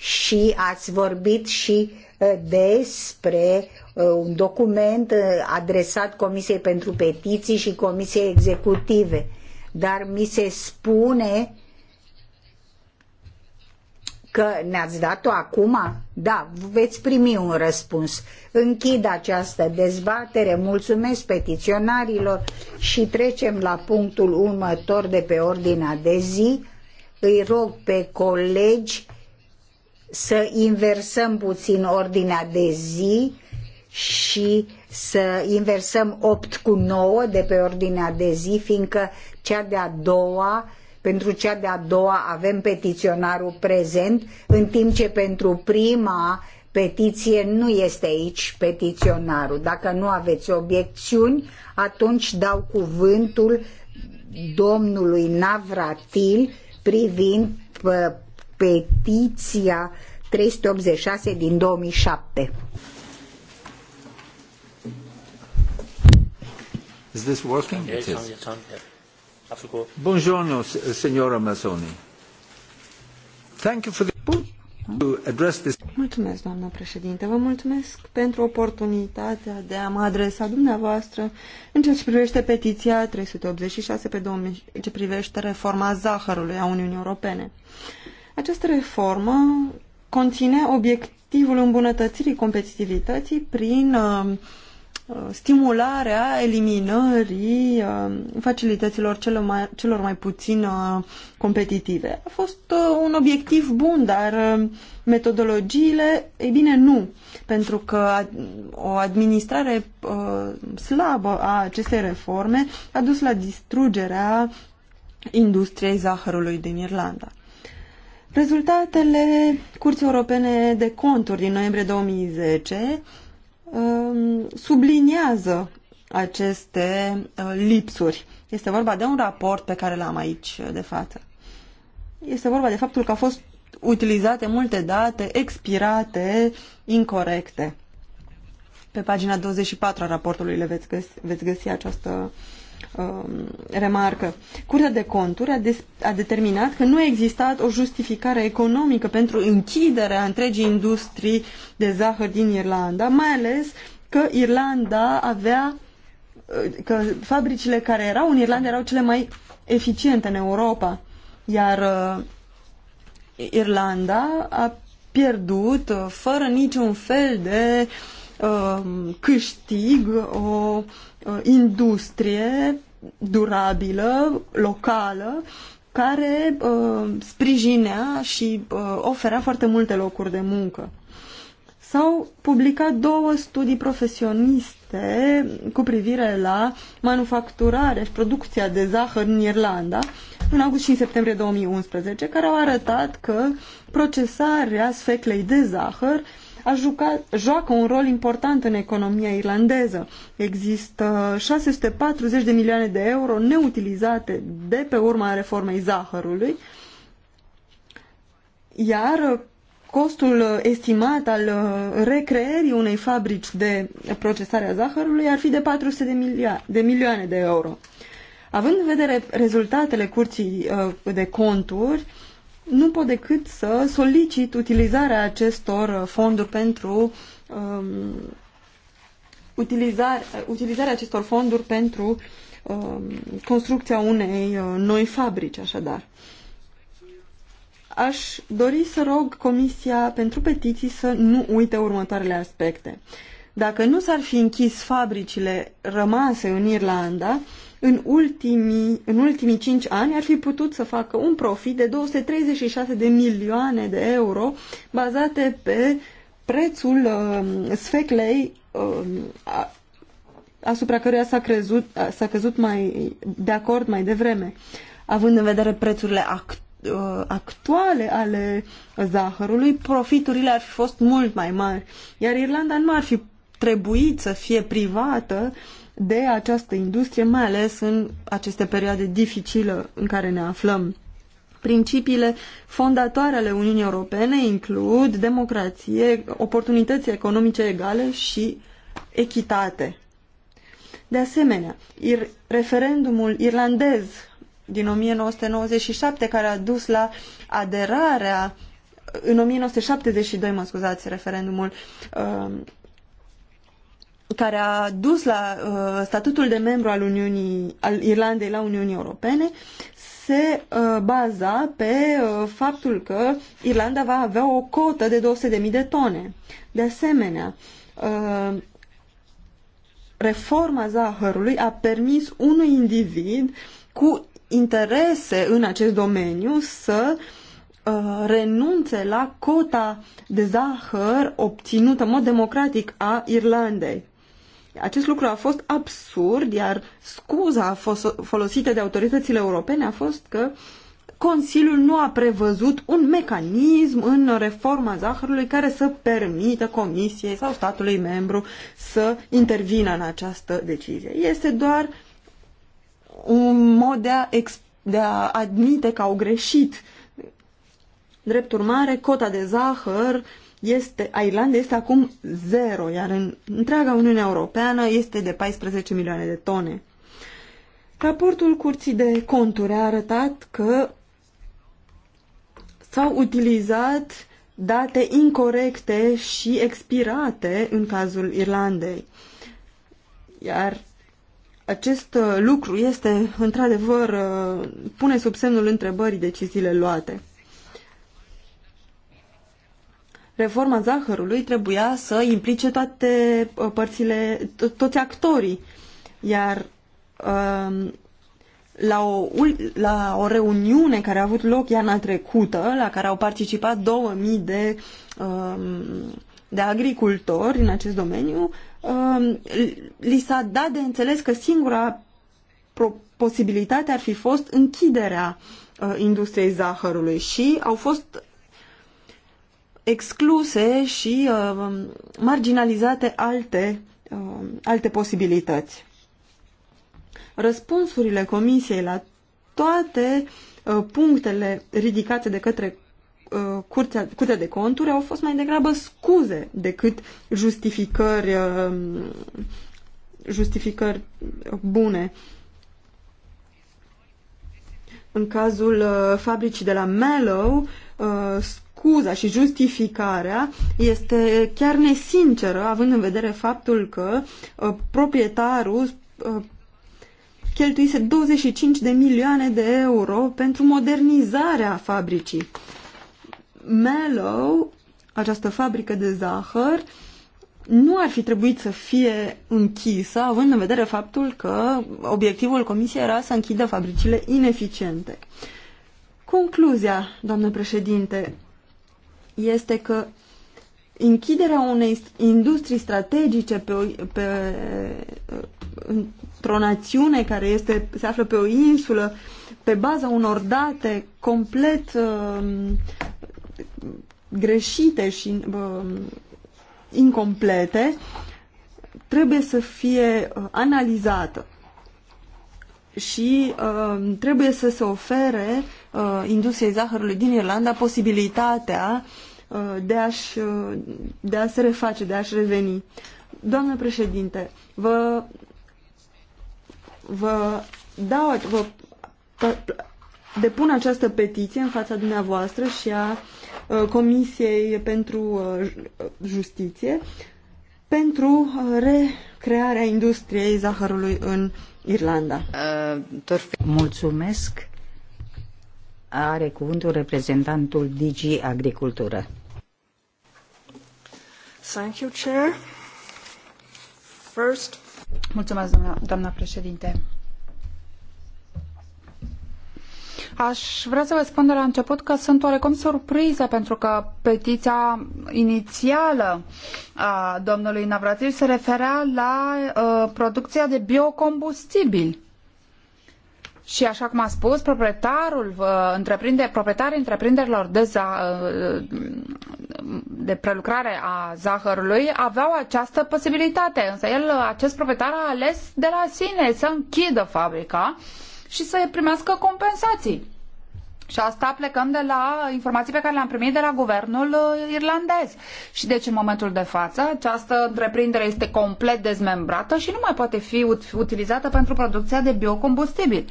și ați vorbit și uh, despre uh, un document uh, adresat Comisiei pentru Petiții și Comisiei Executive. Dar mi se spune că ne-ați dat-o acum? Da, veți primi un răspuns. Închid această dezbatere, mulțumesc petiționarilor și trecem la punctul următor de pe ordinea de zi. Îi rog pe colegi să inversăm puțin ordinea de zi și să inversăm 8 cu 9 de pe ordinea de zi, fiindcă cea de-a doua, pentru cea de-a doua avem petiționarul prezent, în timp ce pentru prima petiție nu este aici petiționarul. Dacă nu aveți obiecțiuni, atunci dau cuvântul domnului Navratil privind petiția 386 din 2007. Is this working? Yes, it is. It's on, it's on Buongiorno, signora Mazzoni. Thank you for the... Mulțumesc, doamnă președinte. Vă mulțumesc pentru oportunitatea de a mă adresa dumneavoastră în ceea ce privește petiția 386 pe 2000, ce privește reforma zahărului a Uniunii Europene. Uh, această reformă conține obiectivul îmbunătățirii competitivității prin uh, uh stimularea eliminării uh, facilităților celor mai, celor mai puțin uh, competitive. A fost un obiectiv bun, dar metodologiile, ei bine, nu. Pentru că o administrare slabă a acestei reforme a dus la distrugerea industriei zahărului din Irlanda. Rezultatele Curții Europene de Conturi din noiembrie 2010 um, subliniază aceste uh, lipsuri. Este vorba de un raport pe care l-am aici uh, de față. Este vorba de faptul că au fost utilizate multe date expirate, incorrecte. Pe pagina 24 a raportului le veți găsi, veți găsi această uh, Um, remarcă. Curtea de conturi a, de- a determinat că nu a existat o justificare economică pentru închiderea întregii industrii de zahăr din Irlanda, mai ales că Irlanda avea uh, că fabricile care erau în Irlanda erau cele mai eficiente în Europa, iar uh, Irlanda a pierdut uh, fără niciun fel de uh, Um, câștig o uh, industrie durabilă, locală, care uh, sprijinea și uh, oferea foarte multe locuri de muncă. S-au publicat două studii profesioniste cu privire la manufacturare și producția de zahăr în Irlanda în august și în septembrie 2011, care au arătat că procesarea sfeclei de zahăr a jucat, joacă un rol important în economia irlandeză. Există 640 de milioane de euro neutilizate de pe urma reformei zahărului, iar costul estimat al recreerii unei fabrici de procesare a zahărului ar fi de 400 de milioane de, milioane de euro. Având în vedere rezultatele curții uh, de conturi, nu pot decât să solicit utilizarea acestor fonduri pentru um, utilizare, utilizarea acestor fonduri pentru um, construcția unei uh, noi fabrici, așadar. Aș dori să rog Comisia pentru Petiții să nu uite următoarele aspecte. Dacă nu s-ar fi închis fabricile rămase în Irlanda, în ultimii, în ultimii 5 ani ar fi putut să facă un profit de 236 de milioane de euro bazate pe prețul uh, sfeclei uh, asupra căruia s-a, crezut, s-a căzut mai de acord mai devreme. Având în vedere prețurile actuale, uh, actuale ale zahărului, profiturile ar fi fost mult mai mari. Iar Irlanda nu ar fi trebuit să fie privată de această industrie, mai ales în aceste perioade dificile în care ne aflăm. Principiile fondatoare ale Uniunii Europene includ democrație, oportunități economice egale și echitate. De asemenea, ir referendumul irlandez din 1997 care a dus la aderarea în 1972, mă scuzați, referendumul uh, care a dus la uh, statutul de membru al, Uniunii, al Irlandei la Uniunii Europene se uh, baza pe uh, faptul că Irlanda va avea o cotă de 200.000 de tone. De asemenea, uh, reforma zahărului a permis unui individ cu interese în acest domeniu să uh, renunțe la cota de zahăr obținută în mod democratic a Irlandei. Acest lucru a fost absurd, iar scuza a fost folosită de autoritățile europene a fost că Consiliul nu a prevăzut un mecanism în reforma zahărului care să permită Comisiei sau statului membru să intervină în această decizie. Este doar un mod de a, de a admite că au greșit. Drept urmare, cota de zahăr este, a Irlandei este acum zero, iar în întreaga Uniune Europeană este de 14 milioane de tone. Raportul Curții de Conturi a arătat că s-au utilizat date incorrecte și expirate în cazul Irlandei. Iar acest uh, lucru este, într-adevăr, uh, pune sub semnul întrebării deciziile luate reforma zahărului trebuia să implice toate uh, părțile, to toți actorii. Iar um, la o, la o reuniune care a avut loc iarna trecută, la care au participat 2000 de, um, de agricultori în acest domeniu, um, li s-a dat de înțeles că singura posibilitate ar fi fost închiderea uh, industriei zahărului și au fost excluse și uh, marginalizate alte, uh, alte posibilități. Răspunsurile Comisiei la toate uh, punctele ridicate de către curtea, curtea de conturi au fost mai degrabă scuze decât justificări, justificări bune. În cazul fabricii de la Mellow, scuza și justificarea este chiar nesinceră, având în vedere faptul că uh, proprietarul uh, cheltuise 25 de milioane de euro pentru modernizarea fabricii. Mellow, această fabrică de zahăr, nu ar fi trebuit să fie închisă, având în vedere faptul că obiectivul comisiei era să închidă fabricile ineficiente. Concluzia, doamnă președinte, este că închiderea unei industrii strategice pe, pe, într-o națiune care este, se află pe o insulă, pe baza unor date complet uh, greșite și uh, incomplete, trebuie să fie uh, analizată și uh, trebuie să se ofere uh, uh, industriei zahărului din Irlanda posibilitatea uh, de, a-și, uh, de a se reface, de a-și reveni. Doamnă președinte, vă, vă dau, vă depun această petiție în fața dumneavoastră și a uh, Comisiei pentru uh, Justiție pentru uh, recrearea industriei zahărului în Irlanda. Uh, Mulțumesc. Are cuvântul reprezentantul DG Agricultură. Thank you, Chair. First. Mulțumesc, doamna, doamna președinte. Aș vrea să vă spun de la început că sunt oarecum surpriză pentru că petiția inițială a domnului Navratil se referea la uh, producția de biocombustibili. Și așa cum a spus, proprietarul întreprinde, proprietarii întreprinderilor de, za, de prelucrare a zahărului aveau această posibilitate, însă el, acest proprietar a ales de la sine să închidă fabrica și să primească compensații. Și asta plecăm de la informații pe care le-am primit de la guvernul uh, irlandez. Și deci în momentul de față această întreprindere este complet dezmembrată și nu mai poate fi utilizată pentru producția de biocombustibil.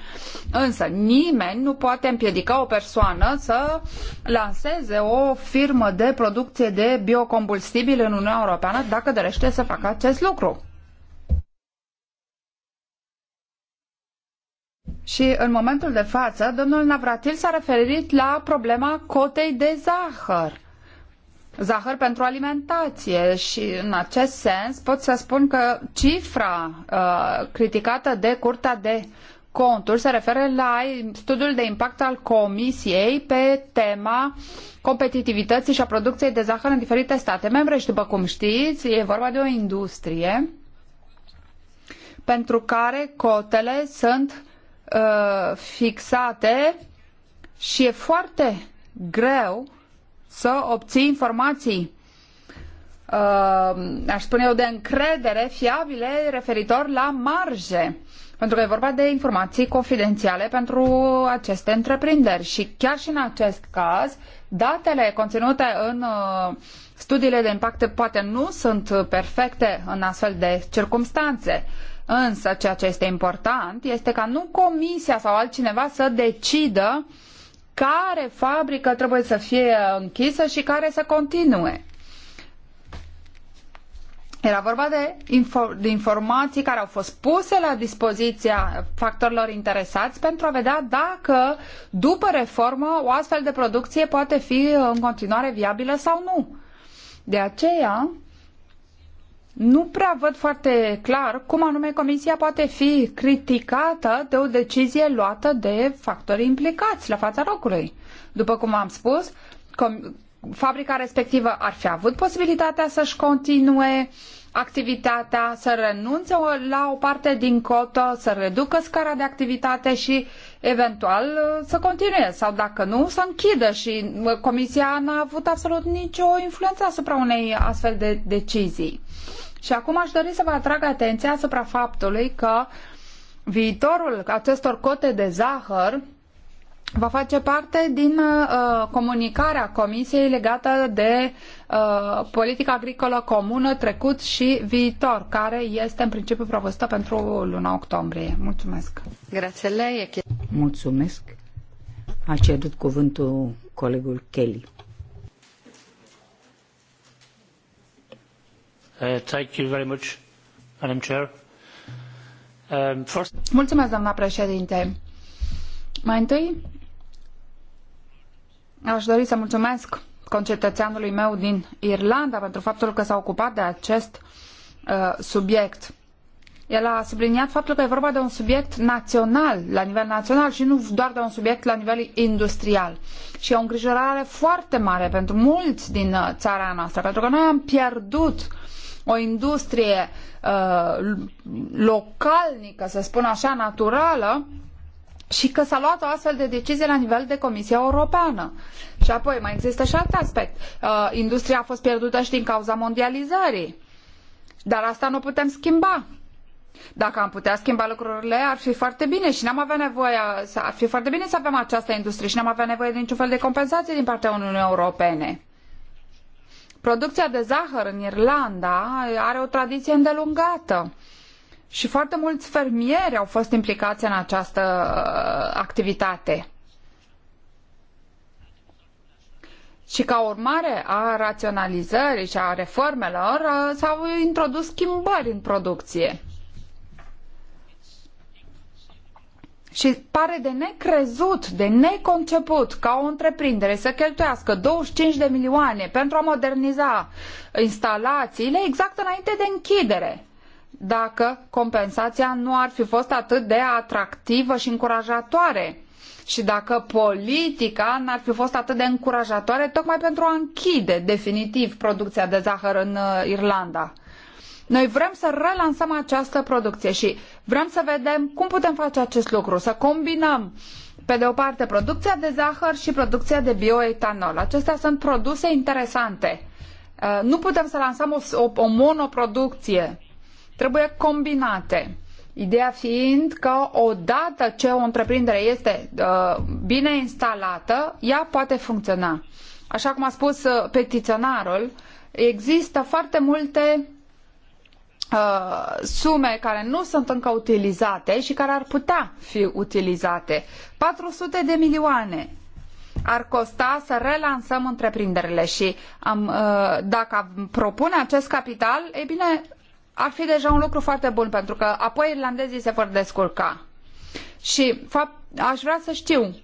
Însă nimeni nu poate împiedica o persoană să lanseze o firmă de producție de biocombustibil în Uniunea Europeană dacă dorește să facă acest lucru. Și în momentul de față, domnul Navratil s-a referit la problema cotei de zahăr. Zahăr pentru alimentație și în acest sens pot să spun că cifra uh, criticată de Curtea de Conturi se referă la studiul de impact al Comisiei pe tema competitivității și a producției de zahăr în diferite state membre și după cum știți, e vorba de o industrie pentru care cotele sunt Uh, fixate și e foarte greu să obții informații uh, aș spune eu, de încredere fiabile referitor la marje. Pentru că e vorba de informații confidențiale pentru aceste întreprinderi și chiar și în acest caz, datele conținute în uh, studiile de impact poate nu sunt perfecte în astfel de circumstanțe. Uh, Însă ceea ce este important este ca nu comisia sau altcineva să decidă care fabrică trebuie să fie închisă și care să continue. Era vorba de, info, de informații care au fost puse la dispoziția factorilor interesați pentru a vedea dacă, după reformă, o astfel de producție poate fi în continuare viabilă sau nu. De aceea, nu prea văd foarte clar cum anume Comisia poate fi criticată de o decizie luată de factorii implicați la fața locului. După cum am spus, fabrica respectivă ar fi avut posibilitatea să-și continue activitatea, să renunțe la o parte din cotă, să reducă scara de activitate și eventual să continue sau dacă nu să închidă și comisia n-a avut absolut nicio influență asupra unei astfel de decizii. Și acum aș dori să vă atrag atenția asupra faptului că viitorul acestor cote de zahăr va face parte din uh, comunicarea Comisiei legată de uh, politica agricolă comună trecut și viitor, care este în principiu propusă pentru luna octombrie. Mulțumesc. Grațele. Mulțumesc. A cerut cuvântul colegul Kelly. Uh, thank you um, Mai întâi, aș dori să mulțumesc concetățeanului meu din Irlanda pentru faptul că s-a ocupat de acest uh, subiect. El a subliniat faptul că e vorba de un subiect național, la nivel național și nu doar de un subiect la nivel industrial. Și e o îngrijorare foarte mare pentru mulți din uh, țara noastră, pentru că noi am pierdut uh, o industrie uh, localnică, să spun așa, naturală, și că s-a luat o astfel de decizie la nivel de Comisia Europeană. Și apoi mai există și alt aspect. Uh, industria a fost pierdută și din cauza mondializării. Dar asta nu putem schimba. Dacă am putea schimba lucrurile, ar fi foarte bine și n-am avea nevoie, să, ar fi foarte bine să avem această industrie și n-am avea nevoie de niciun fel de compensație din partea Uniunii Europene. Producția de zahăr în Irlanda are o tradiție îndelungată. Și foarte mulți fermieri au fost implicați în această uh, activitate. Și ca urmare a raționalizării și a reformelor uh, s-au introdus schimbări în producție. și pare de necrezut, de neconceput ca o întreprindere să cheltuiască 25 de milioane pentru a moderniza instalațiile exact înainte de închidere dacă compensația nu ar fi fost atât de atractivă și încurajatoare și dacă politica n-ar fi fost atât de încurajatoare tocmai pentru a închide definitiv producția de zahăr în uh, Irlanda. Noi vrem să relansăm această producție și vrem să vedem cum putem face acest lucru, să combinăm pe de o parte producția de zahăr și producția de bioetanol. Acestea sunt produse interesante. Uh, nu putem să lansăm o, o, o monoproducție. Trebuie combinate. Ideea fiind că odată ce o întreprindere este uh, bine instalată, ea poate funcționa. Așa cum a spus uh, petiționarul, există foarte multe Uh, sume care nu sunt încă utilizate și care ar putea fi utilizate. 400 de milioane ar costa să relansăm întreprinderile și am, uh, dacă am propune acest capital, e bine, ar fi deja un lucru foarte bun, pentru că apoi irlandezii se vor descurca. Și fapt, aș vrea să știu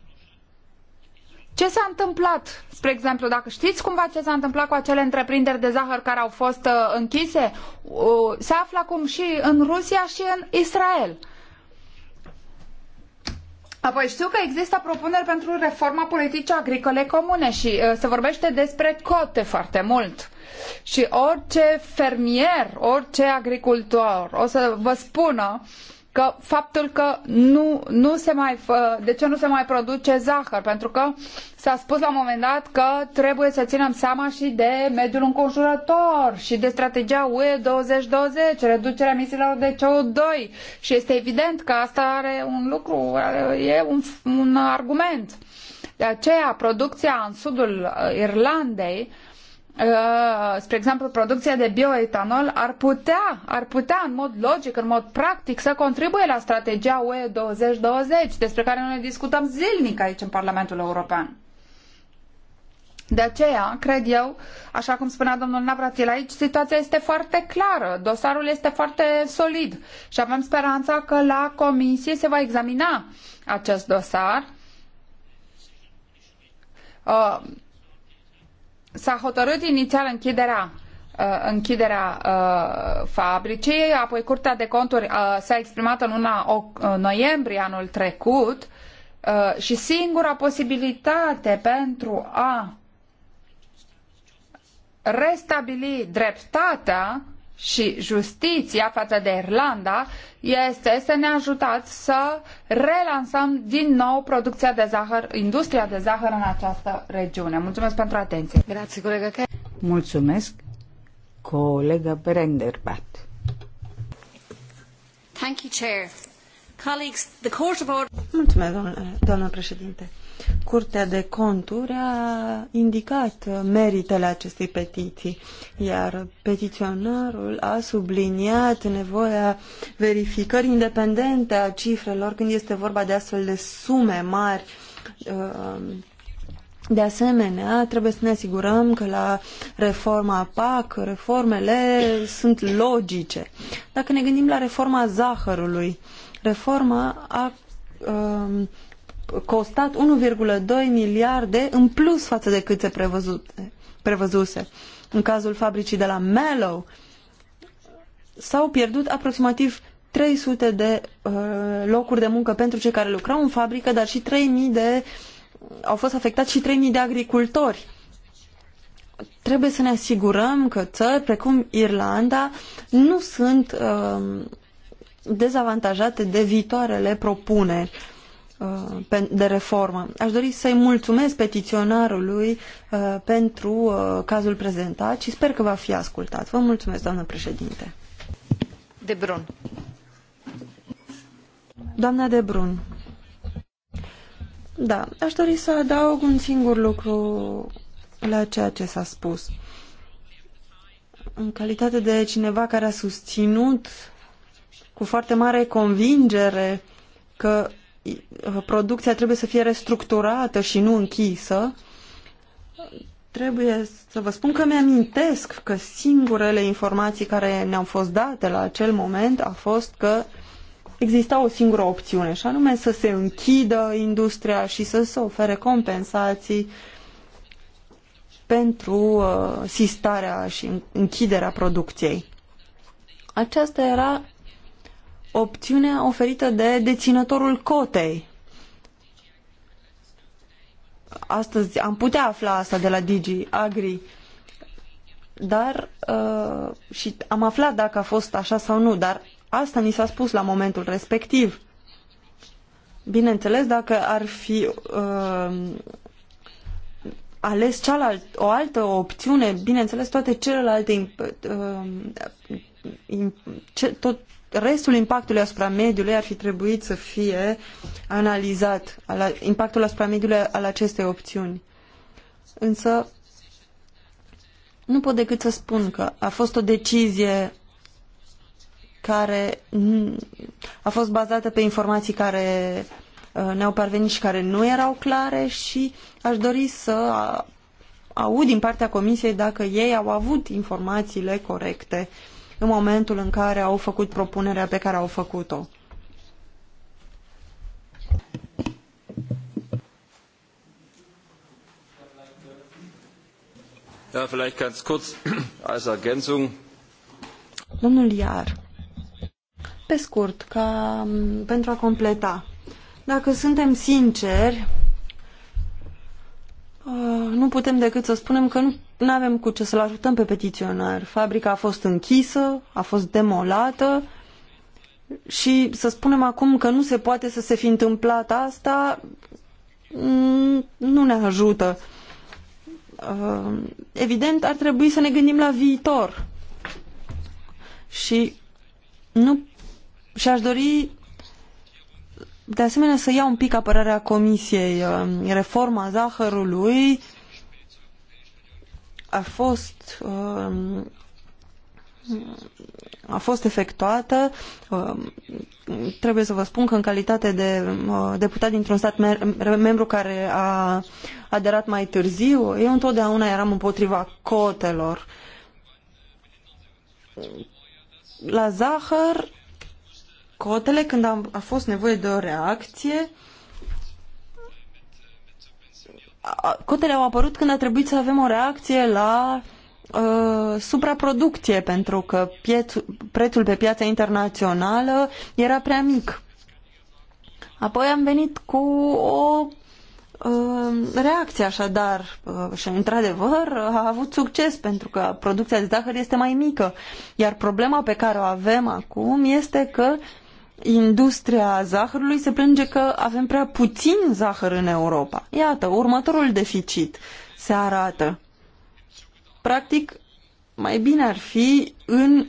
ce s-a întâmplat? Spre exemplu, dacă știți cumva ce s-a întâmplat cu acele întreprinderi de zahăr care au fost uh, închise, uh, se află acum și în Rusia și în Israel. Apoi știu că există propuneri pentru reforma politicii agricole comune și uh, se vorbește despre cote foarte mult. Și orice fermier, orice agricultor o să vă spună uh, că faptul că nu, nu se mai, de ce nu se mai produce zahăr, pentru că s-a spus la un moment dat că trebuie să ținem seama și de mediul înconjurător și de strategia UE 2020, reducerea emisiilor de CO2 și este evident că asta are un lucru, e un, un argument. De aceea, producția în sudul uh, Irlandei Uh, spre exemplu, producția de bioetanol ar putea, ar putea în mod logic, în mod practic, să contribuie la strategia UE 2020, despre care noi discutăm zilnic aici în Parlamentul European. De aceea, cred eu, așa cum spunea domnul Navratil aici, situația este foarte clară, dosarul este foarte solid și avem speranța că la comisie se va examina acest dosar. Uh, s-a hotărât inițial închiderea uh, închiderea uh, fabricii, apoi Curtea de Conturi uh, s-a exprimat în luna uh, noiembrie anul trecut uh, și singura posibilitate pentru a restabili dreptatea și justiția față de Irlanda este să ne ajutați să relansăm din nou producția de zahăr, industria de zahăr în această regiune. Mulțumesc pentru atenție. Grație, colega. Mulțumesc, colega Brenderbat. Thank you, Chair. Colleagues, the court of order... Mulțumesc, doamnă, doamnă președinte. Curtea de conturi a indicat meritele acestei petiții, iar petiționarul a subliniat nevoia verificării independente a cifrelor când este vorba de astfel de sume mari. Uh, de asemenea, trebuie să ne asigurăm că la reforma PAC reformele sunt logice. Dacă ne gândim la reforma zahărului, reforma a um, costat 1,2 miliarde în plus față de cât se prevăzute, prevăzuse. În cazul fabricii de la Mellow s-au pierdut aproximativ 300 de uh, locuri de muncă pentru cei care lucrau în fabrică, dar și 3000 de au fost afectați și 3000 de agricultori. Trebuie să ne asigurăm că țări precum Irlanda nu sunt uh, dezavantajate de viitoarele propuneri uh, de reformă. Aș dori să-i mulțumesc petiționarului uh, pentru uh, cazul prezentat și sper că va fi ascultat. Vă mulțumesc, doamnă președinte. De Brun. Doamna De Brun. Da, aș dori să adaug un singur lucru la ceea ce s-a spus. În calitate de cineva care a susținut cu foarte mare convingere că uh, producția trebuie să fie restructurată și nu închisă, trebuie să vă spun că mi-amintesc că singurele informații care ne-au fost date la acel moment a fost că exista o singură opțiune și anume să se închidă industria și să se ofere compensații pentru uh, sistarea și închiderea producției. Aceasta era opțiunea oferită de deținătorul cotei. Astăzi am putea afla asta de la Digi Agri, dar uh, și am aflat dacă a fost așa sau nu, dar asta ni s-a spus la momentul respectiv. Bineînțeles, dacă ar fi uh, ales cealalt, o altă opțiune, bineînțeles, toate celelalte uh, ce, tot, restul impactului asupra mediului ar fi trebuit să fie analizat, impactul asupra mediului al acestei opțiuni. Însă, nu pot decât să spun că a fost o decizie care a fost bazată pe informații care uh, ne-au parvenit și care nu erau clare și aș dori să aud din partea Comisiei dacă ei au avut informațiile corecte uh, în momentul în care au făcut propunerea pe care au făcut-o. Ja, vielleicht ganz kurz als Ergänzung. Domnul Iar, pe scurt, ca mm, pentru a completa, dacă suntem sinceri, Uh, nu putem decât să spunem că nu avem cu ce să-l ajutăm pe petiționar. Fabrica a fost închisă, a fost demolată și să spunem acum că nu se poate să se fi întâmplat asta, nu ne ajută. Uh, evident, ar trebui să ne gândim la viitor. Și nu și aș dori de asemenea, să iau un pic apărarea Comisiei. Uh, reforma zahărului a fost uh, a fost efectuată. Uh, trebuie să vă spun că în calitate de deputat dintr-un stat membru care a aderat mai târziu, eu întotdeauna eram împotriva cotelor. La zahăr cotele când a, a fost nevoie de o reacție. Cotele au apărut când a trebuit să avem o reacție la uh, supraproducție, pentru că pieț, prețul pe piața internațională era prea mic. Apoi am venit cu o uh, reacție așadar uh, și într-adevăr a avut succes pentru că producția de zahăr este mai mică iar problema pe care o avem acum este că uh, industria zahărului se plânge că avem prea puțin zahăr în Europa. Iată, următorul deficit se arată. Practic, mai bine ar fi în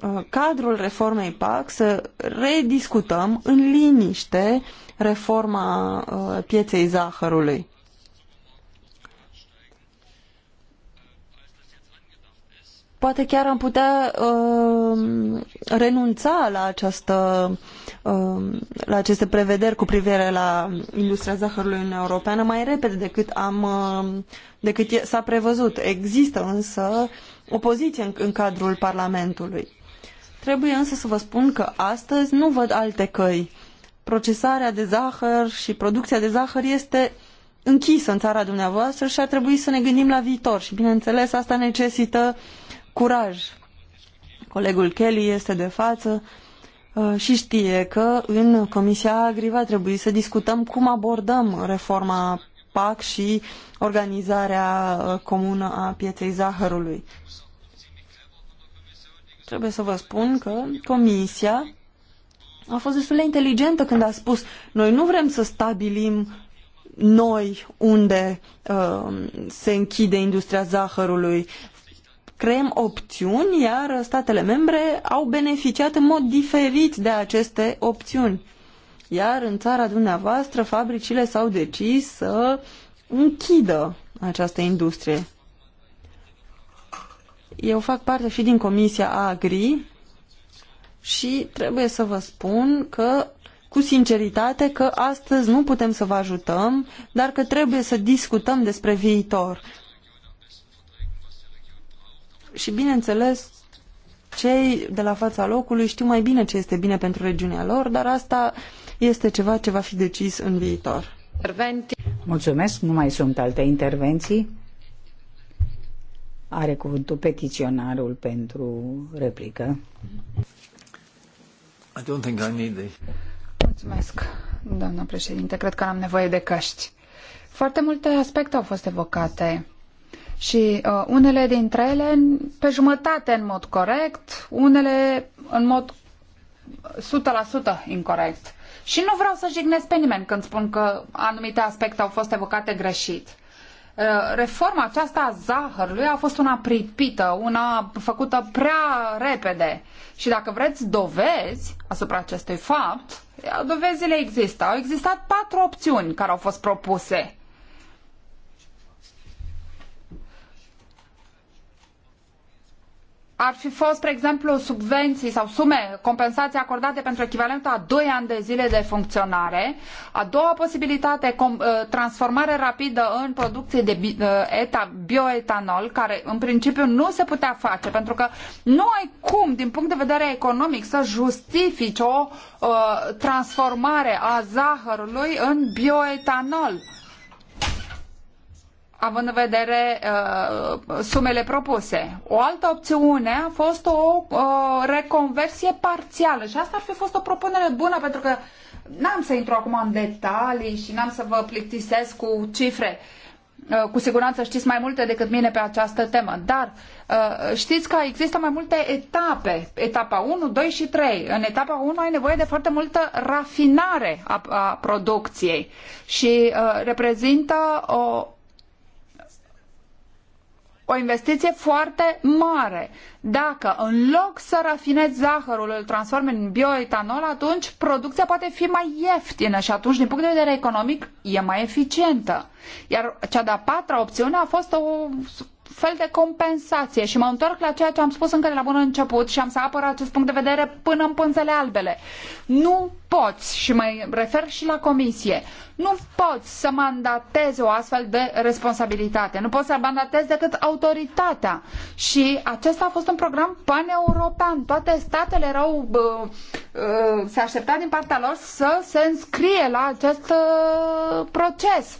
uh, cadrul reformei PAC să rediscutăm în liniște reforma uh, pieței zahărului. Poate chiar am putea uh, renunța la, această, uh, la aceste prevederi cu privire la industria zahărului în Europeană mai repede decât, am, uh, decât s-a prevăzut. Există însă opoziție în, în cadrul Parlamentului. Trebuie însă să vă spun că astăzi nu văd alte căi. Procesarea de zahăr și producția de zahăr este închisă în țara dumneavoastră și ar trebui să ne gândim la viitor. Și bineînțeles, asta necesită curaj. Colegul Kelly este de față uh, și știe că în Comisia Agri va trebui să discutăm cum abordăm reforma PAC și organizarea uh, comună a pieței zahărului. Trebuie să vă spun că Comisia a fost destul de inteligentă când a spus noi nu vrem să stabilim noi unde uh, se închide industria zahărului creăm opțiuni, iar statele membre au beneficiat în mod diferit de aceste opțiuni. Iar în țara dumneavoastră, fabricile s-au decis să închidă această industrie. Eu fac parte și din Comisia Agri și trebuie să vă spun că cu sinceritate că astăzi nu putem să vă ajutăm, dar că trebuie să discutăm despre viitor. Și bineînțeles, cei de la fața locului știu mai bine ce este bine pentru regiunea lor, dar asta este ceva ce va fi decis în viitor. Mulțumesc, nu mai sunt alte intervenții. Are cuvântul petiționarul pentru replică. I don't think I need Mulțumesc, doamnă președinte. Cred că am nevoie de căști. Foarte multe aspecte au fost evocate și uh, unele dintre ele pe jumătate în mod corect, unele în mod 100% incorrect. Și nu vreau să jignesc pe nimeni când spun că anumite aspecte au fost evocate greșit. Uh, reforma aceasta a zahărului a fost una pripită, una făcută prea repede. Și dacă vreți dovezi asupra acestui fapt, dovezile există. Au existat patru opțiuni care au fost propuse ar fi fost, spre exemplu, subvenții sau sume, compensații acordate pentru echivalentul a doi ani de zile de funcționare. A doua posibilitate, uh, transformare rapidă în producție de uh, bioetanol, care în principiu nu se putea face, pentru că nu ai cum, din punct de vedere economic, să justifici o uh, transformare a zahărului în bioetanol având în vedere uh, sumele propuse. O altă opțiune a fost o uh, reconversie parțială și asta ar fi fost o propunere bună pentru că n-am să intru acum în detalii și n-am să vă plictisesc cu cifre. Uh, cu siguranță știți mai multe decât mine pe această temă, dar uh, știți că există mai multe etape, etapa 1, 2 și 3. În etapa 1 ai nevoie de foarte multă rafinare a, a producției și uh, reprezintă o o investiție foarte mare. Dacă în loc să rafinezi zahărul, îl transformi în bioetanol, atunci producția poate fi mai ieftină și atunci, din punct de vedere economic, e mai eficientă. Iar cea de-a patra opțiune a fost o fel de compensație și mă întorc la ceea ce am spus încă de la bun început și am să apăr acest punct de vedere până în pânzele albele. Nu poți, și mă refer și la comisie, nu poți să mandatezi o astfel de responsabilitate. Nu poți să mandatezi decât autoritatea. Și acesta a fost un program paneuropean. Toate statele erau, uh, uh, se aștepta din partea lor să se înscrie la acest uh, proces.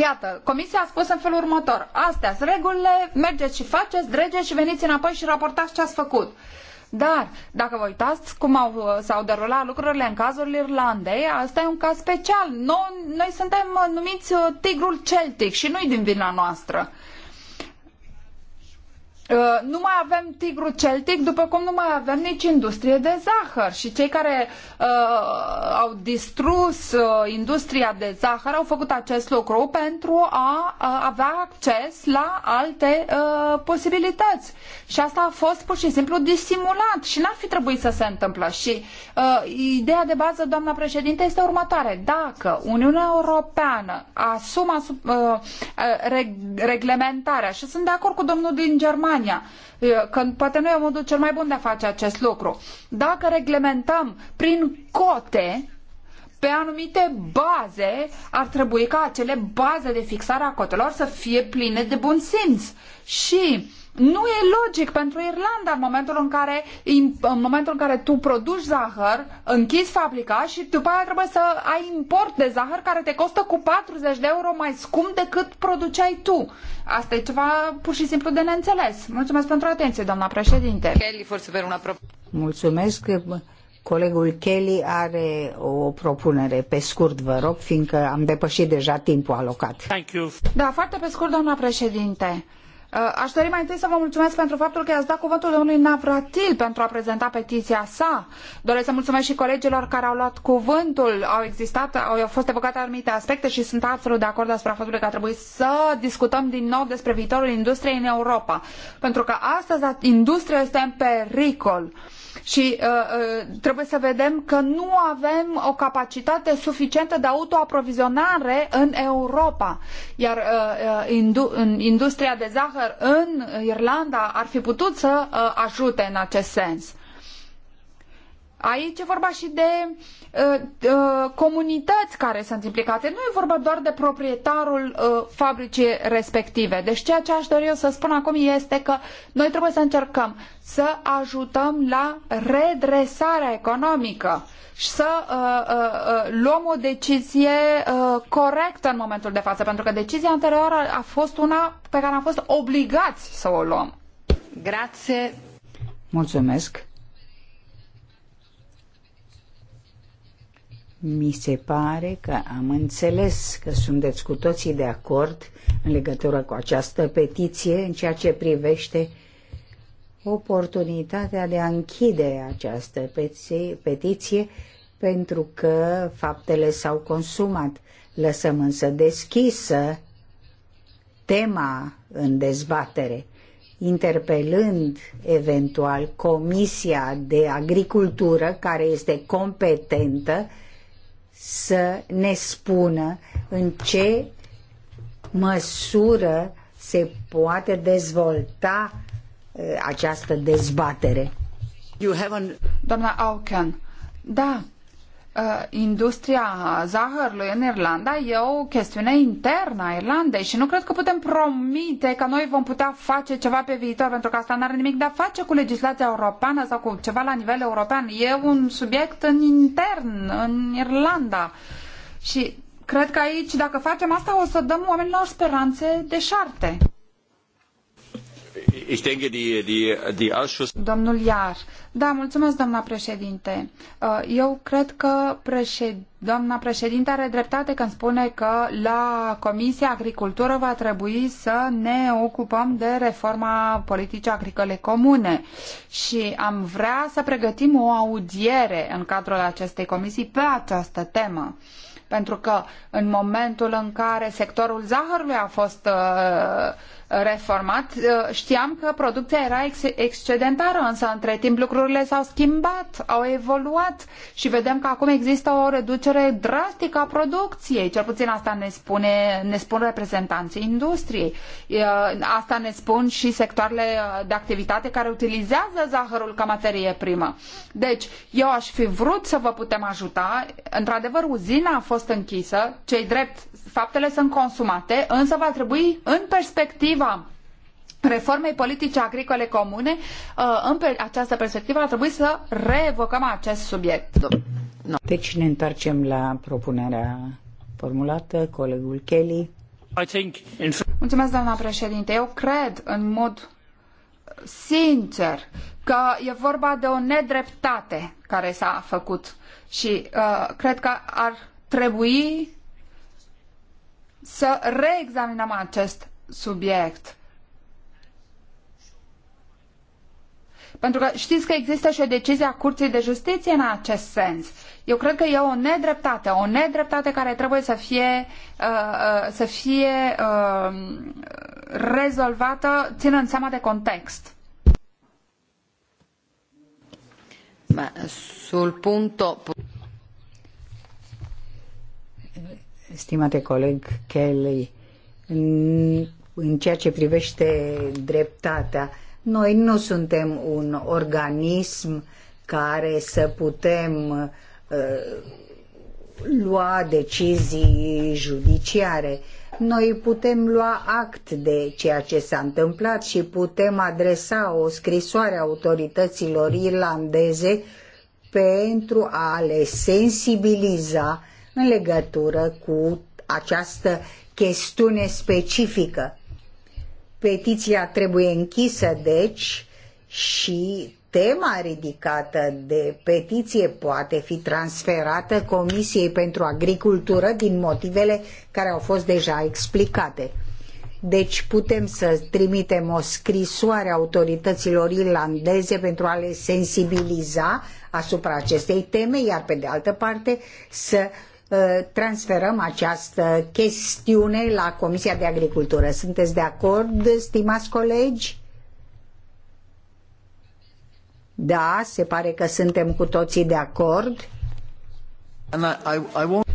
Iată, comisia a spus în felul următor. Astea sunt regulile, mergeți și faceți, dregeți și veniți înapoi și raportați ce ați făcut. Dar, dacă vă uitați cum au, uh, s-au derulat lucrurile în cazul Irlandei, asta e un caz special. Noi, noi suntem numiți uh, tigrul celtic și nu-i din vina noastră. Uh, nu mai avem tigru celtic, după cum nu mai avem nici industrie de zahăr. Și cei care uh, au distrus uh, industria de zahăr au făcut acest lucru pentru a uh, avea acces la alte uh, posibilități. Și asta a fost pur și simplu disimulat și n-ar fi trebuit să se întâmple. Și uh, ideea de bază, doamna președinte, este următoare. Dacă Uniunea Europeană asumă uh, uh reglementarea, și sunt de acord cu domnul din Germania, Germania, că poate nu e modul cel mai bun de a face acest lucru. Dacă reglementăm prin cote, pe anumite baze, ar trebui ca acele baze de fixare a cotelor să fie pline de bun simț. Și nu e logic pentru Irlanda în momentul în care, în momentul în care tu produci zahăr, închizi fabrica și după aia trebuie să ai import de zahăr care te costă cu 40 de euro mai scump decât produceai tu. Asta e ceva pur și simplu de neînțeles. Mulțumesc pentru atenție, doamna președinte. Kelly, forse una Mulțumesc. Colegul Kelly are o propunere pe scurt, vă rog, fiindcă am depășit deja timpul alocat. Thank you. Da, foarte pe scurt, doamna președinte. Uh, aș dori mai întâi să vă mulțumesc pentru faptul că i-ați dat cuvântul domnului Navratil pentru a prezenta petiția sa. Doresc să mulțumesc și colegilor care au luat cuvântul, au existat, au fost evocate anumite aspecte și sunt absolut de acord asupra faptului că a trebuit să discutăm din nou despre viitorul industriei în Europa. Pentru că astăzi industria este în pericol. Și uh, uh, trebuie să vedem că nu avem o capacitate suficientă de autoaprovizionare în Europa. Iar uh, uh, indu în industria de zahăr în Irlanda ar fi putut să uh, ajute în acest sens. Aici e vorba și de uh, uh, comunități care sunt implicate. Nu e vorba doar de proprietarul uh, fabricii respective. Deci ceea ce aș dori eu să spun acum este că noi trebuie să încercăm să ajutăm la redresarea economică și să uh, uh, luăm o decizie uh, corectă în momentul de față, pentru că decizia anterioară a fost una pe care am fost obligați să o luăm. Grație. Mulțumesc. Mi se pare că am înțeles că sunteți cu toții de acord în legătură cu această petiție în ceea ce privește oportunitatea de a închide această petiție, pentru că faptele s-au consumat. Lăsăm însă deschisă tema în dezbatere, interpelând eventual Comisia de Agricultură, care este competentă să ne spună în ce măsură se poate dezvolta această dezbatere. You haven't... Doamna Auken, da, uh, industria zahărului în Irlanda e o chestiune internă a Irlandei și nu cred că putem promite că noi vom putea face ceva pe viitor, pentru că asta nu are nimic de a face cu legislația europeană sau cu ceva la nivel european. E un subiect în intern, în Irlanda. Și cred că aici, dacă facem asta, o să dăm oamenilor speranțe deșarte. Domnul Iar. Da, mulțumesc, doamna președinte. Uh, eu cred că președ... doamna președinte are dreptate când spune că la Comisia Agricultură va trebui să ne ocupăm de reforma politicii agricole comune și am vrea să pregătim o audiere în cadrul acestei comisii pe această temă pentru că în momentul în care sectorul zahărului a fost uh, reformat, uh, știam că producția era ex- excedentară, însă între timp lucrurile s-au schimbat, au evoluat și vedem că acum există o reducere drastică a producției. Cel puțin asta ne, spune, ne spun reprezentanții industriei. Uh, asta ne spun și sectoarele de activitate care utilizează zahărul ca materie primă. Deci, eu aș fi vrut să vă putem ajuta. Într-adevăr, uzina a fost închisă, cei drept, faptele sunt consumate, însă va trebui în perspectivă perspectiva reformei politice agricole comune, uh, în această perspectivă ar trebui să reevocăm acest subiect. No. Deci ne întoarcem la propunerea formulată, colegul Kelly. Mulțumesc, doamna președinte. Eu cred în mod sincer că e vorba de o nedreptate care s-a făcut și uh, cred că ar trebui să reexaminăm acest subiect. Pentru că știți că există și o decizie a Curții de Justiție în acest sens. Eu cred că e o nedreptate, o nedreptate care trebuie să fie, uh, uh să fie uh, rezolvată ținând seama de context. Ma, sul punto... Stimate coleg Kelly, în ceea ce privește dreptatea. Noi nu suntem un organism care să putem uh, lua decizii judiciare. Noi putem lua act de ceea ce s-a întâmplat și putem adresa o scrisoare autorităților irlandeze pentru a le sensibiliza în legătură cu această chestiune specifică Petiția trebuie închisă, deci, și tema ridicată de petiție poate fi transferată Comisiei pentru Agricultură din motivele care au fost deja explicate. Deci putem să trimitem o scrisoare autorităților irlandeze pentru a le sensibiliza asupra acestei teme, iar pe de altă parte să Uh, transferăm această chestiune la Comisia de Agricultură. Sunteți de acord, stimați colegi? Da, se pare că suntem cu toții de acord.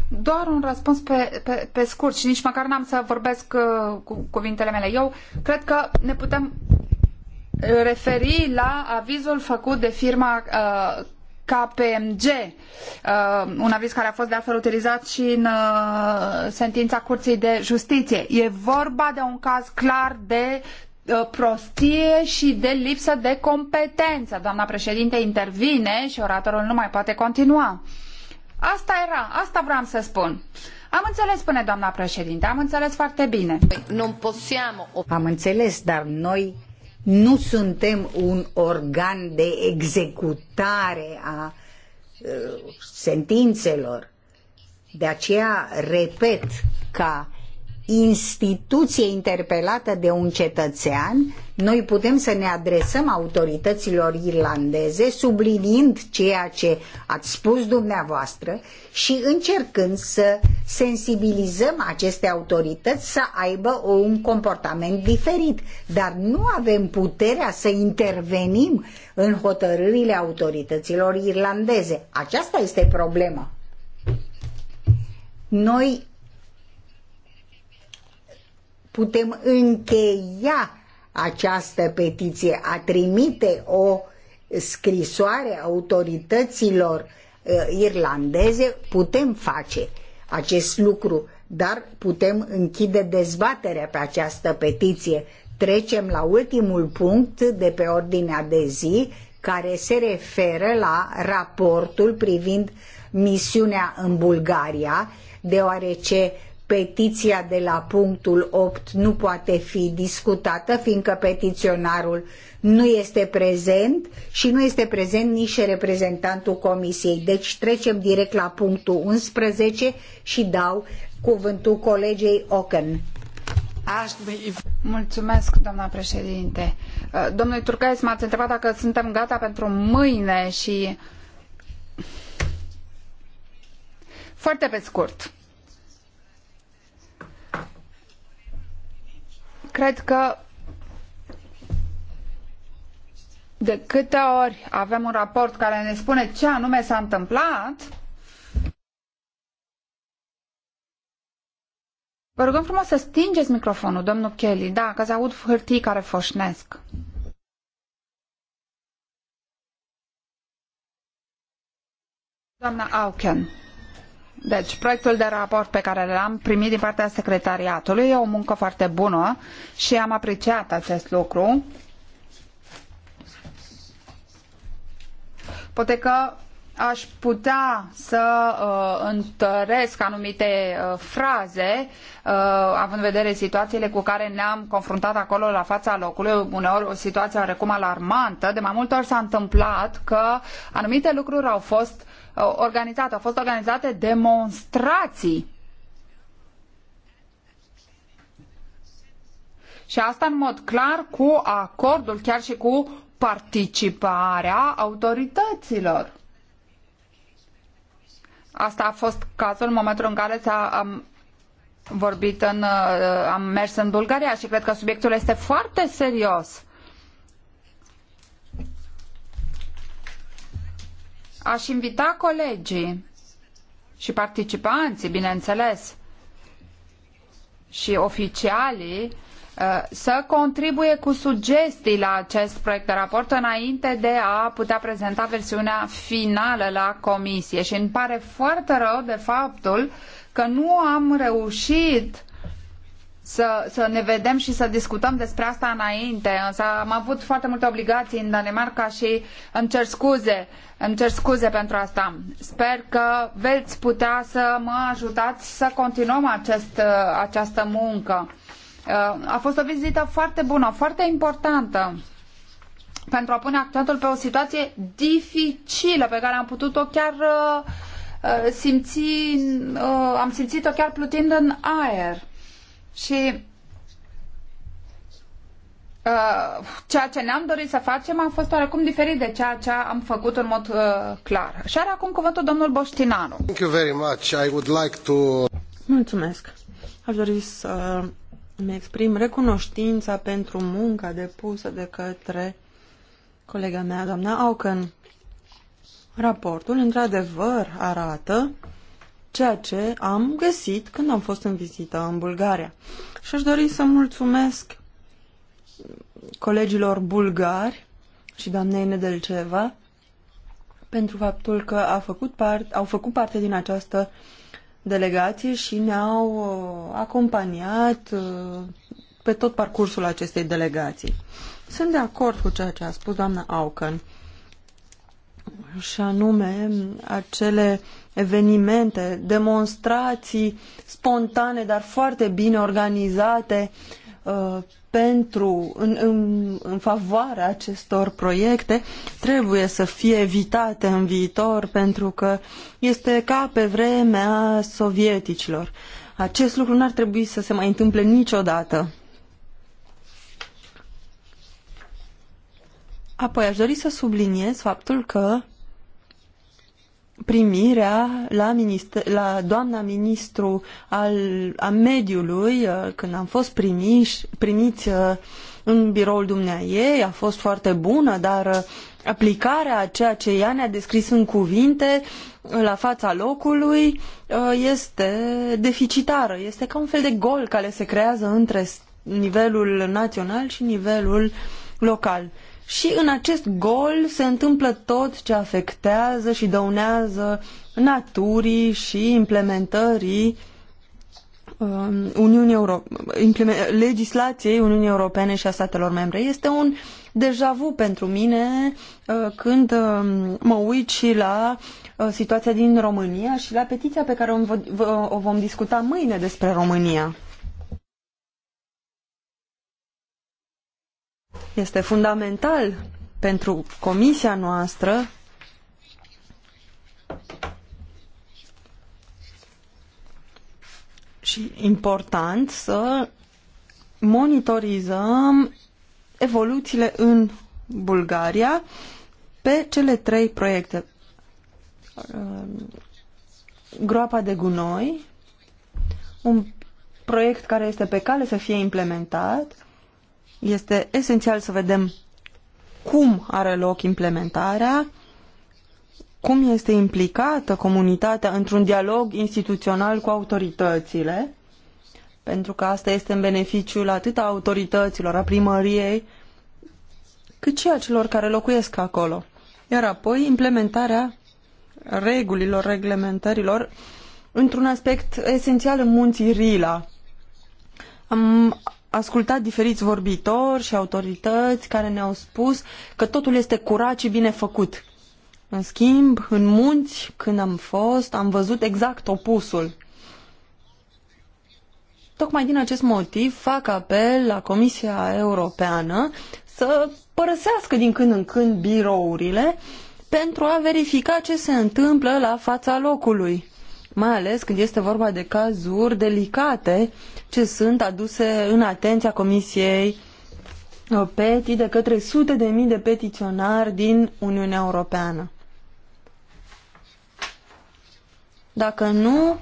Doar un răspuns pe, pe, pe scurt și nici măcar n-am să vorbesc uh, cu cuvintele mele. Eu cred că ne putem referi la avizul făcut de firma uh, KPMG, uh, un aviz care a fost de altfel utilizat și în uh, sentința Curții de Justiție. E vorba de un caz clar de uh, prostie și de lipsă de competență. Doamna președinte intervine și oratorul nu mai poate continua. Asta era, asta vreau să spun. Am înțeles, spune doamna președinte, am înțeles foarte bine. Am înțeles, dar noi nu suntem un organ de executare a uh, sentințelor. De aceea repet ca instituție interpelată de un cetățean, noi putem să ne adresăm autorităților irlandeze subliniind ceea ce ați spus dumneavoastră și încercând să sensibilizăm aceste autorități să aibă un comportament diferit. Dar nu avem puterea să intervenim în hotărârile autorităților irlandeze. Aceasta este problema. Noi putem încheia această petiție, a trimite o scrisoare autorităților uh, irlandeze, putem face acest lucru, dar putem închide dezbaterea pe această petiție. Trecem la ultimul punct de pe ordinea de zi, care se referă la raportul privind misiunea în Bulgaria, deoarece petiția de la punctul 8 nu poate fi discutată, fiindcă petiționarul nu este prezent și nu este prezent nici reprezentantul comisiei. Deci trecem direct la punctul 11 și dau cuvântul colegei Ocken. Mulțumesc, doamna președinte. Uh, domnule Turcais, m-ați întrebat dacă suntem gata pentru mâine și... Foarte pe scurt. cred că de câte ori avem un raport care ne spune ce anume s-a întâmplat, Vă rugăm frumos să stingeți microfonul, domnul Kelly. Da, că se aud hârtii care foșnesc. Doamna Auken. Deci, proiectul de raport pe care l-am primit din partea secretariatului e o muncă foarte bună și am apreciat acest lucru. Poate că aș putea să uh, întăresc anumite uh, fraze, uh, având în vedere situațiile cu care ne-am confruntat acolo la fața locului, uneori o situație oarecum alarmantă. De mai multe ori s-a întâmplat că anumite lucruri au fost Uh, organizate, au fost organizate demonstrații Și asta în mod clar cu acordul, chiar și cu participarea autorităților. Asta a fost cazul în momentul în care am vorbit în, uh, am mers în Bulgaria și cred că subiectul este foarte serios. Aș invita colegii și participanții, bineînțeles, și oficialii uh, să contribuie cu sugestii la acest proiect de raport înainte de a putea prezenta versiunea finală la comisie. Și îmi pare foarte rău de faptul că nu am reușit să, să ne vedem și să discutăm despre asta înainte, însă am avut foarte multe obligații în Danemarca și îmi cer scuze, îmi cer scuze pentru asta. Sper că veți putea să mă ajutați să continuăm acest, uh, această muncă. Uh, a fost o vizită foarte bună, foarte importantă pentru a pune accentul pe o situație dificilă pe care am putut-o chiar uh, simți, am simțit-o chiar plutind în aer. Și uh, ceea ce ne-am dorit să facem a fost oarecum diferit de ceea ce am făcut în mod uh, clar. Și are acum cuvântul domnul Boștinaru. Thank you very much. I would like to... Mulțumesc. Aș dori să îmi exprim recunoștința pentru munca depusă de către colega mea, doamna Auken. Raportul, într-adevăr, arată ceea ce am găsit când am fost în vizită în Bulgaria. Și aș dori să mulțumesc colegilor bulgari și doamnei Nedelceva pentru faptul că a făcut part, au făcut parte din această delegație și ne-au uh, acompaniat uh, pe tot parcursul acestei delegații. Sunt de acord cu ceea ce a spus doamna Auken și anume acele evenimente, demonstrații spontane, dar foarte bine organizate uh, pentru, în, în, în favoarea acestor proiecte trebuie să fie evitate în viitor pentru că este ca pe vremea sovieticilor. Acest lucru nu ar trebui să se mai întâmple niciodată. Apoi aș dori să subliniez faptul că primirea la, minister, la doamna ministru al, a mediului, uh, când am fost primiș, primiți uh, în biroul dumneaei, a fost foarte bună, dar uh, aplicarea a ceea ce ea ne-a descris în cuvinte la fața locului este deficitară. Este ca un fel de gol care se creează între nivelul național și nivelul local și în acest gol se întâmplă tot ce afectează și dăunează naturii și implementării um, Uniunii Euro- legislației Uniunii Europene și a statelor membre. Este un deja vu pentru mine uh, când um, mă uit și la uh, situația din România și la petiția pe care o vom discuta mâine despre România. Este fundamental pentru comisia noastră și important să monitorizăm evoluțiile în Bulgaria pe cele trei proiecte. Uh, groapa de gunoi, un proiect care este pe cale să fie implementat, este esențial să vedem cum are loc implementarea, cum este implicată comunitatea într-un dialog instituțional cu autoritățile, pentru că asta este în beneficiul atât a autorităților, a primăriei, cât și a celor care locuiesc acolo. Iar apoi implementarea regulilor, reglementărilor, într-un aspect esențial în munții Rila. Am ascultat diferiți vorbitori și autorități care ne-au spus că totul este curat și bine făcut. În schimb, în munți, când am fost, am văzut exact opusul. Tocmai din acest motiv fac apel la Comisia Europeană să părăsească din când în când birourile pentru a verifica ce se întâmplă la fața locului mai ales când este vorba de cazuri delicate ce sunt aduse în atenția Comisiei uh, PETI de către sute de mii de petiționari din Uniunea Europeană. Dacă nu,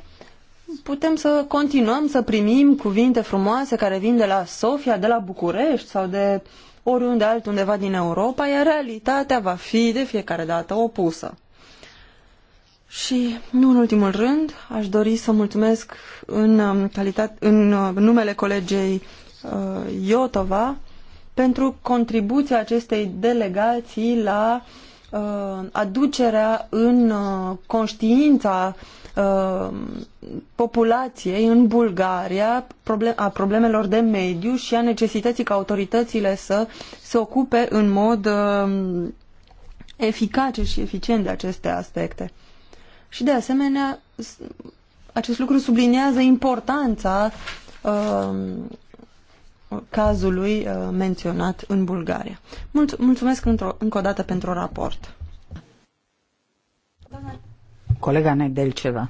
putem să continuăm să primim cuvinte frumoase care vin de la Sofia, de la București sau de oriunde altundeva din Europa, iar realitatea va fi de fiecare dată opusă. Și, nu în ultimul rând, aș dori să mulțumesc în, um, calitate, uh, în numele colegei uh, Iotova pentru contribuția acestei delegații la uh, aducerea în uh, conștiința uh, populației în Bulgaria problem a problemelor de mediu și a necesității ca autoritățile să se ocupe în mod uh, eficace și eficient de aceste aspecte. Și de asemenea, acest lucru subliniază importanța uh, cazului uh, menționat în Bulgaria. Mulț mulțumesc încă o dată pentru raport. Colega Nedelceva.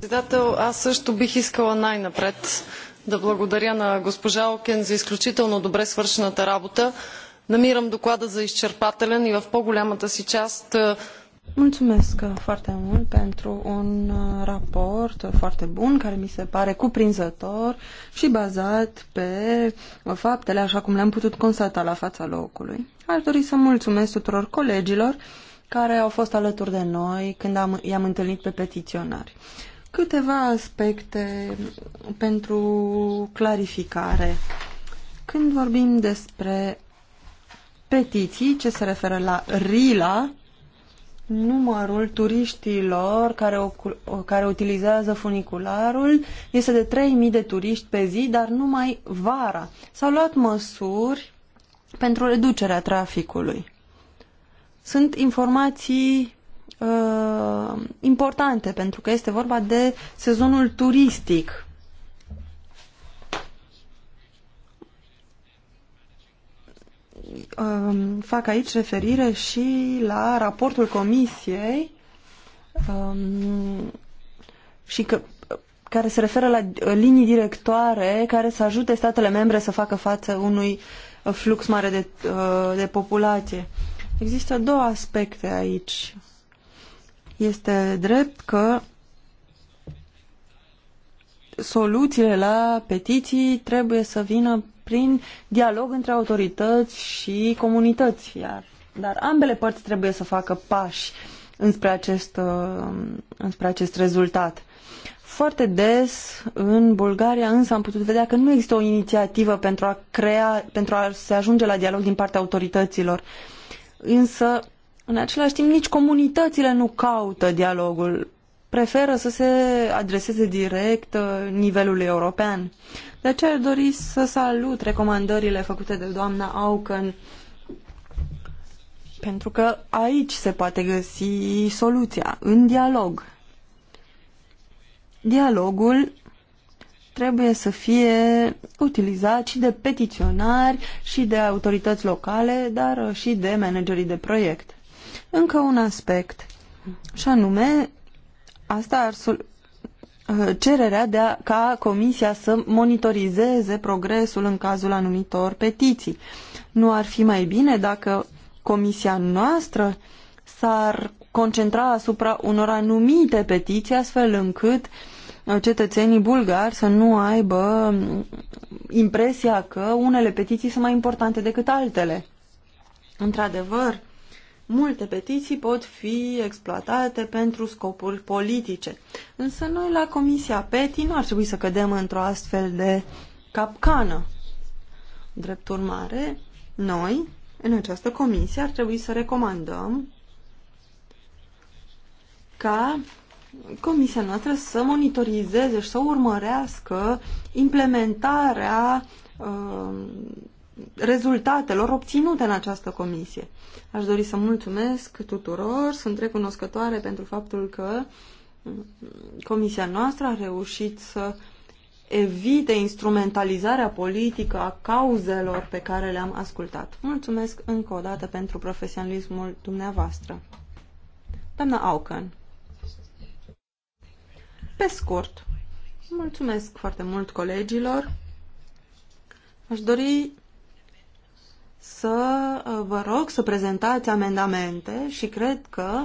Председател, аз също бих искала най-напред да благодаря на госпожа Окен за изключително добре свършената работа. Намирам доклада за изчерпателен и в по-голямата си част Mulțumesc foarte mult pentru un uh, raport foarte bun, care mi se pare cuprinzător și bazat pe uh, faptele așa cum le-am putut constata la fața locului. Aș dori să mulțumesc tuturor colegilor care au fost alături de noi când am, i-am întâlnit pe petiționari. Câteva aspecte pentru clarificare. Când vorbim despre petiții ce se referă la RILA, numărul turiștilor care, care utilizează funicularul este de 3.000 de turiști pe zi, dar numai vara. S-au luat măsuri pentru reducerea traficului. Sunt informații uh, importante pentru că este vorba de sezonul turistic Um, fac aici referire și la raportul comisiei um, și că, care se referă la uh, linii directoare care să ajute statele membre să facă față unui uh, flux mare de, uh, de populație. Există două aspecte aici. Este drept că soluțiile la petiții trebuie să vină prin dialog între autorități și comunități. Iar, dar ambele părți trebuie să facă pași înspre acest, uh, înspre acest rezultat. Foarte des în Bulgaria însă am putut vedea că nu există o inițiativă pentru a crea, pentru a se ajunge la dialog din partea autorităților. Însă, în același timp, nici comunitățile nu caută dialogul preferă să se adreseze direct uh, nivelului european. De aceea ar dori să salut recomandările făcute de doamna Auken pentru că aici se poate găsi soluția, în dialog. Dialogul trebuie să fie utilizat și de petiționari și de autorități locale, dar și de managerii de proiect. Încă un aspect, și anume Asta ar uh, cererea de a, ca Comisia să monitorizeze progresul în cazul anumitor petiții. Nu ar fi mai bine dacă Comisia noastră s-ar concentra asupra unor anumite petiții, astfel încât uh, cetățenii bulgari să nu aibă mm, impresia că unele petiții sunt mai importante decât altele. Într-adevăr, Multe petiții pot fi exploatate pentru scopuri politice. Însă noi la Comisia PETI nu ar trebui să cădem într-o astfel de capcană. Drept urmare, noi, în această comisie, ar trebui să recomandăm ca comisia noastră să monitorizeze și să urmărească implementarea uh, rezultatelor obținute în această comisie. Aș dori să mulțumesc tuturor, sunt recunoscătoare pentru faptul că mm, comisia noastră a reușit să evite instrumentalizarea politică a cauzelor pe care le-am ascultat. Mulțumesc încă o dată pentru profesionalismul dumneavoastră. Doamna Aucan, Pe scurt, mulțumesc foarte mult colegilor. Aș dori să uh, vă rog să prezentați amendamente și cred că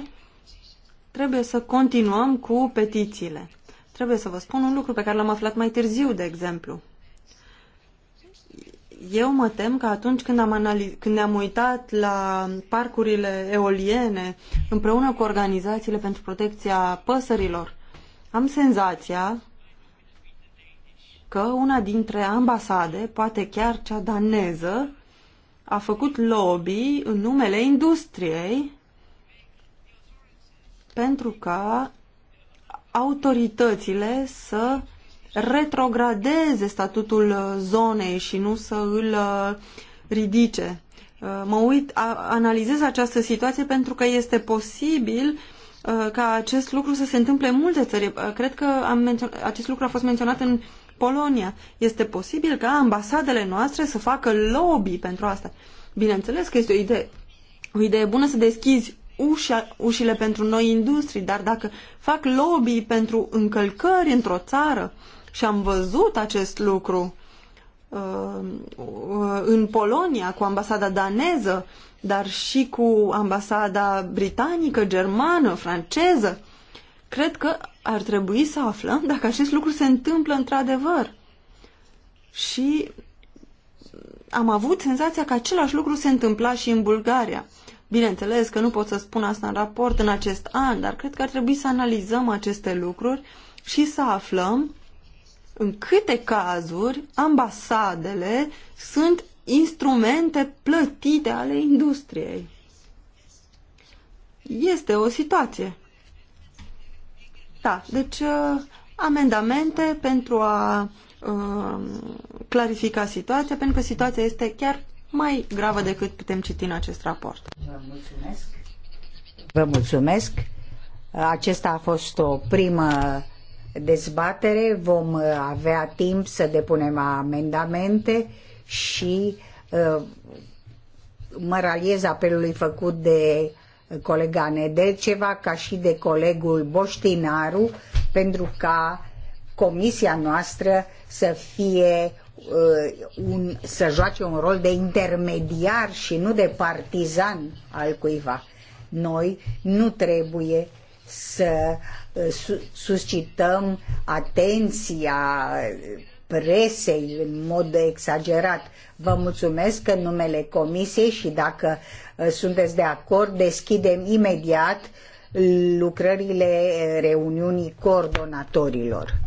trebuie să continuăm cu petițiile. Trebuie să vă spun un lucru pe care l-am aflat mai târziu, de exemplu. Eu mă tem că atunci când, am analiz- când ne-am uitat la parcurile eoliene împreună cu organizațiile pentru protecția păsărilor, am senzația că una dintre ambasade, poate chiar cea daneză, a făcut lobby în numele industriei pentru ca autoritățile să retrogradeze statutul uh, zonei și nu să îl uh, ridice. Uh, mă uit, analizez această situație pentru că este posibil ca acest lucru să se întâmple în multe țări. Cred că am acest lucru a fost menționat în Polonia. Este posibil ca ambasadele noastre să facă lobby pentru asta. Bineînțeles că este o idee, o idee bună să deschizi ușa, ușile pentru noi industrii, dar dacă fac lobby pentru încălcări într-o țară și am văzut acest lucru uh, uh în Polonia cu ambasada daneză, dar și cu ambasada britanică, germană, franceză, cred că ar trebui să aflăm dacă acest lucru se întâmplă într-adevăr. Și am avut senzația că același lucru se întâmpla și în Bulgaria. Bineînțeles că nu pot să spun asta în raport în acest an, dar cred că ar trebui să analizăm aceste lucruri și să aflăm în câte cazuri ambasadele sunt instrumente plătite ale industriei. Este o situație. Da, deci uh, amendamente pentru a uh, clarifica situația, pentru că situația este chiar mai gravă decât putem citi în acest raport. Vă mulțumesc. Vă mulțumesc. Acesta a fost o primă dezbatere. Vom uh, avea timp să depunem amendamente și uh, mă raliez apelului făcut de colega Nedelceva ca și de colegul Boștinaru pentru ca comisia noastră să fie uh, un, să joace un rol de intermediar și nu de partizan al cuiva. Noi nu trebuie să uh, suscităm atenția presei în mod exagerat. Vă mulțumesc în numele comisiei și dacă Uh, sunteți de acord, deschidem imediat lucrările uh, reuniunii coordonatorilor.